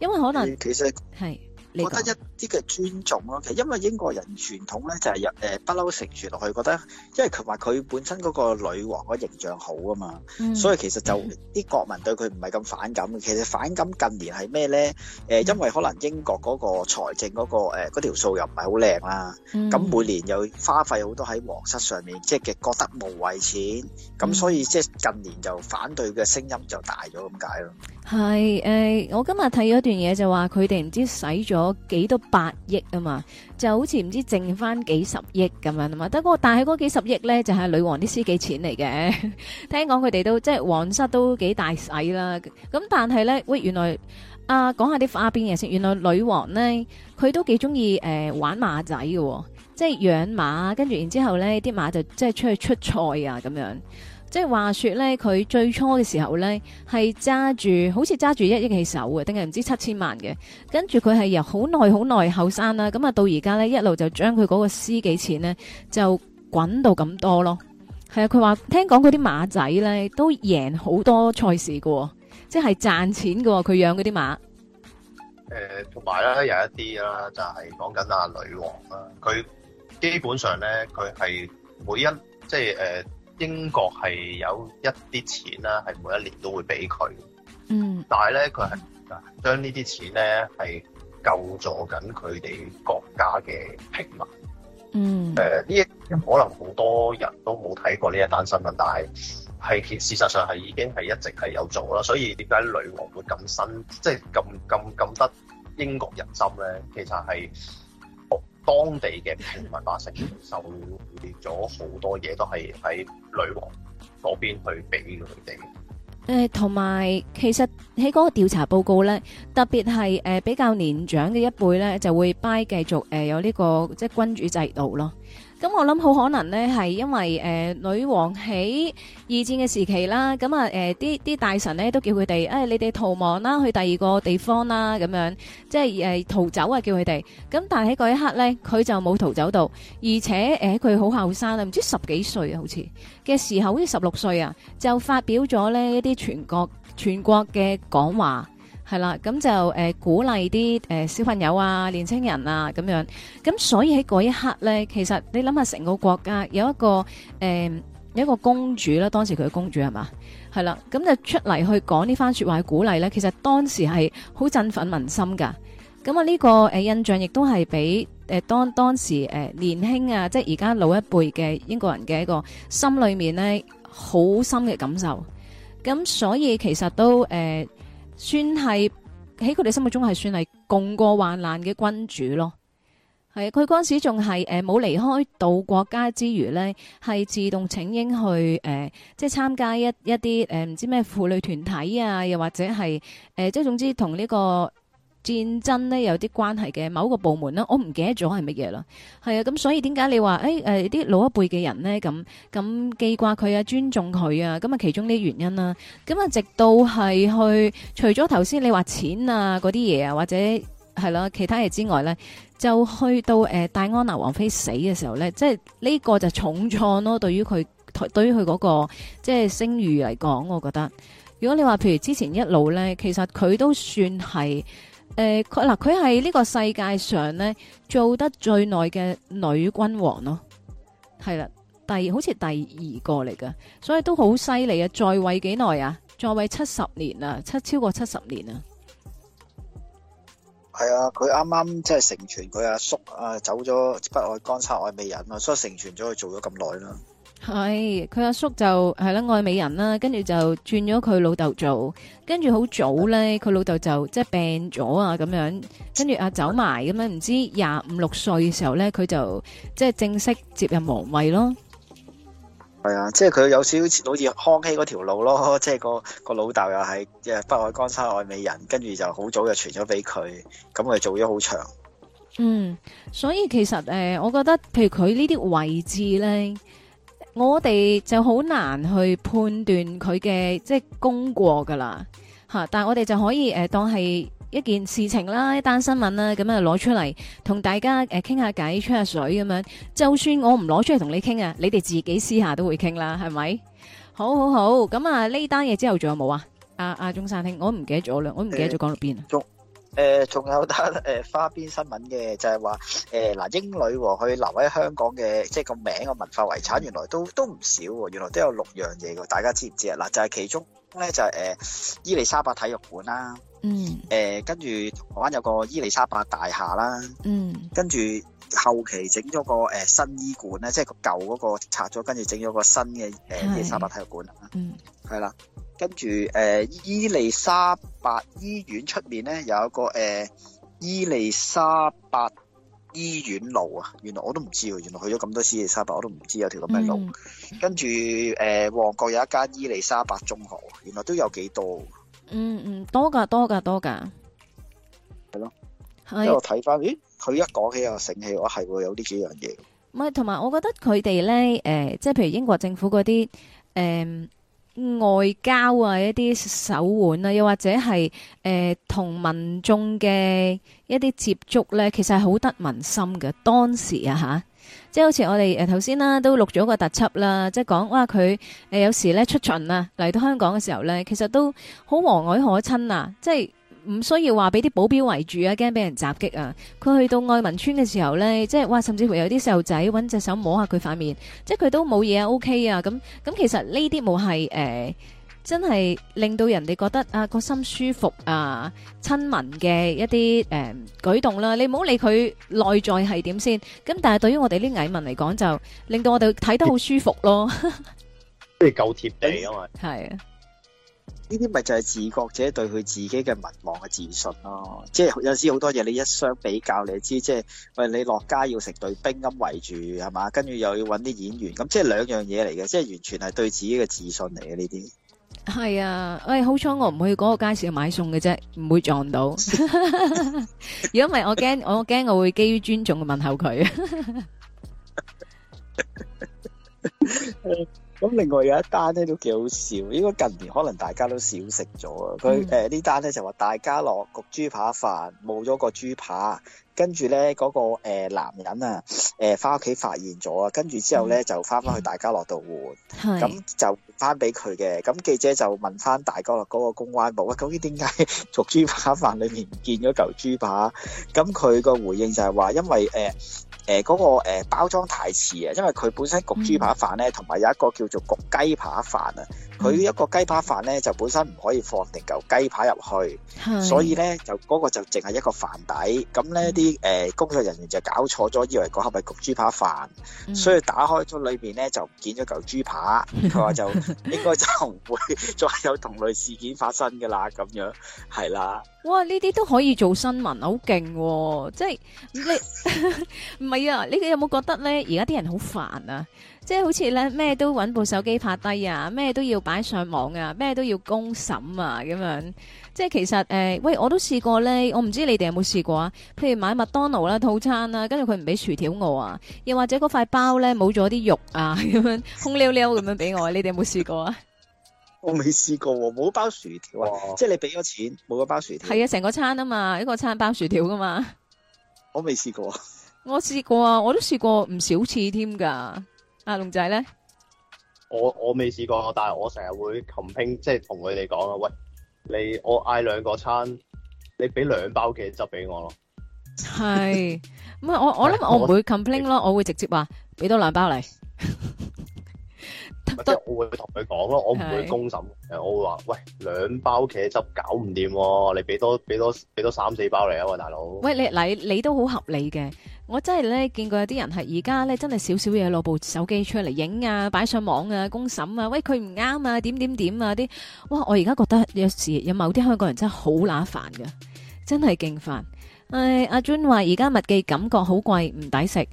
因為可能
其實係。覺得一啲嘅尊重咯，其實因為英國人傳統咧就係有誒不嬲承傳落去，覺得因為佢話佢本身嗰個女王個形象好啊嘛，所以其實就啲國民對佢唔係咁反感嘅。其實反感近年係咩咧？誒，因為可能英國嗰個財政嗰個誒嗰條數又唔係好靚啦，咁每年又花費好多喺皇室上面，即係覺得無謂錢，咁所以即係近年就反對嘅聲音就大咗咁解咯。
係，誒、哎，我今日睇咗段嘢就話佢哋唔知使咗幾多百億啊嘛，就好似唔知剩翻幾十億咁樣，咁啊，但係嗰但嗰幾十億咧就係、是、女王啲私己錢嚟嘅。聽講佢哋都即係皇室都幾大洗大使啦，咁但係咧，喂，原來啊，講下啲花邊嘢先。原來女王咧，佢都幾中意、呃、玩馬仔嘅、哦，即係養馬，跟住然之後咧啲馬就即係出去出賽啊咁樣。即係話說咧，佢最初嘅時候咧，係揸住好似揸住一億起手啊，定係唔知七千萬嘅。跟住佢係由好耐好耐後生啦，咁啊到而家咧，一路就將佢嗰個私己錢咧就滾到咁多咯。係啊，佢話聽講佢啲馬仔咧都贏好多賽事噶、哦，即係賺錢噶。佢養嗰啲馬。
誒、呃，同埋啦，有一啲啦，就係講緊阿女王啊。佢基本上咧，佢係每一即係誒。呃英國係有一啲錢啦，係每一年都會俾佢。嗯，但係咧佢係將呢啲錢咧係救助緊佢哋國家嘅平民。嗯，誒呢、呃、一可能好多人都冇睇過呢一單新聞，但係係事實上係已經係一直係有做啦。所以點解女王會咁新，即係咁咁咁得英國人心咧？其實係。當地嘅平民百姓受落咗好多嘢，都係喺女王嗰邊去
俾佢哋。誒、呃，
同埋其實喺嗰個調查報告咧，特別係誒、呃、比較年長嘅一輩咧，就會 by 繼續誒有呢、呢個即係君主制度咯。咁我諗好可能咧，係因為誒、呃、女王喺二戰嘅時期啦，咁啊誒啲啲大臣咧都叫佢哋，誒、哎、你哋逃亡啦，去第二個地方啦，咁樣即係誒逃走啊叫佢哋。咁但係喺嗰一刻咧，佢就冇逃走到，而且誒佢好後生啊，唔、呃、知十幾歲啊，好似嘅時候好似十六歲啊，就發表咗咧一啲全國全國嘅講話。係啦，咁就誒鼓勵啲誒小朋友啊、年青人啊咁樣，咁所以喺嗰一刻咧，其實你諗下成個國家有一個誒有一個公主啦，當時佢公主係嘛？係啦，咁就出嚟去講呢番説話去鼓勵咧，其實當時係好振奮民心㗎。咁啊呢個誒印象亦都係俾誒當當時誒年輕啊，即係而家老一輩嘅英國人嘅一個心裏面咧，好深嘅感受。咁所以其實都誒。算係喺佢哋心目中係算係共過患難嘅君主咯，係佢嗰陣時仲係誒冇離開到國家之餘呢係自動請纓去誒、呃，即係參加一一啲誒唔知咩婦女團體啊，又或者係誒即係總之同呢個。戰爭呢，有啲關係嘅，某一個部門呢，我唔記得咗係乜嘢啦。係啊，咁所以點解你話誒誒啲老一輩嘅人呢？咁咁記掛佢啊，尊重佢啊？咁啊，其中啲原因啦。咁啊，直到係去除咗頭先你話錢啊嗰啲嘢啊，或者係啦其他嘢之外呢，就去到誒戴安娜王妃死嘅時候呢，即係呢個就重創咯。對於佢對於佢嗰個即係聲譽嚟講，我覺得如果你話譬如之前一路呢，其實佢都算係。誒，佢嗱佢係呢個世界上咧做得最耐嘅女君王咯，係啦，第好似第二個嚟噶，所以都好犀利啊！在位幾耐啊？在位七十年啦，七超過七十年啊！
係啊，佢啱啱即係成全佢阿叔啊，走咗不愛江山愛美人嘛，所以成全咗佢做咗咁耐啦。
係佢阿叔就係啦，愛美人啦，跟住就轉咗佢老豆做，跟住好早咧，佢老豆就即係、就是、病咗啊，咁樣跟住啊走埋咁樣，唔、嗯、知廿五六歲嘅時候咧，佢就即係、就是、正式接任皇位咯。
係啊、嗯，即係佢有少少好似康熙嗰條路咯，即係、那個個老豆又係誒不愛江山愛美人，跟住就好早就傳咗俾佢，咁佢做咗好長。
嗯，所以其實誒、呃，我覺得譬如佢呢啲位置咧。我哋就好難去判斷佢嘅即係功過噶啦，吓！但係我哋就可以誒、呃、當係一件事情啦，一單新聞啦，咁啊攞出嚟同大家誒傾下偈吹下水咁樣。就算我唔攞出嚟同你傾啊，你哋自己私下都會傾啦，係咪？好好好，咁啊呢單嘢之後仲有冇啊？阿、啊、阿中山兄，我唔記得咗啦，我唔記得咗講到邊啊？呃
誒，仲、呃、有得誒、呃、花邊新聞嘅，就係話誒嗱，英女王、哦、佢留喺香港嘅，即係個名嘅文化遺產，原來都都唔少喎、哦，原來都有六樣嘢嘅、哦，大家知唔知啊？嗱、呃，就係、是、其中咧就係、是、誒、呃、伊利沙伯體育館啦，嗯，誒跟住台灣有個伊利沙伯大廈啦，嗯，跟住後期整咗個誒新醫館咧，即係個舊嗰個拆咗，跟住整咗個新嘅誒伊利沙伯體育館啦，嗯，係啦。跟住誒、呃、伊利沙伯醫院出面咧，有一個誒、呃、伊利沙伯醫院路啊！原來我都唔知喎，原來去咗咁多伊利沙伯，我都唔知有條咁嘅路。嗯、跟住誒、呃、旺角有一間伊利沙伯中學，原來都有幾多？嗯
嗯，多㗎，多㗎，多㗎，係咯的。即係我
睇翻，咦？佢一講起我醒起，我係喎，有呢幾樣嘢。
唔係，同埋我覺得佢哋咧誒，即係譬如英國政府嗰啲誒。呃外交啊，一啲手腕啊，又或者係同、呃、民眾嘅一啲接觸咧，其實係好得民心嘅。當時啊吓、啊，即係好似我哋誒頭先啦，都錄咗個特輯啦，即係講哇佢、呃、有時咧出巡啊，嚟到香港嘅時候咧，其實都好和藹可親啊，即係。唔需要話俾啲保鏢圍住啊，驚俾人襲擊啊！佢去到愛民村嘅時候呢，即係哇，甚至乎有啲細路仔揾隻手摸下佢塊面，即係佢都冇嘢啊，OK 啊！咁咁其實呢啲冇係誒，真係令到人哋覺得啊，個心舒服啊，親民嘅一啲誒、呃、舉動啦。你唔好理佢內在係點先，咁但係對於我哋啲蟻民嚟講，就令到我哋睇得好舒服咯貼，
即係 (laughs) 夠貼地啊嘛，係啊。呢啲咪就係自覺者對佢自己嘅民望嘅自信咯，即係有時好多嘢你一相比較你就知，即係喂你落街要食對冰咁圍住係嘛，跟住又要揾啲演員，咁即係兩樣嘢嚟嘅，即係完全係對自己嘅自信嚟嘅呢啲。
係啊，喂、哎，好彩我唔去嗰個街市買餸嘅啫，唔會撞到。如果唔係，我驚我驚我會基於尊重嘅問候佢。 (laughs) (laughs)
咁另外有一單咧都幾好笑，應該近年可能大家都少食咗啊！佢、嗯呃、呢單咧就話大家樂焗豬扒飯冇咗個豬扒，跟住咧嗰個、呃、男人啊返翻屋企發現咗啊，跟住之後咧就翻返去大家樂度換，咁、嗯、就翻俾佢嘅。咁的記者就問翻大家樂嗰個公關部，究竟點解焗豬扒飯裏面唔見咗嚿豬扒？咁佢個回應就係話因為誒。呃誒嗰、呃那個、呃、包裝太似啊，因為佢本身焗豬扒飯咧，同埋、嗯、有一個叫做焗雞扒飯啊。佢、嗯、一個雞扒飯咧、嗯、就本身唔可以放定嚿雞扒入去，
是所以咧
就嗰、那個就淨係一個飯底。咁咧啲誒工作人員就搞錯咗，以為嗰係咪焗豬扒飯，嗯、所以打開咗裏面咧就唔見咗嚿豬扒。佢話就 (laughs) 應該就唔會再有同類事件發生㗎啦，咁樣係啦。
哇！呢啲都可以做新聞，好勁喎！即係唔係。 (laughs) 哎、你哋有冇覺得咧？而家啲人好煩啊，即係好似咧咩都揾部手機拍低啊，咩都要擺上網啊，咩都要公審啊，咁樣。即係其實誒、欸，喂，我都試過咧，我唔知你哋有冇試過啊？譬如買麥當勞啦、啊，套餐啊，跟住佢唔俾薯條我啊，又或者嗰塊包咧冇咗啲肉啊，咁樣空溜溜咁樣俾我。 (laughs) 你哋有冇試過
啊？我未試過，冇包薯條啊，哦、即係你俾咗錢冇包薯條。係啊、哎，
成個餐啊嘛，一個餐包薯條噶嘛。
我未試過。
我試過啊，我都試過唔少次添噶。阿龍仔咧，
我我未試過，但係我成日會 complain，即係同佢哋講啦。喂，你我嗌兩個餐，你俾兩包茄汁俾我咯。
係， (laughs) 咁啊，我我諗我唔會 complain 咯，我會直接話俾多兩包嚟。 (laughs)
即係我會同佢講咯，我唔會公審，誒，我會話：喂，兩包茄汁搞唔掂喎，你俾多俾多俾多三四包嚟啊，喂大佬！喂，
你你都好合理嘅，我真係咧見過有啲人係而家咧真係少少嘢攞部手機出嚟影啊，擺上網啊，公審啊，喂佢唔啱啊，點點點啊啲，哇！我而家覺得有時有某啲香港人真係好乸煩噶，真係勁煩。唉、哎，阿 Jun 話而家麥記感覺好貴，唔抵食。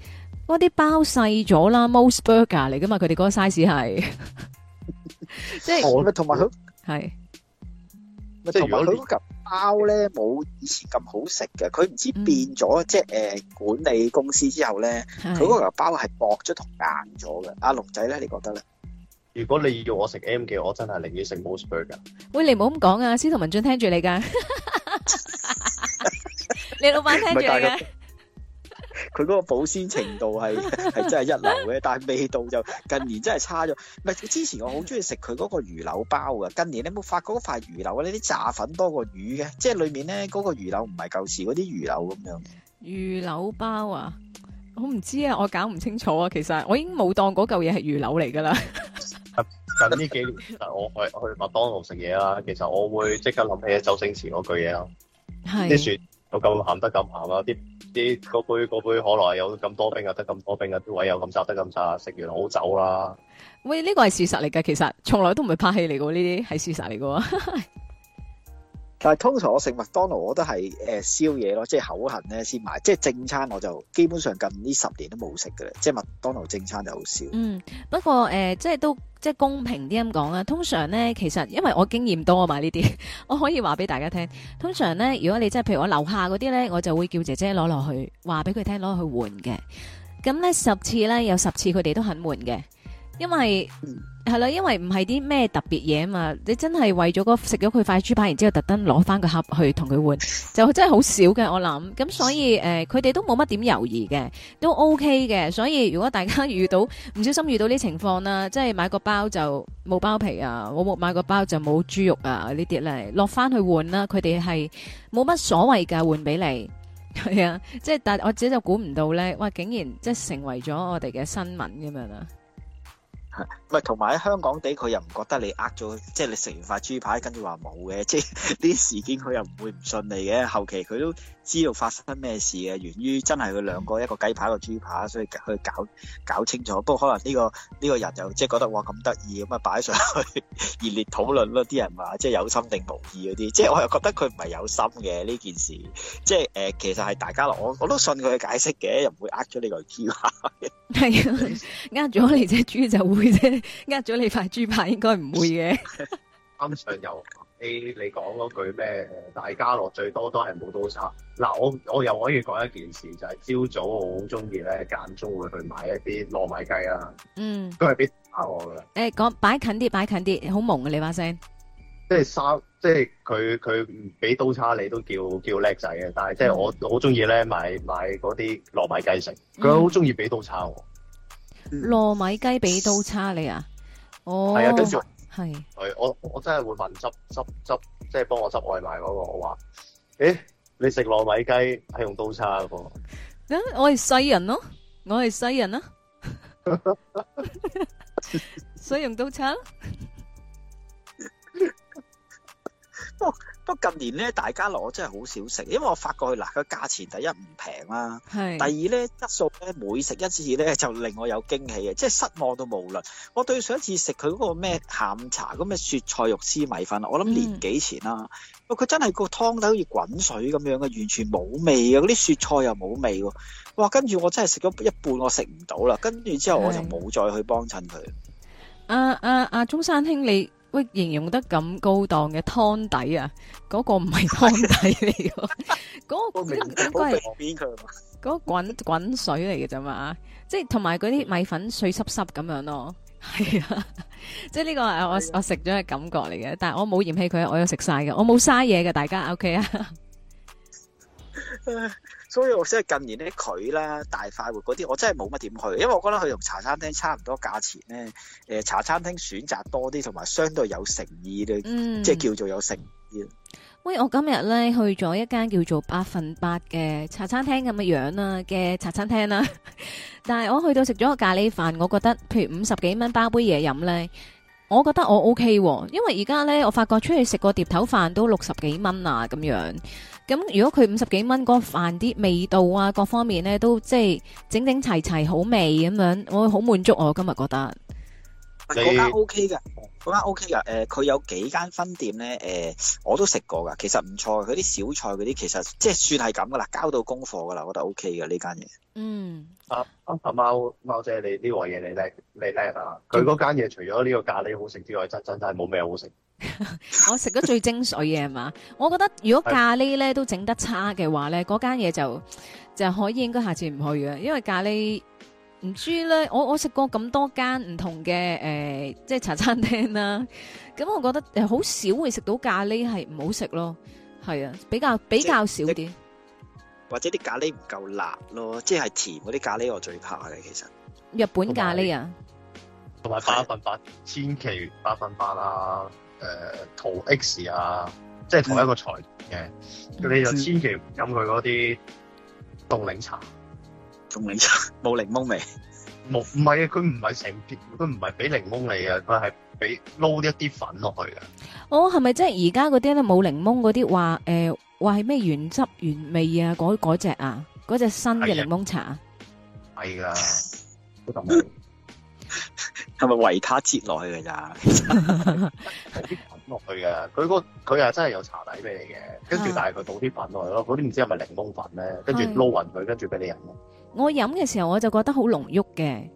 嗰啲包細咗啦，MOS Burger 嚟噶嘛？佢哋嗰個 size 係，即係同埋佢係，
同埋佢嗰嚿包咧冇以前咁好食嘅。佢唔知變咗，即係誒管理公司之後咧，佢嗰嚿包係薄咗同硬咗嘅。阿龍仔咧，你覺得咧？
如果你要我食 M 記，我真係寧願食 MOS Burger。
喂，你唔好咁講啊！司徒文進聽住你噶，你老闆聽住嘅。
佢嗰個保鮮程度係
係
真係一流
嘅，但係味道就近年真係差咗。唔係之前我好中意食佢嗰個魚柳包嘅，近年你冇發覺塊魚柳啊？你啲炸粉多過魚嘅，即係裡面咧嗰個魚柳唔係舊時嗰啲魚柳咁樣。
魚柳包啊？我唔知道啊，我搞唔清楚啊。其實我已經冇當嗰嚿嘢係魚柳嚟噶啦。
近呢幾年， (laughs) 我去
我去麥當勞食嘢啦，其實我會即刻諗起周星馳嗰句嘢啊，即係說：夠咸得咁咸啊！啲嗰杯杯可樂，有咁多冰，啊，得咁多冰，啊，啲位有咁窄，得咁窄，食完好走啦。
喂，呢個係事實嚟嘅，其實從來都唔係拍戲嚟嘅，呢啲係事實嚟嘅。 (laughs)
但通常我食麥當勞，我都係誒、呃、宵夜咯，即係口痕咧先買。即係正餐我就基本上近呢十年都冇食嘅啦，即係麥當勞正餐就好少。嗯，
不過誒、呃，即係都即係公平啲咁講啦。通常咧，其實因為我經驗多嘛呢啲，我可以話俾大家聽。通常咧，如果你即係譬如我樓下嗰啲咧，我就會叫姐姐攞落去話俾佢聽攞去換嘅。咁咧十次咧有十次佢哋都肯換嘅。因為係啦，因為唔係啲咩特別嘢嘛，你真係為咗個食咗佢塊豬扒，然之後特登攞翻個盒去同佢換，就真係好少嘅。我諗咁，所以誒、佢、呃、哋都冇乜點猶豫嘅，都 OK 嘅。所以如果大家遇到唔小心遇到呢情況啦，即係買個包就冇包皮啊，我冇買個包就冇豬肉啊呢啲咧，落翻去換啦。佢哋係冇乜所謂噶，換俾你。係啊，即係但我自己就估唔到咧，哇！竟然即係成為咗我哋嘅新聞咁樣啊！
唔係，同埋喺香港地，佢又唔覺得你呃咗、就是，即係你食完塊豬排跟住話冇嘅，即係呢啲事件佢又唔會唔信你嘅。後期佢都知道發生咩事嘅，源於真係佢兩個一個雞排一個豬排，所以佢搞搞清楚。不過可能呢、呢個呢、呢個人又即係覺得哇咁得意咁啊，擺上去熱烈討論咯。啲人話即係有心定無意嗰啲，即係我又覺得佢唔係有心嘅呢件事，即係誒、呃，其實係大家我我都信佢嘅解釋嘅，又唔會呃咗你個豬排
嘅。係啊，呃咗你隻豬就會。呃咗 (laughs) 你塊豬扒應該唔會嘅。
啱上游，你你講嗰句咩？大家樂最多都係冇刀叉。嗱，我我又可以講一件事，就係、是、朝早我好中意咧間中會去買一啲糯米雞啦、啊。嗯，佢係俾下我嘅。
誒、欸，講擺近啲，擺近啲，好蒙嘅你把聲。
即係沙，即係佢佢俾刀叉你都叫叫叻仔嘅，但係即係我好中意咧買買嗰啲糯米雞食。佢好中意俾刀叉我、啊。
糯米雞俾刀叉你啊？哦，係啊，繼續係，
我我真係會問執執執，即係幫我執外賣嗰個，我話，誒，你食糯米雞係用刀叉嘅噃？
我係西人咯，我係西人啦， (laughs) (laughs) 所以用刀叉咯。 (laughs) (laughs)
不過近年咧，大家樂我真係好少食，因為我發覺佢嗱個價錢第一唔平啦，是第二咧質素咧每食一次咧就令我有驚喜嘅，即係失望到無倫。我對上一次食佢嗰個咩下午茶咁咩雪菜肉絲米粉，我諗年幾前啦、啊，佢、嗯、真係個湯底好似滾水咁樣嘅，完全冇味啊。嗰啲雪菜又冇味喎。哇！跟住我真係食咗一半我，我食唔到啦。跟住之後我就冇再去幫襯佢。
啊啊阿中山兄你？喂，形容得咁高檔嘅湯底啊，嗰、嗰個唔係湯底嚟嘅，嗰、 (laughs) (laughs) 嗰個應該係滾滾水嚟嘅啫嘛，即係同埋嗰啲米粉碎濕濕咁樣咯，係啊，即係呢個誒， (laughs) 我我食咗嘅感覺嚟嘅，但係我冇嫌棄佢，我有食晒嘅，我冇嘥嘢嘅，大家 O、okay、K 啊。 (laughs)
所以我即係近年咧，佢啦大快活嗰啲，我真係冇乜點去，因為我覺得佢同茶餐廳差唔多價錢咧。誒，茶餐廳選擇多啲，同埋相對有誠意嘅，嗯、即係叫做有誠意。
喂，我今日咧去咗一間叫做百分百嘅茶餐廳咁嘅樣，樣啊嘅茶餐廳啦、啊， (laughs) 但係我去到食咗個咖喱飯，我覺得譬如五十幾蚊包杯嘢飲咧，我覺得我 O、OK、K，、啊、因為而家咧我發覺出去食個碟頭飯都六十幾蚊啊，咁樣。咁如果佢五十幾蚊嗰飯啲味道啊，各方面咧都即係整整齊齊好味咁樣，我會好滿足我。我今日覺得嗰
間 O K 嘅，嗰間 O K 嘅。誒，佢、OK OK 呃、有幾間分店咧，誒、呃、我都食過噶，其實唔錯的。佢啲小菜嗰啲其實即係算係咁噶啦，交到功課噶啦，我覺得 O K 嘅呢間嘢。嗯，阿阿、啊啊、貓貓姐
你呢個嘢你叻你叻啊！佢嗰間嘢除咗呢個咖喱好食之外，真真真係冇咩好食。
(laughs) 我食得最精髓嘅係嘛？我覺得如果咖喱咧都整得差嘅話咧，嗰間嘢就就可以應該下次唔去嘅，因為咖喱唔知咧。我我食過咁多間唔同嘅誒、呃，即係茶餐廳啦、啊。咁我覺得好少會食到咖喱係唔好食咯。係啊，比較比較少啲。
或者啲咖喱唔夠辣咯，即係甜嗰啲咖喱我最怕嘅。其實
日本咖喱啊，同
埋八分八對，千祈八分八啦。
誒，同 X 啊，即係同一個財團嘅，的你就千祈唔飲佢嗰啲凍檸茶。凍檸茶冇檸檬味，冇唔係啊，佢唔係成片，佢唔係俾檸檬味啊，佢係俾撈一啲粉落去
噶。哦，係咪即係而家嗰啲咧冇檸檬嗰啲話誒，話係咩原汁原味啊？嗰嗰隻啊，嗰、嗰、隻、個嗰個、新嘅檸檬茶。
係啊，好特別。 (laughs) 係咪為他接落去噶咋？係 (laughs) 啲 (laughs)
粉落去嘅。佢嗰佢啊真係有茶底俾你嘅，跟住但係佢倒啲粉落去咯，嗰啲唔知係咪零檬粉咧，跟住撈匀佢，跟住俾你飲咯。是
的我飲嘅時候我就覺得好濃郁嘅，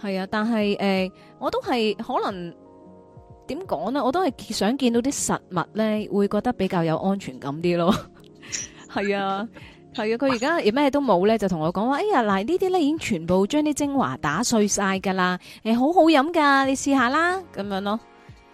係啊，但係誒、呃，我都係可能點講咧，我都係想見到啲實物咧，會覺得比較有安全感啲咯。係啊。 (laughs) 係啊，佢而家又咩都冇咧，就同我講話：哎呀，嗱呢啲咧已經全部將啲精華打碎晒噶啦，誒好好飲噶，你試下啦咁樣咯。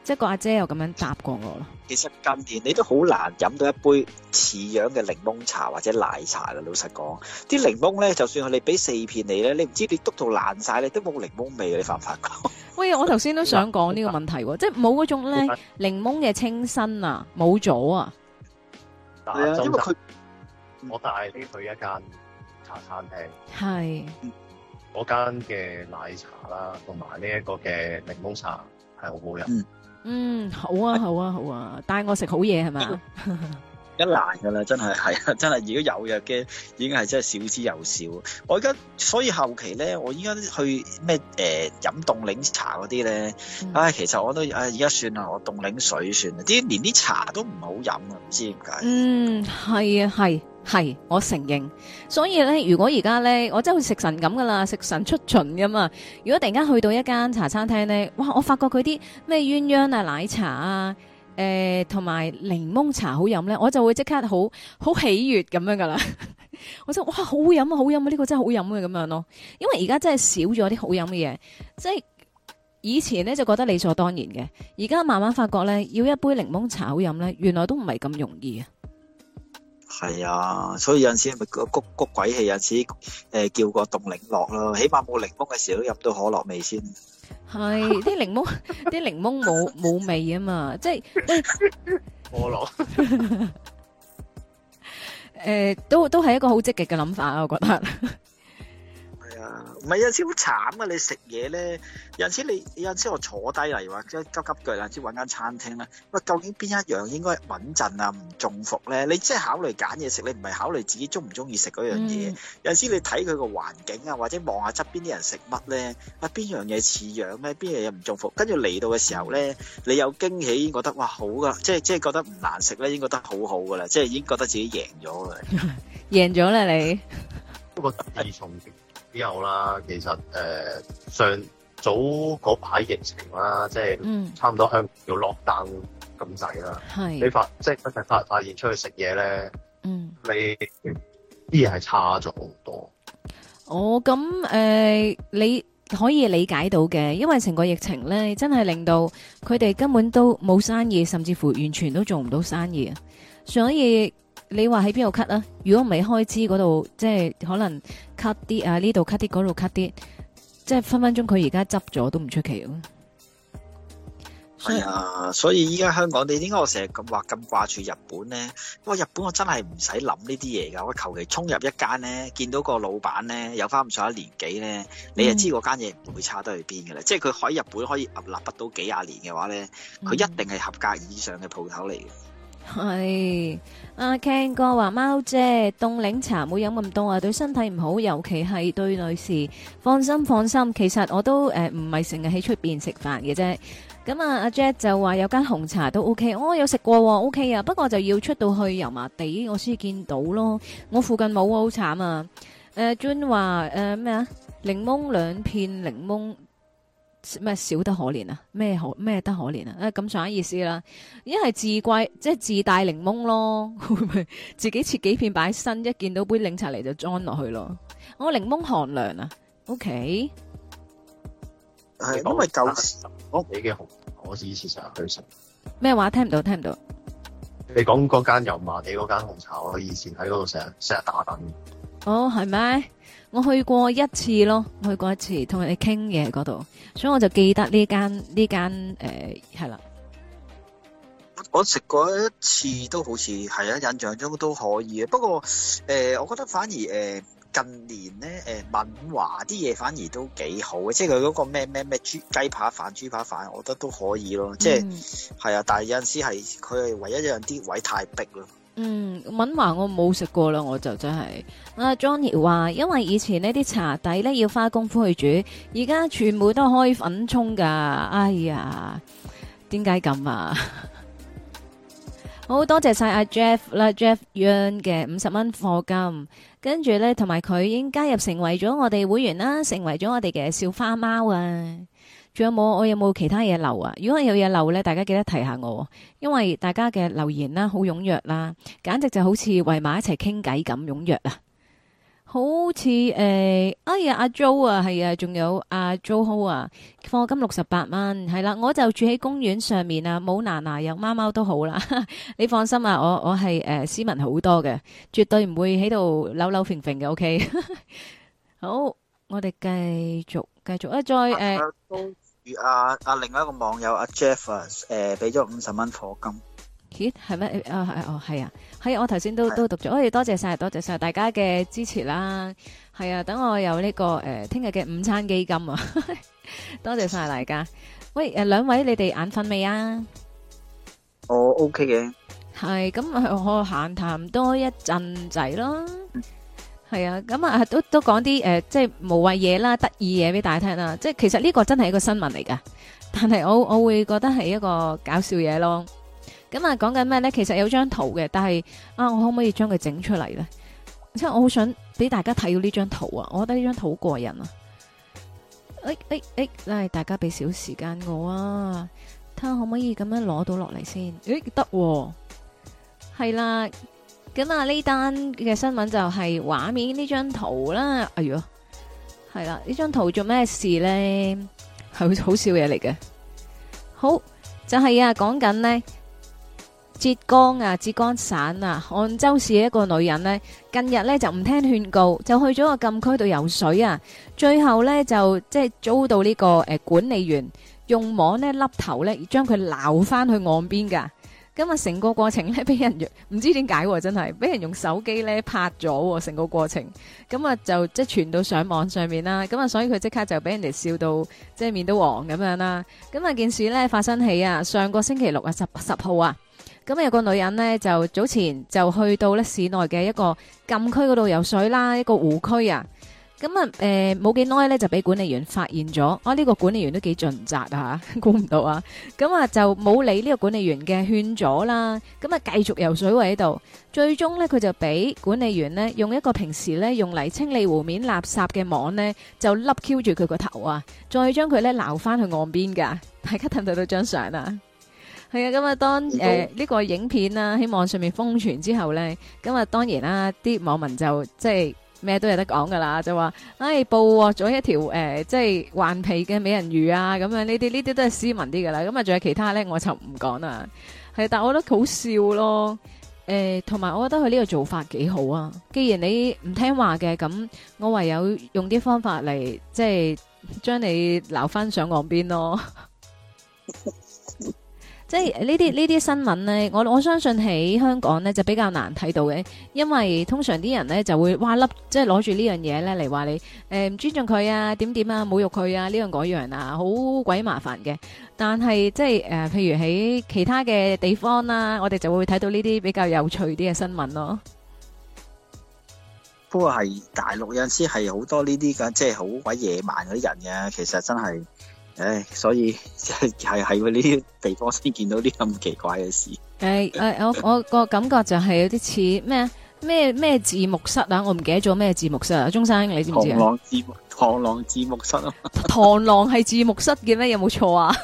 即係個阿姐又咁樣答過我咯。
其實近年你都好難飲到一杯似樣嘅檸檬茶或者奶茶啦。老實講，啲檸檬咧，就算係你俾四片你咧，你唔知你篤到爛晒你都冇檸檬味嘅。你發唔發覺？
喂、 (laughs) 哎，我頭先都想講呢個問題， (laughs) 即係冇嗰種咧檸 (laughs) 檬嘅清新啊，冇咗啊。係
啊，我帶你去一間茶餐廳，係嗰是間嘅奶茶啦，同埋呢一個嘅檸檬茶係好好
飲，嗯。嗯，好啊，好啊，好啊，帶我食好嘢係咪？
一難㗎喇，真係係啊，真係，如果有嘅已經係真係少之又少。我而家所以後期咧，我依家去咩誒、呃、飲凍檸茶嗰啲咧，唉、嗯哎，其實我都唉，而、哎、家算啦，我凍檸水算啦。啲連啲茶都唔好飲、嗯、啊，唔知點解。
嗯，係啊，係。係，我承認。所以咧，如果而家咧，我真係好似食神咁噶啦，食神出巡㗎嘛。如果突然間去到一間茶餐廳咧，哇！我發覺佢啲咩鴛鴦啊、奶茶啊，誒、呃，同埋檸檬茶好飲咧，我就會即刻好好喜悅咁樣噶啦。 (laughs) 我就哇，好飲啊，好飲啊，呢、呢個真係好飲啊咁樣咯。因為而家真係少咗啲好飲嘅嘢，即係以前咧就覺得理所當然嘅。而家慢慢發覺咧，要一杯檸檬茶好飲咧，原來都唔係咁容易啊。
係啊，所以有陣時咪谷谷鬼氣，有陣時誒、呃、叫個凍檸樂咯，起碼冇檸檬嘅時候都入到可樂味先。
係啲檸檬啲檸 (laughs) 檬冇冇 (laughs) 味啊嘛，即係 (laughs) 可樂。誒，都都係一個好積極嘅諗法，啊，我覺得。 (laughs)
唔係有陣時好慘啊，你食嘢咧，有陣時你有陣時我坐低嚟，或者急急腳啦，先揾間餐廳啦。喂，究竟邊一樣應該穩陣啊？唔中伏咧？你即係考慮揀嘢食，你唔係考慮自己中唔中意食嗰樣嘢。嗯、有陣時你睇佢個環境啊，或者望下側邊啲人食乜咧，啊邊樣嘢似樣咧？邊樣嘢唔中伏。跟住嚟到嘅時候咧，你有驚喜，已經覺得哇好噶、啊！即係即係覺得唔難食咧，已經覺得好好噶啦，即係已經覺得自己贏
咗啦，
贏咗啦你。不過自
從食。之後啦，其實誒、
呃，上早嗰排疫情啦，即係差唔多香港要落單咁滯啦。嗯、你發即係一齊發發現出去食嘢咧，嗯、你啲嘢係差咗好多。
哦，咁誒、呃，你可以理解到嘅，因為成個疫情咧，真係令到佢哋根本都冇生意，甚至乎完全都做唔到生意啊，所以。你話喺邊度 cut 啊？如果唔係開支嗰度，即係可能 cut 啲啊，呢度 cut 啲，嗰度 cut 啲，即係分分鐘佢而家執咗都唔出奇係啊，
所以依家、哎、香港，你點解我成日咁話咁掛住日本咧？因為日本我真係唔使諗呢啲嘢噶，我求其衝入一間咧，見到個老闆咧有翻咁上下年紀咧，你就知嗰間嘢唔會差得去邊噶啦。嗯、即係佢喺日本可以屹立不倒幾廿年嘅話咧，佢一定係合格以上嘅鋪頭嚟嘅。
係阿、啊、Ken 哥話，貓姐凍檸茶唔好飲咁多啊，對身體唔好，尤其係對女士。放心放心，其實我都誒唔係成日喺出邊食飯嘅啫。咁、呃嗯、啊，阿 Jet 就話有間紅茶都 OK，我、哦、有食過、哦、，OK 啊。不過就要出到去油麻地，我先見到咯。我附近冇，好慘啊。誒，Jun 話誒咩啊？檸、呃、檬兩片，檸檬。咩少得可憐啊？咩可咩得可憐啊？誒、啊，咁上下意思啦。一係自貴，即係自帶檸檬咯，會唔會自己切幾片擺身？一見到杯檸茶嚟就裝落去咯。我、哦、檸檬寒涼啊。OK。係，因咪舊屋企嘅紅，我以前成日去食。咩話？聽唔到，聽唔
到。你講嗰間油麻地嗰間紅茶，我以前喺嗰度成日成日打緊。
哦，係咩？我去過一次咯，我去過一次，同人哋傾嘢嗰度，所以我就記得呢間呢間誒係啦。
呃、我食過一次都好似係啊，印象中都可以啊。不過誒、呃，我覺得反而誒、呃、近年咧誒、呃、敏華啲嘢，反而都幾好嘅，即係佢嗰個咩咩咩豬雞扒飯、豬扒飯，我覺得都可以咯。即係係啊，但係有陣時係佢係唯一有啲位太逼咯。
嗯，敏華我冇食過啦，我就真係阿、啊、Johnny 話，因為以前呢啲茶底咧要花功夫去煮，而家全部都開粉沖㗎。哎呀，點解咁啊？好多謝晒阿、啊、Jeff 啦、啊、，Jeff Young 嘅五十蚊課金，跟住咧同埋佢已經加入成為咗我哋會員啦，成為咗我哋嘅小花貓啊！仲有冇？我有冇其他嘢留啊？如果有嘢留咧，大家記得提下我，因為大家嘅留言啦，好踴躍啦，簡直就好似圍埋一齊傾偈咁踴躍啊！好似誒，哎呀，阿、啊、Jo 啊，係啊，仲有阿、啊、Jo Ho 啊，課金六十八蚊，係啦、啊，我就住喺公園上面啊，冇奶奶有貓貓都好啦。你放心啊，我我係誒、呃、斯文好多嘅，絕對唔會喺度扭扭肥肥嘅。OK， (laughs) 好，我哋繼續繼續、呃、啊，再、啊、誒。
與阿阿另外一個網友阿 Jeff，誒俾咗五十蚊貨
金。咦係咩？啊係哦係啊，係我頭先都都讀咗，我哋多謝晒，多謝晒大家嘅支持啦，係啊，等我有呢個誒聽日嘅午餐基金啊，多謝晒大家。喂誒，兩位你哋眼瞓未啊？
我 OK 嘅。
係咁，我閒談多一陣仔咯。係啊，咁啊都都講啲誒，即係無謂嘢啦，得意嘢俾大家聽啦。即係其實呢個真係一個新聞嚟㗎，但係我我會覺得係一個搞笑嘢咯。咁啊，講緊咩呢？其實有張圖嘅，但係啊，我可唔可以將佢整出嚟呢？即係我好想俾大家睇到呢張圖啊！我覺得呢張圖好過癮啊！誒誒誒，大家俾少時間我啊，睇下可唔可以咁樣攞到落嚟先。誒，得喎，係啦啊。咁啊！呢單嘅新聞就係畫面呢張圖啦。哎喲，係啦，呢張圖做咩事咧？係好搞笑嘢嚟嘅。好就係、是、啊，講緊呢浙江啊，浙江省啊，杭州市一個女人呢，近日呢就唔聽勸告，就去咗個禁區度游水啊，最後呢，就即係、就是、遭到呢、這個誒、呃、管理員用網呢笠頭呢，將佢撈翻去岸邊噶。今日成個過程咧，俾人唔知點解，真係俾人用手機咧拍咗成個過程，咁啊就即係傳到上網上面啦。咁啊，所以佢即刻就俾人哋笑到即係面都黃咁樣啦。咁啊件事咧發生喺啊上個星期六啊十十號啊，咁啊有個女人咧就早前就去到咧市內嘅一個禁區嗰度游水啦，一個湖區啊。咁啊，誒、嗯，冇幾耐咧就俾管理員發現咗，我、啊、呢、呢個管理員都幾盡責吓，估唔到啊！咁啊，就冇理呢個管理員嘅勸阻啦，咁啊，繼續游水位喺度，最終呢，佢就俾管理員呢，用一個平時呢，用嚟清理湖面垃圾嘅網呢，就笠 Q 住佢個頭啊，再將佢呢撈翻去岸邊噶。大家睇唔睇到張相啊？係、嗯、啊，咁、嗯、啊，嗯嗯嗯、當誒呢個影片啊喺網上面瘋傳之後呢。咁啊，當然啦，啲網民就即係。咩都有得講噶啦，就話，唉、哎，捕獲咗一條誒、呃，即係頑皮嘅美人魚啊，咁樣呢啲呢啲都係斯文啲噶啦，咁啊仲有其他咧，我就唔講啦。係，但係我覺得好笑咯，誒、呃，同埋我覺得佢呢個做法幾好啊。既然你唔聽話嘅，咁我唯有用啲方法嚟，即係將你撈翻上岸邊咯。 (laughs) 即係呢啲呢啲新聞呢，我我相信喺香港呢就比較難睇到嘅，因為通常啲人呢就會哇笠，即係攞住呢樣嘢呢嚟話你誒唔、呃、尊重佢啊，點點啊，侮辱佢啊，呢樣嗰樣啊，好鬼麻煩嘅。但係即係誒、呃，譬如喺其他嘅地方啦、啊，我哋就會睇到呢啲比較有趣啲嘅新聞咯。
不過係大陸有時係好多呢啲嘅，即係好鬼野蠻嗰啲人啊，其實真係。唉，所以係係喺呢啲地方先見到啲咁奇怪嘅事。
誒誒，我我個感覺就係有啲似咩咩咩字幕室啊！我唔記得咗咩字幕室啊，中山你知唔知唐浪
唐浪啊唐？螳螂字螳螂字幕室有
有啊？螳螂係字幕室嘅咩？有冇錯啊？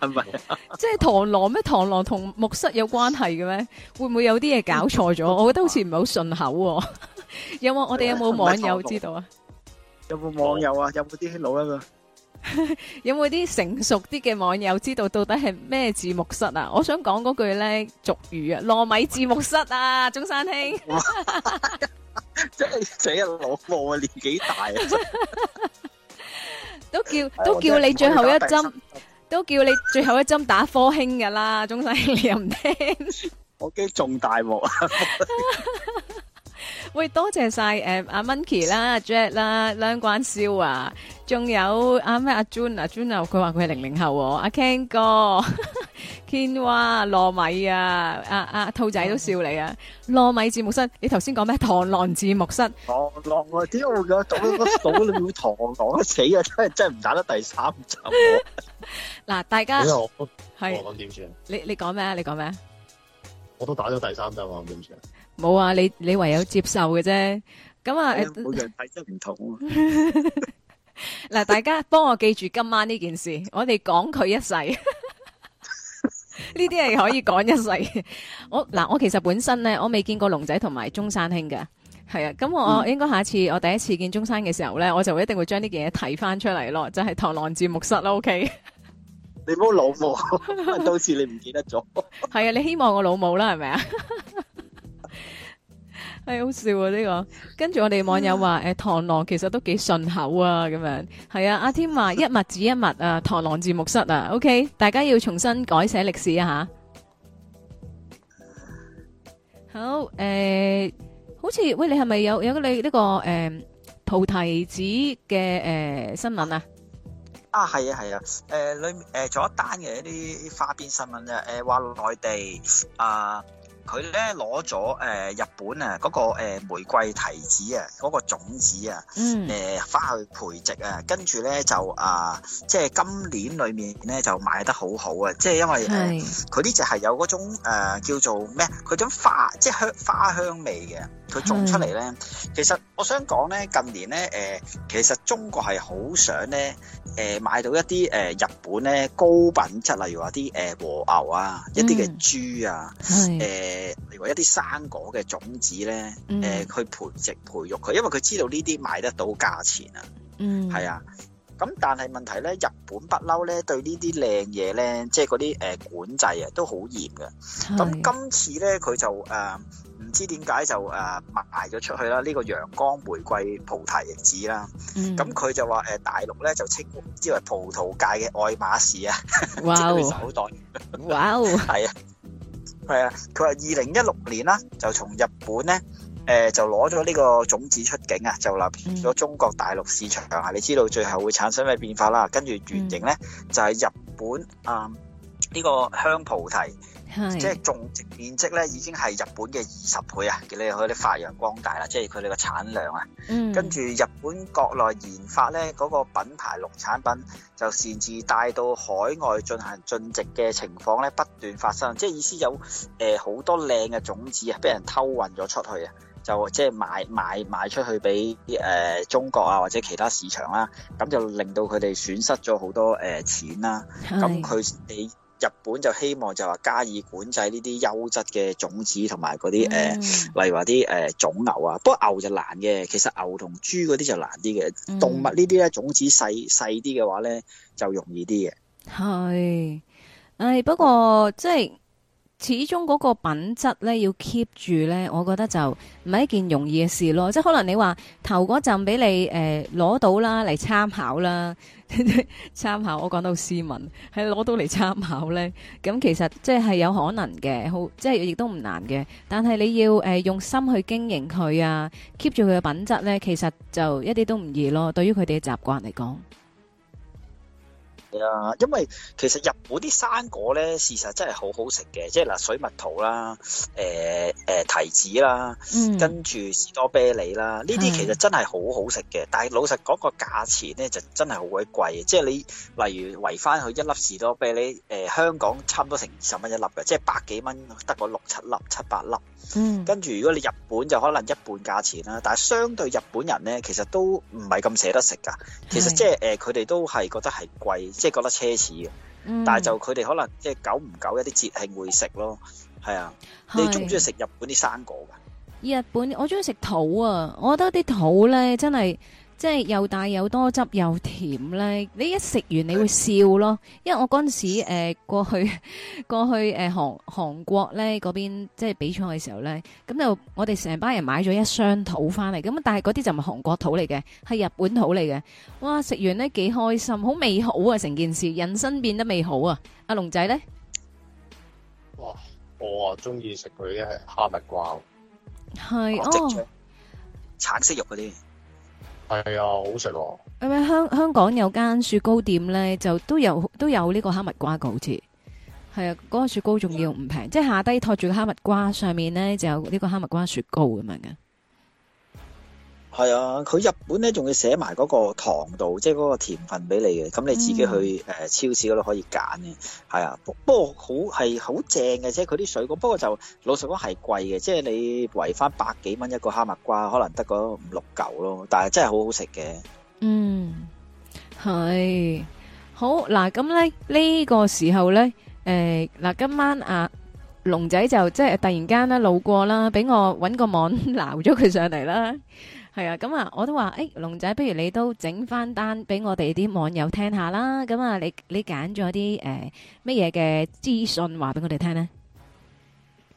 係咪啊？即係螳螂咩？螳螂同木室有關係嘅咩？會唔會有啲嘢搞錯咗？ (laughs) 我覺得好似唔係好順口，啊 (laughs) 有沒有。我有冇我哋有冇網友知道啊？
有冇網友啊？有冇啲佬啊？
(laughs) 有冇啲成熟啲嘅網友知道到底係咩字幕室啊？我想講嗰句咧俗語啊，糯米字幕室啊，中山兄，
即係成日老毛啊，年紀大啊，
都叫都叫你最後一針，都叫你最後一針打科興噶啦，中山兄你又唔聽，
我驚仲大鑊啊！
喂，多謝晒誒，阿、嗯啊、Monkey 啦，阿、啊、Jet 啦，兩關笑啊，仲有阿咩阿 June 阿 June 啊，佢話佢係零零後、啊，阿、啊、Ken 哥 Ken 哇 (laughs) 糯米啊，阿、啊啊、兔仔都笑你啊，糯米字幕室，你頭先講咩螳螂字幕室？
螳螂啊點解會講到到你秒螳螂、啊？ (laughs) 死啊，真係真係唔打得第三集。
嗱，大家係你你講咩？你講咩、啊？
啊、我都打咗第三集啊，點算？
冇啊！你你唯有接受嘅啫。咁、嗯哎、呀啊，每個人睇真唔同、啊。嗱， (laughs) 大家幫我記住今晚呢件事，我哋講佢一世。呢啲係可以講一世。 (laughs) 我嗱，我其實本身咧，我未見過龍仔同埋中山兄嘅。係啊，咁我、嗯、我應該下次我第一次見中山嘅時候咧，我就一定會將呢件嘢睇翻出嚟咯。就係、是、螳螂鑽木虱啦，OK？ (laughs) 你
唔好老母， (laughs) 到時你唔記得咗。
係 (laughs) 啊，你希望我老母啦，係咪啊？ (laughs) 係、哎、好笑啊，呢、這個，跟住我哋網友話，嗯、誒螳螂其實都幾順口啊，咁樣係啊。阿添話一物指一物 (laughs) 唐字啊，螳螂字幕室啊，OK，大家要重新改寫歷史啊吓。好，誒、呃，好似喂，你係咪有有你呢、這個誒菩、呃、提子嘅誒、呃、新聞啊？
啊係啊係啊，誒、呃、里誒做、呃、一單嘅一啲花邊新聞啊，誒、呃、話內地啊。呃佢咧攞咗日本啊嗰、那個、呃、玫瑰提子啊嗰、那個種子啊花、嗯呃、去培植啊，跟住咧就啊、呃，即係今年裏面咧就賣得好好啊！即係因為佢呢隻係有嗰種、呃、叫做咩？佢種花即係香花香味嘅，佢種出嚟咧。是其實我想講咧，近年咧誒、呃、其實中國係好想咧誒、呃、買到一啲誒、呃、日本咧高品質，例如話啲誒和牛啊，一啲嘅豬啊誒。嗯誒，如一水果一啲生果嘅種子咧，誒、呃，去培植培育佢，因為佢知道呢啲賣得到價錢、嗯、啊，嗯，係啊，咁但係問題咧，日本不嬲咧對呢啲靚嘢咧，即係嗰啲誒管制是、呃、啊，都好嚴嘅。
咁今
次咧佢就誒唔知點解就誒賣咗出去啦。呢個陽光玫瑰提子啦，咁佢、嗯、就話誒、呃、大陸咧就稱之為葡萄界嘅愛馬仕啊，即係哇手袋，哇哦， (laughs) 啊。係啊，佢話二零一六年啦，就從日本咧，誒、呃、就攞咗呢個種子出境啊，就立咗中國大陸市場啊，嗯、你知道最後會產生咩變化啦？跟住原型咧就係、是、日本啊呢、嗯這個香菩提。即係種植面積咧，已經係日本嘅二十倍啊！佢哋可以發揚光大啦，即係佢哋個產量啊。嗯。跟住日本國內研發咧，嗰、那個品牌農產品就擅自帶到海外進行進殖嘅情況咧不斷發生。即係意思有誒好、呃、多靚嘅種子啊，俾人偷運咗出去啊，就即係賣賣賣出去俾誒、呃、中國啊或者其他市場啦、啊。咁就令到佢哋損失咗好多誒、呃、錢啦、
啊。咁佢
哋。日本就希望就話加以管制呢啲優質嘅種子同埋嗰啲，誒，例如話啲誒種牛啊，不過牛就難嘅，其實牛同豬嗰啲就難啲嘅，嗯、動物呢啲咧種子細細啲嘅話咧就容易啲
嘅。係，誒，不過即係。始終嗰個品質咧要 keep 住咧，我覺得就唔係一件容易嘅事咯。即可能你話頭嗰陣俾你誒攞、呃、到啦嚟參考啦，參 (laughs) 考我講到斯文係攞到嚟參考咧。咁其實即係有可能嘅，好即係亦都唔難嘅。但係你要誒、呃、用心去經營佢啊，keep 住佢嘅品質咧，其實就一啲都唔易咯。對於佢哋嘅習慣嚟講。
啊，因為其實日本啲生果咧，事實真係好好食嘅，即係嗱，水蜜桃啦，誒、呃、誒、呃、提子啦，嗯、跟住士多啤梨啦，呢啲其實真係好好食嘅。是但係老實講，個價錢咧就真係好鬼貴，即係你例如圍翻去一粒士多啤梨，誒、呃、香港差唔多成二十蚊一粒嘅，即係百幾蚊得個六七粒、七八粒。嗯、跟住如果你日本就可能一半價錢啦，但係相對日本人咧，其實都唔係咁捨得食㗎。其實即係誒，佢哋是、呃、都係覺得係貴。即係覺得奢侈嘅，嗯、但係就佢哋可能即係久唔久一啲節慶會食咯，係啊。是你鍾唔鍾意食日本啲生果噶？
日本我鍾意食土啊，我覺得啲土咧真係。即係又大又多汁又甜咧！你一食完你會笑咯，因為我嗰陣時誒、呃、過去過去誒、呃、韓韓國咧嗰邊即係比賽嘅時候咧，咁就我哋成班人買咗一箱土翻嚟，咁但係嗰啲就唔係韓國土嚟嘅，係日本土嚟嘅。哇！食完咧幾開心，好美好啊成件事，人生變得美好啊！阿龍仔咧，
哇！我啊中意食佢嘅係哈密瓜，
係哦，
橙色肉嗰啲。
係啊，好食喎、啊。香香港有間雪糕店呢，就都有都有呢個哈密瓜噶，好似係啊，嗰、那個雪糕仲要唔平，即、就、係、是、下低托住個哈密瓜，上面呢就有呢個哈密瓜雪糕咁樣嘅。
係啊，佢日本咧仲要寫埋嗰個糖度，即係嗰個甜份俾你嘅。咁你自己去誒超市嗰度可以揀嘅。係啊，不過好係好正嘅啫。佢啲水果，不過就老實講係貴嘅。即係你圍翻百幾蚊一個哈密瓜，可能得嗰五六嚿咯。但係真係好好食嘅。
嗯，係好嗱。咁咧呢個時候咧，誒嗱，今晚阿龍仔就即係突然間咧路過啦，俾我搵個網撈咗佢上嚟啦。係啊，咁啊，我都話，誒，龍仔，不如你都整翻單俾我哋啲網友聽下啦。咁啊，你你揀咗啲誒咩嘢嘅資訊話俾我哋聽咧？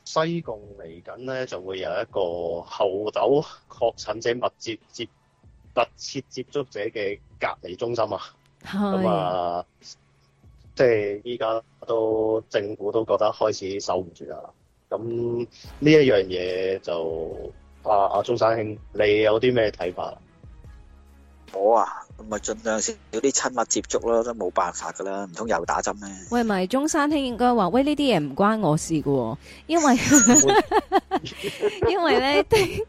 西貢嚟緊咧就會有一個後斗確診者密接接密切接觸者嘅隔離中心啊。
係。咁啊，嗯
啊，即係依家都政府都覺得開始守唔住啦。咁呢一樣嘢就。阿阿中山兄，
你有啲咩睇法？我啊，咁咪盡量少啲親密接觸咯，都冇辦法噶啦，唔通又打針咩？
喂，咪中山兄，應該話喂呢啲嘢唔關我事噶，因為因為咧聽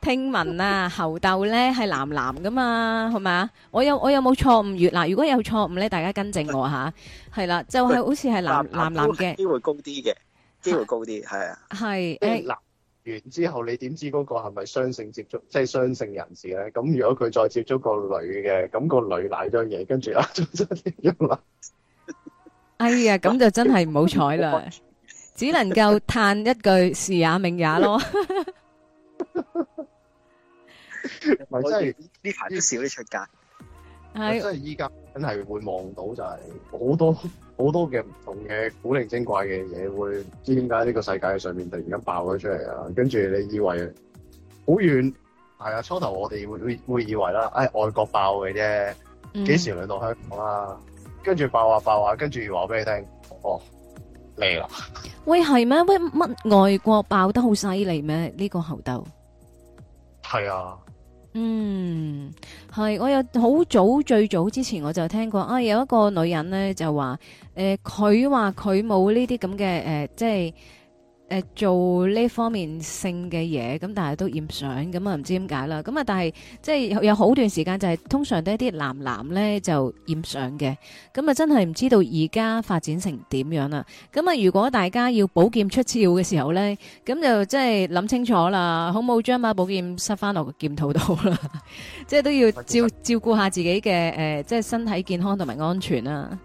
聽聞啊，猴痘咧係男男噶嘛，係咪啊？我有我有冇錯誤？月嗱，如果有錯誤咧，大家跟正我吓，係啦，就係好似係男男男嘅機
會高啲嘅，
機會高啲，係啊，係誒。完之後，你點知嗰個係咪雙性接觸，即係雙性人士咧？咁如果佢再接觸個女嘅，咁個女賴咗嘢，跟住啊，真
係陰啊！哎呀，咁就真係唔好彩啦， (laughs) 只能夠嘆一句時 (laughs) 也命也咯。
唔係真係呢排都少啲出街。就是 (laughs) 即係依家真係
會望到就係好多好多嘅唔同嘅古靈精怪嘅嘢，會唔知點解呢個世界上面突然間爆咗出嚟啊！跟住你以為好遠係啊，初頭我哋會會會以為啦，誒、哎、外國爆嘅啫，
幾時
嚟到香港啊？跟住、嗯、爆啊爆啊，跟住話俾你聽，哦嚟啦！
喂係咩？喂乜外國爆得好犀利咩？呢、這個猴痘係啊。嗯，係，我有好早最早之前我就聽過，啊有一個女人呢，就話，誒佢話佢冇呢啲咁嘅誒，即係。呃、做呢方面性嘅嘢，咁但係都染上咁啊，唔知點解啦。咁啊，但係即係有好段時間就係、是、通常都係啲男男咧就染上嘅。咁啊，真係唔知道而家發展成點樣啦。咁啊，如果大家要寶劍出鞘嘅時候咧，咁就即係諗清楚啦，好冇將把寶劍塞翻落劍套度啦。 (laughs) 即係都要照照顧下自己嘅、呃、即係身體健康同埋安全啦、啊。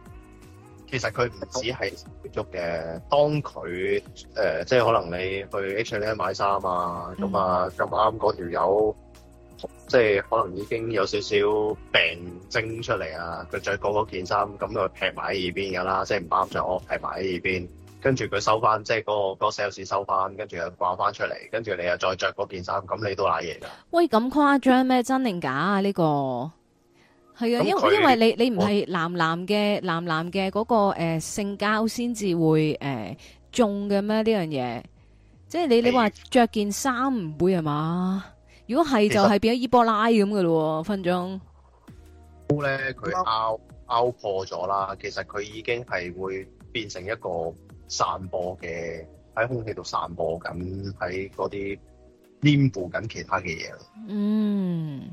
其實佢唔止係接觸嘅，當佢
誒、呃，即係可能你去 H and M 買衫啊，咁啊咁啱嗰條友，即係可能已經有少少病徵出嚟啊，佢着嗰件衫，咁就劈埋喺耳邊㗎啦，即係唔啱着，我劈埋喺耳邊，跟住佢收翻，即係、那、嗰個 sales、那個、收翻，跟住又掛翻出嚟，跟住你又再着嗰件衫，咁你都賴嘢㗎。
喂，咁誇張咩？真定假啊？呢、這個？係啊，因因為你你唔係男男嘅男男嘅嗰個誒、呃、性交先至會誒、呃、中嘅咩？呢樣嘢，即係你是你話着件衫唔會係嘛？如果係實就係變咗伊波拉咁嘅咯，分鐘。
咧佢拗拗破咗啦，其實佢已經係會變成一個散播嘅喺空氣度散播緊，喺嗰啲黏附緊其他嘅嘢。嗯，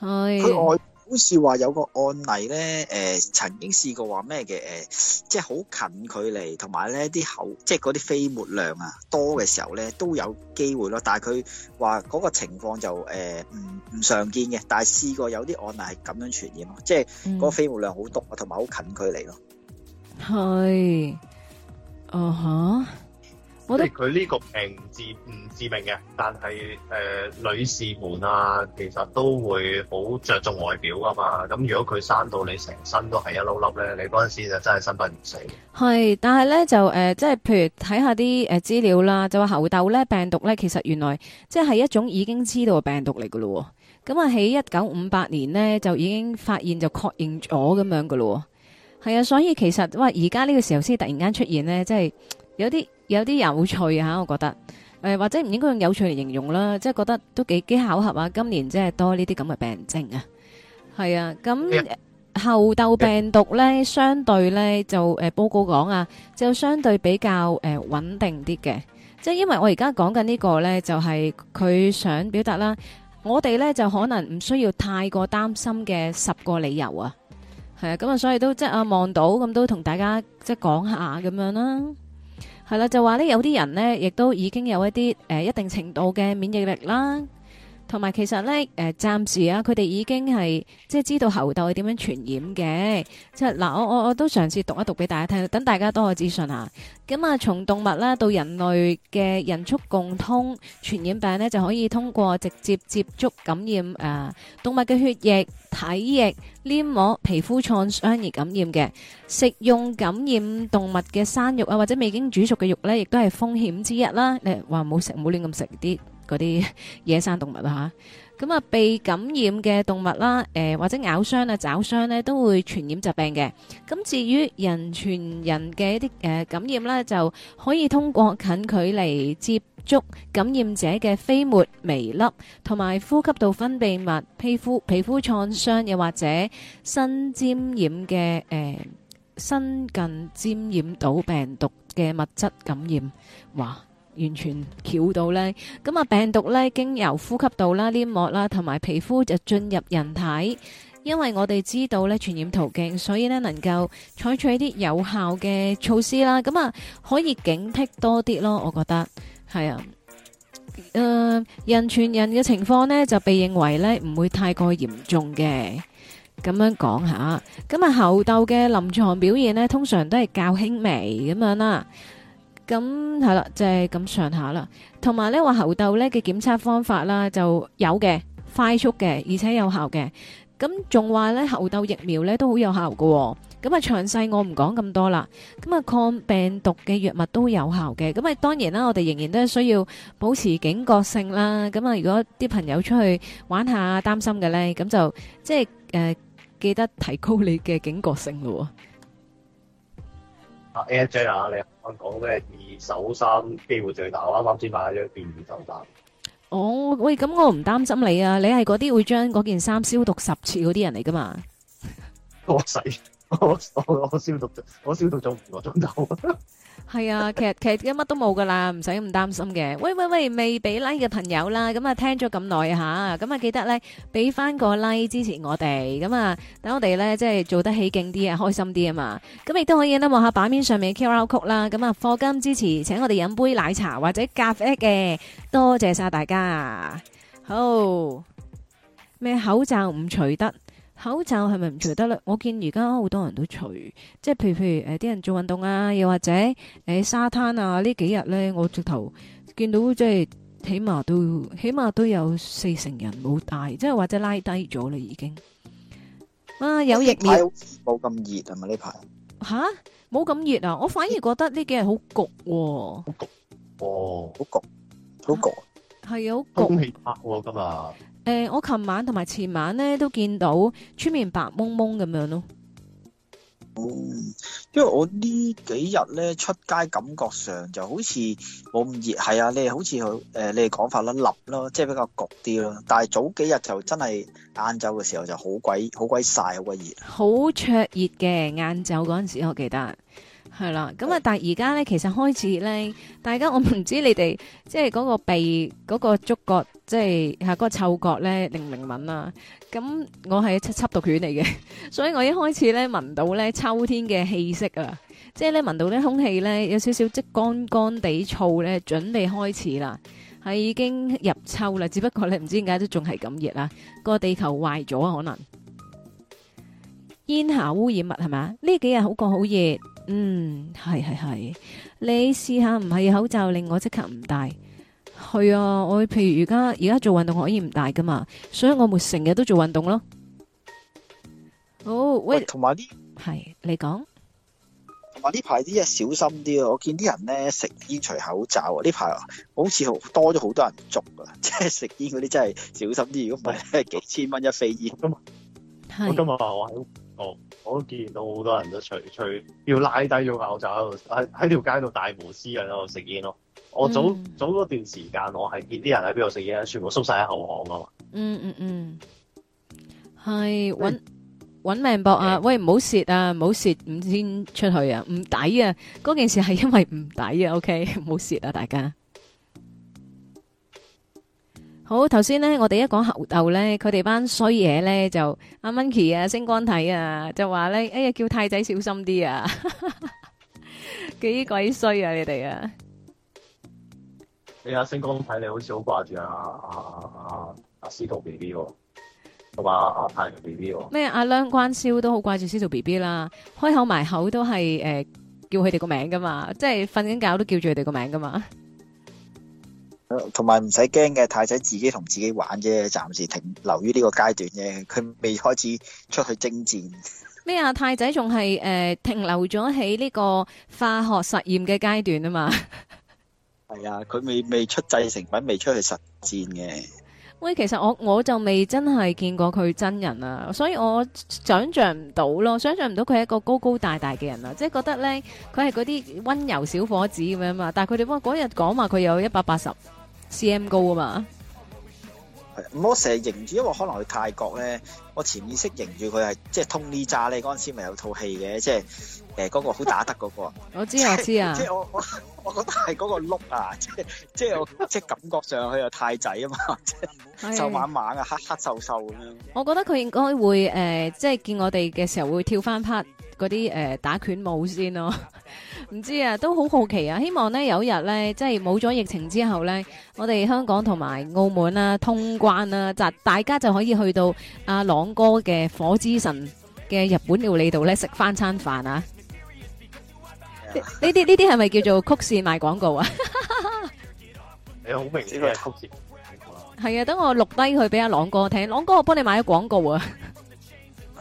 係。
好似話有個案例咧，誒、呃，曾經試過話咩嘅，誒、呃，即係好近距離，同埋咧啲口，即係嗰啲飛沫量啊多嘅時候咧，都有機會咯。但係佢話嗰個情況就，誒、呃，唔唔常見嘅。但係試過有啲案例係咁樣傳染咯，即係嗰個飛沫量好毒啊，同埋好近距離咯。
係，哦哈。我哋
佢呢個病致唔致命嘅，但係誒、呃、女士們啊，其實都會好着重外表㗎嘛。咁如果佢生到你成身都係一粒粒咧，你嗰陣時就真係生不如死。
係，但係咧就誒、呃，即係譬如睇下啲誒、呃、資料啦，就話猴痘咧病毒咧，其實原來即係一種已經知道嘅病毒嚟噶咯。咁啊，喺一九五八年呢，就已經發現就確認咗咁樣噶咯。係啊、嗯，所以其實哇，而家呢個時候先突然間出現呢，即係。有啲有啲有趣吓、啊，我覺得誒、呃，或者唔應該用有趣嚟形容啦，即係覺得都幾幾巧合啊。今年即係多呢啲咁嘅病症啊，係啊。咁、嗯、猴痘病毒呢，相對呢，就誒、呃、報告講啊，就相對比較誒、呃、穩定啲嘅。即係因為我而家講緊呢個呢，就係、是、佢想表達啦。我哋呢，就可能唔需要太過擔心嘅十個理由啊。係啊，咁啊，所以都即係啊，望到咁都同大家即係講下咁樣啦。係啦，就話呢，有啲人呢，亦都已經有一啲誒、呃，一定程度嘅免疫力啦。同埋，其實咧，誒、呃，暫時啊，佢哋已經係即係知道猴痘係點樣傳染嘅。即係嗱，我我我都嘗試讀一讀俾大家聽，等大家多個資訊啊咁啊，從動物啦、啊、到人類嘅人畜共通傳染病咧，就可以通過直接接觸感染誒、呃、動物嘅血液、體液、黏膜、皮膚創傷而感染嘅。食用感染動物嘅生肉啊，或者未經煮熟嘅肉咧，亦都係風險之一啦。你話冇食冇亂咁食啲。嗰啲野生動物啊嚇，咁啊被感染嘅動物啦、呃，或者咬傷啊、爪傷呢，都會傳染疾病嘅。咁至於人傳人嘅一啲、呃、感染呢，就可以通過近距離接觸感染者嘅飛沫、微粒同埋呼吸道分泌物、皮膚皮膚創傷，又或者新沾染嘅、呃、新近沾染到病毒嘅物質感染，哇！完全巧到呢，咁啊病毒呢經由呼吸道啦、黏膜啦，同埋皮膚就進入人體。因為我哋知道呢傳染途徑，所以呢能夠採取一啲有效嘅措施啦。咁啊，可以警惕多啲咯。我覺得係啊，嗯，人傳人嘅情況呢就被認為呢唔會太過嚴重嘅。咁樣講吓，咁啊，猴痘嘅臨床表現呢通常都係較輕微咁樣啦。咁係啦，就係、是、咁上下啦。同埋咧，話猴痘咧嘅檢測方法啦，就有嘅，快速嘅，而且有效嘅。咁仲話咧，猴痘疫苗咧都好有效嘅、哦。咁、嗯、啊，詳細我唔講咁多啦。咁、嗯、啊，抗病毒嘅藥物都有效嘅。咁、嗯、啊，當然啦，我哋仍然都需要保持警覺性啦。咁、嗯、啊，如果啲朋友出去玩下，擔心嘅咧，咁、嗯、就即係誒、呃，記得提高你嘅警覺性咯。
啊 AJ 啊，uh, Jay, 你香港講咩二手衫機會最大？我啱啱先買咗件二手衫。哦
，oh, 喂，咁我唔擔心你啊，你係嗰啲會將嗰件衫消毒十次嗰啲人嚟㗎嘛？
我洗。 (laughs) 我我消毒
咗，我消毒咗五個鐘頭。係啊，其實其實乜都冇噶啦，唔使咁擔心嘅。喂喂喂，未俾 like 嘅朋友啦，咁啊聽咗咁耐吓，咁啊記得咧俾翻個 like 支持我哋，咁啊等我哋咧即係做得起勁啲啊，開心啲啊嘛。咁亦都可以咧望下版面上面嘅 QR code 啦，咁啊課金支持，請我哋飲杯奶茶或者咖啡嘅，多謝晒大家。好，咩口罩唔除得？口罩係咪唔除得咧？我見而家好多人都除，即係譬如譬如誒，啲、呃、人做運動啊，又或者誒、呃、沙灘啊，這幾呢幾日咧，我直頭見到即係起碼都起碼都有四成人冇戴，即係或者拉低咗啦已經。啊，有疫苗
冇咁熱，係咪呢排
吓冇咁熱啊！我反而覺得呢幾日好焗喎、啊，
好焗哦，好、啊、焗，
好
焗，係好、啊、焗，空氣
誒、欸，我琴晚同埋前晚咧都見到出面白蒙蒙咁樣咯。嗯，
因為我這幾天呢幾日咧出街感覺上就好似冇咁熱，係啊，你哋好似佢，誒、呃，你哋講法啦，笠咯，即、就、係、是、比較焗啲咯。但係早幾日就真係晏晝嘅時候就好鬼好鬼晒，好鬼熱，
好灼熱嘅晏晝嗰陣時我記得。係啦，咁啊，但而家咧，其實開始咧，大家我唔知你哋即係嗰個鼻嗰個觸覺，即係吓嗰個嗅覺咧，靈唔靈敏啊？咁我係緝毒犬嚟嘅。 (laughs) 所以我一開始咧聞到咧秋天嘅氣息啊，即係咧聞到咧空氣咧有少少即乾乾地燥咧，準備開始啦，係已經入秋啦，只不過你唔知點解都仲係咁熱啊？個地球壞咗可能，煙霞污染物，係嘛？呢幾日好過好熱。嗯，係係係，你試下唔係口罩令我即刻唔戴，係啊，我譬如而家而家做運動可以唔戴噶嘛，所以我咪成日都做運動咯。
好、哦，喂，同埋啲係，你講，同埋呢排啲嘢小心啲啊！我見啲人咧食煙除口罩啊，呢排好似多咗好多人中噶啦，即係食煙嗰啲真係小心啲，如果唔係幾千蚊一飛煙咁我今日話我
喺我都見到好多人都隨隨要拉低咗口罩，喺喺喺條街度大無私喺度食煙咯。我早、嗯、早嗰段時間，我係見啲人喺邊度食煙，全部縮晒喺後巷㗎嘛。嗯嗯
嗯，係揾揾命搏啊！是喂，唔好蝕啊，唔好蝕，唔先出去啊，唔抵啊！嗰件事係因為唔抵啊，OK，唔好蝕啊，大家。好，頭先咧，我哋一講核豆咧，佢哋班衰嘢咧就阿、啊、Monkey 啊、星光體啊，就話咧，哎呀叫太仔小心啲啊， (laughs) 幾鬼衰啊你哋啊！
哎阿星光體你好似好掛住阿阿阿阿司徒 B B 喎，同埋阿阿太 B B
喎。咩阿亮關燒都好掛住司徒 B B 啦，開口埋口都係誒、呃、叫佢哋個名噶嘛，即係瞓緊覺都叫住佢哋個名噶嘛。
同埋唔使驚嘅，太仔自己同自己玩啫，暫時停留於呢個階段啫。佢未開始出去征戰。
咩啊？太仔仲係誒停留咗喺呢個化學實驗嘅階段啊嘛。
係啊，佢未未出製成品，未出去實戰嘅。
喂，其實我我就未真係見過佢真人啊，所以我想象唔到咯，想象唔到佢係一個高高大大嘅人啊，即係覺得咧佢係嗰啲溫柔小伙子咁樣嘛。但係佢哋話嗰日講話佢有一百八十 cm 高啊嘛，係，唔好
成日迎住，因為可能去泰國咧，我潛意識迎住佢係即係通呢炸咧，嗰陣時咪有套戲嘅，即係誒嗰個好打得嗰、嗰個。
(laughs) 我知道即我知道啊即，即係我我我覺得
係嗰個碌啊，即係即係我即係感覺上佢又太仔啊嘛，瘦蜢蜢啊黑黑瘦瘦咁樣。
我覺得佢應該會誒，即係、 (laughs) 呃、見我哋嘅時候會跳翻 part。嗰啲誒打拳舞先咯，唔 (laughs) 知啊，都好好奇啊！希望呢，有日呢，即係冇咗疫情之後呢，我哋香港同埋澳門啊，通關啊，就大家就可以去到阿、啊、朗哥嘅火之神嘅日本料理度呢，食翻餐飯啊！呢啲呢啲係咪叫做曲線賣廣告啊？你
好明，呢個係曲
線。係啊，等我錄低佢俾阿朗哥聽，Yeah. 朗哥我幫你買咗廣告啊！ (laughs)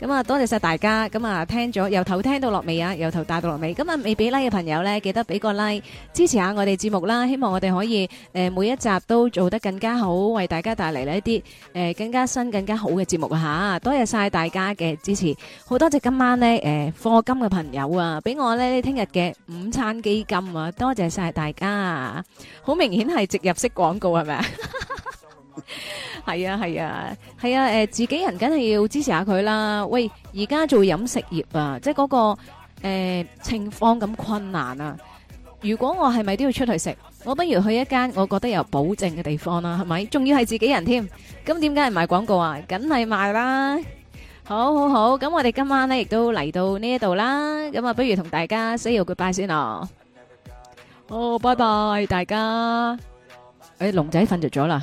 咁啊，多謝晒大家，咁啊聽咗由頭聽到落尾啊，由頭帶到落尾，咁啊未俾 like 嘅朋友咧，記得俾個 like 支持下我哋節目啦，希望我哋可以誒每一集都做得更加好，為大家帶嚟一啲，誒更加新、更加好嘅節目吓，多謝晒大家嘅支持，好多謝今晚咧誒課金嘅朋友啊，俾我咧聽日嘅午餐基金啊，多謝晒大家，好明顯係植入式廣告係咪？係啊係啊係啊！誒，自己人梗係要支持下佢啦。喂，而家做飲食業啊，即係嗰個誒情況咁困難啊。如果我係咪都要出去食，我不如去一間我覺得有保證嘅地方啦，係咪？仲要係自己人添，咁點解唔賣廣告啊？梗係賣啦！好好好，咁我哋今晚咧亦都嚟到呢一度啦，咁啊，不如同大家 say goodbye 先咯。好，拜拜大家。誒，龍仔瞓着咗啦。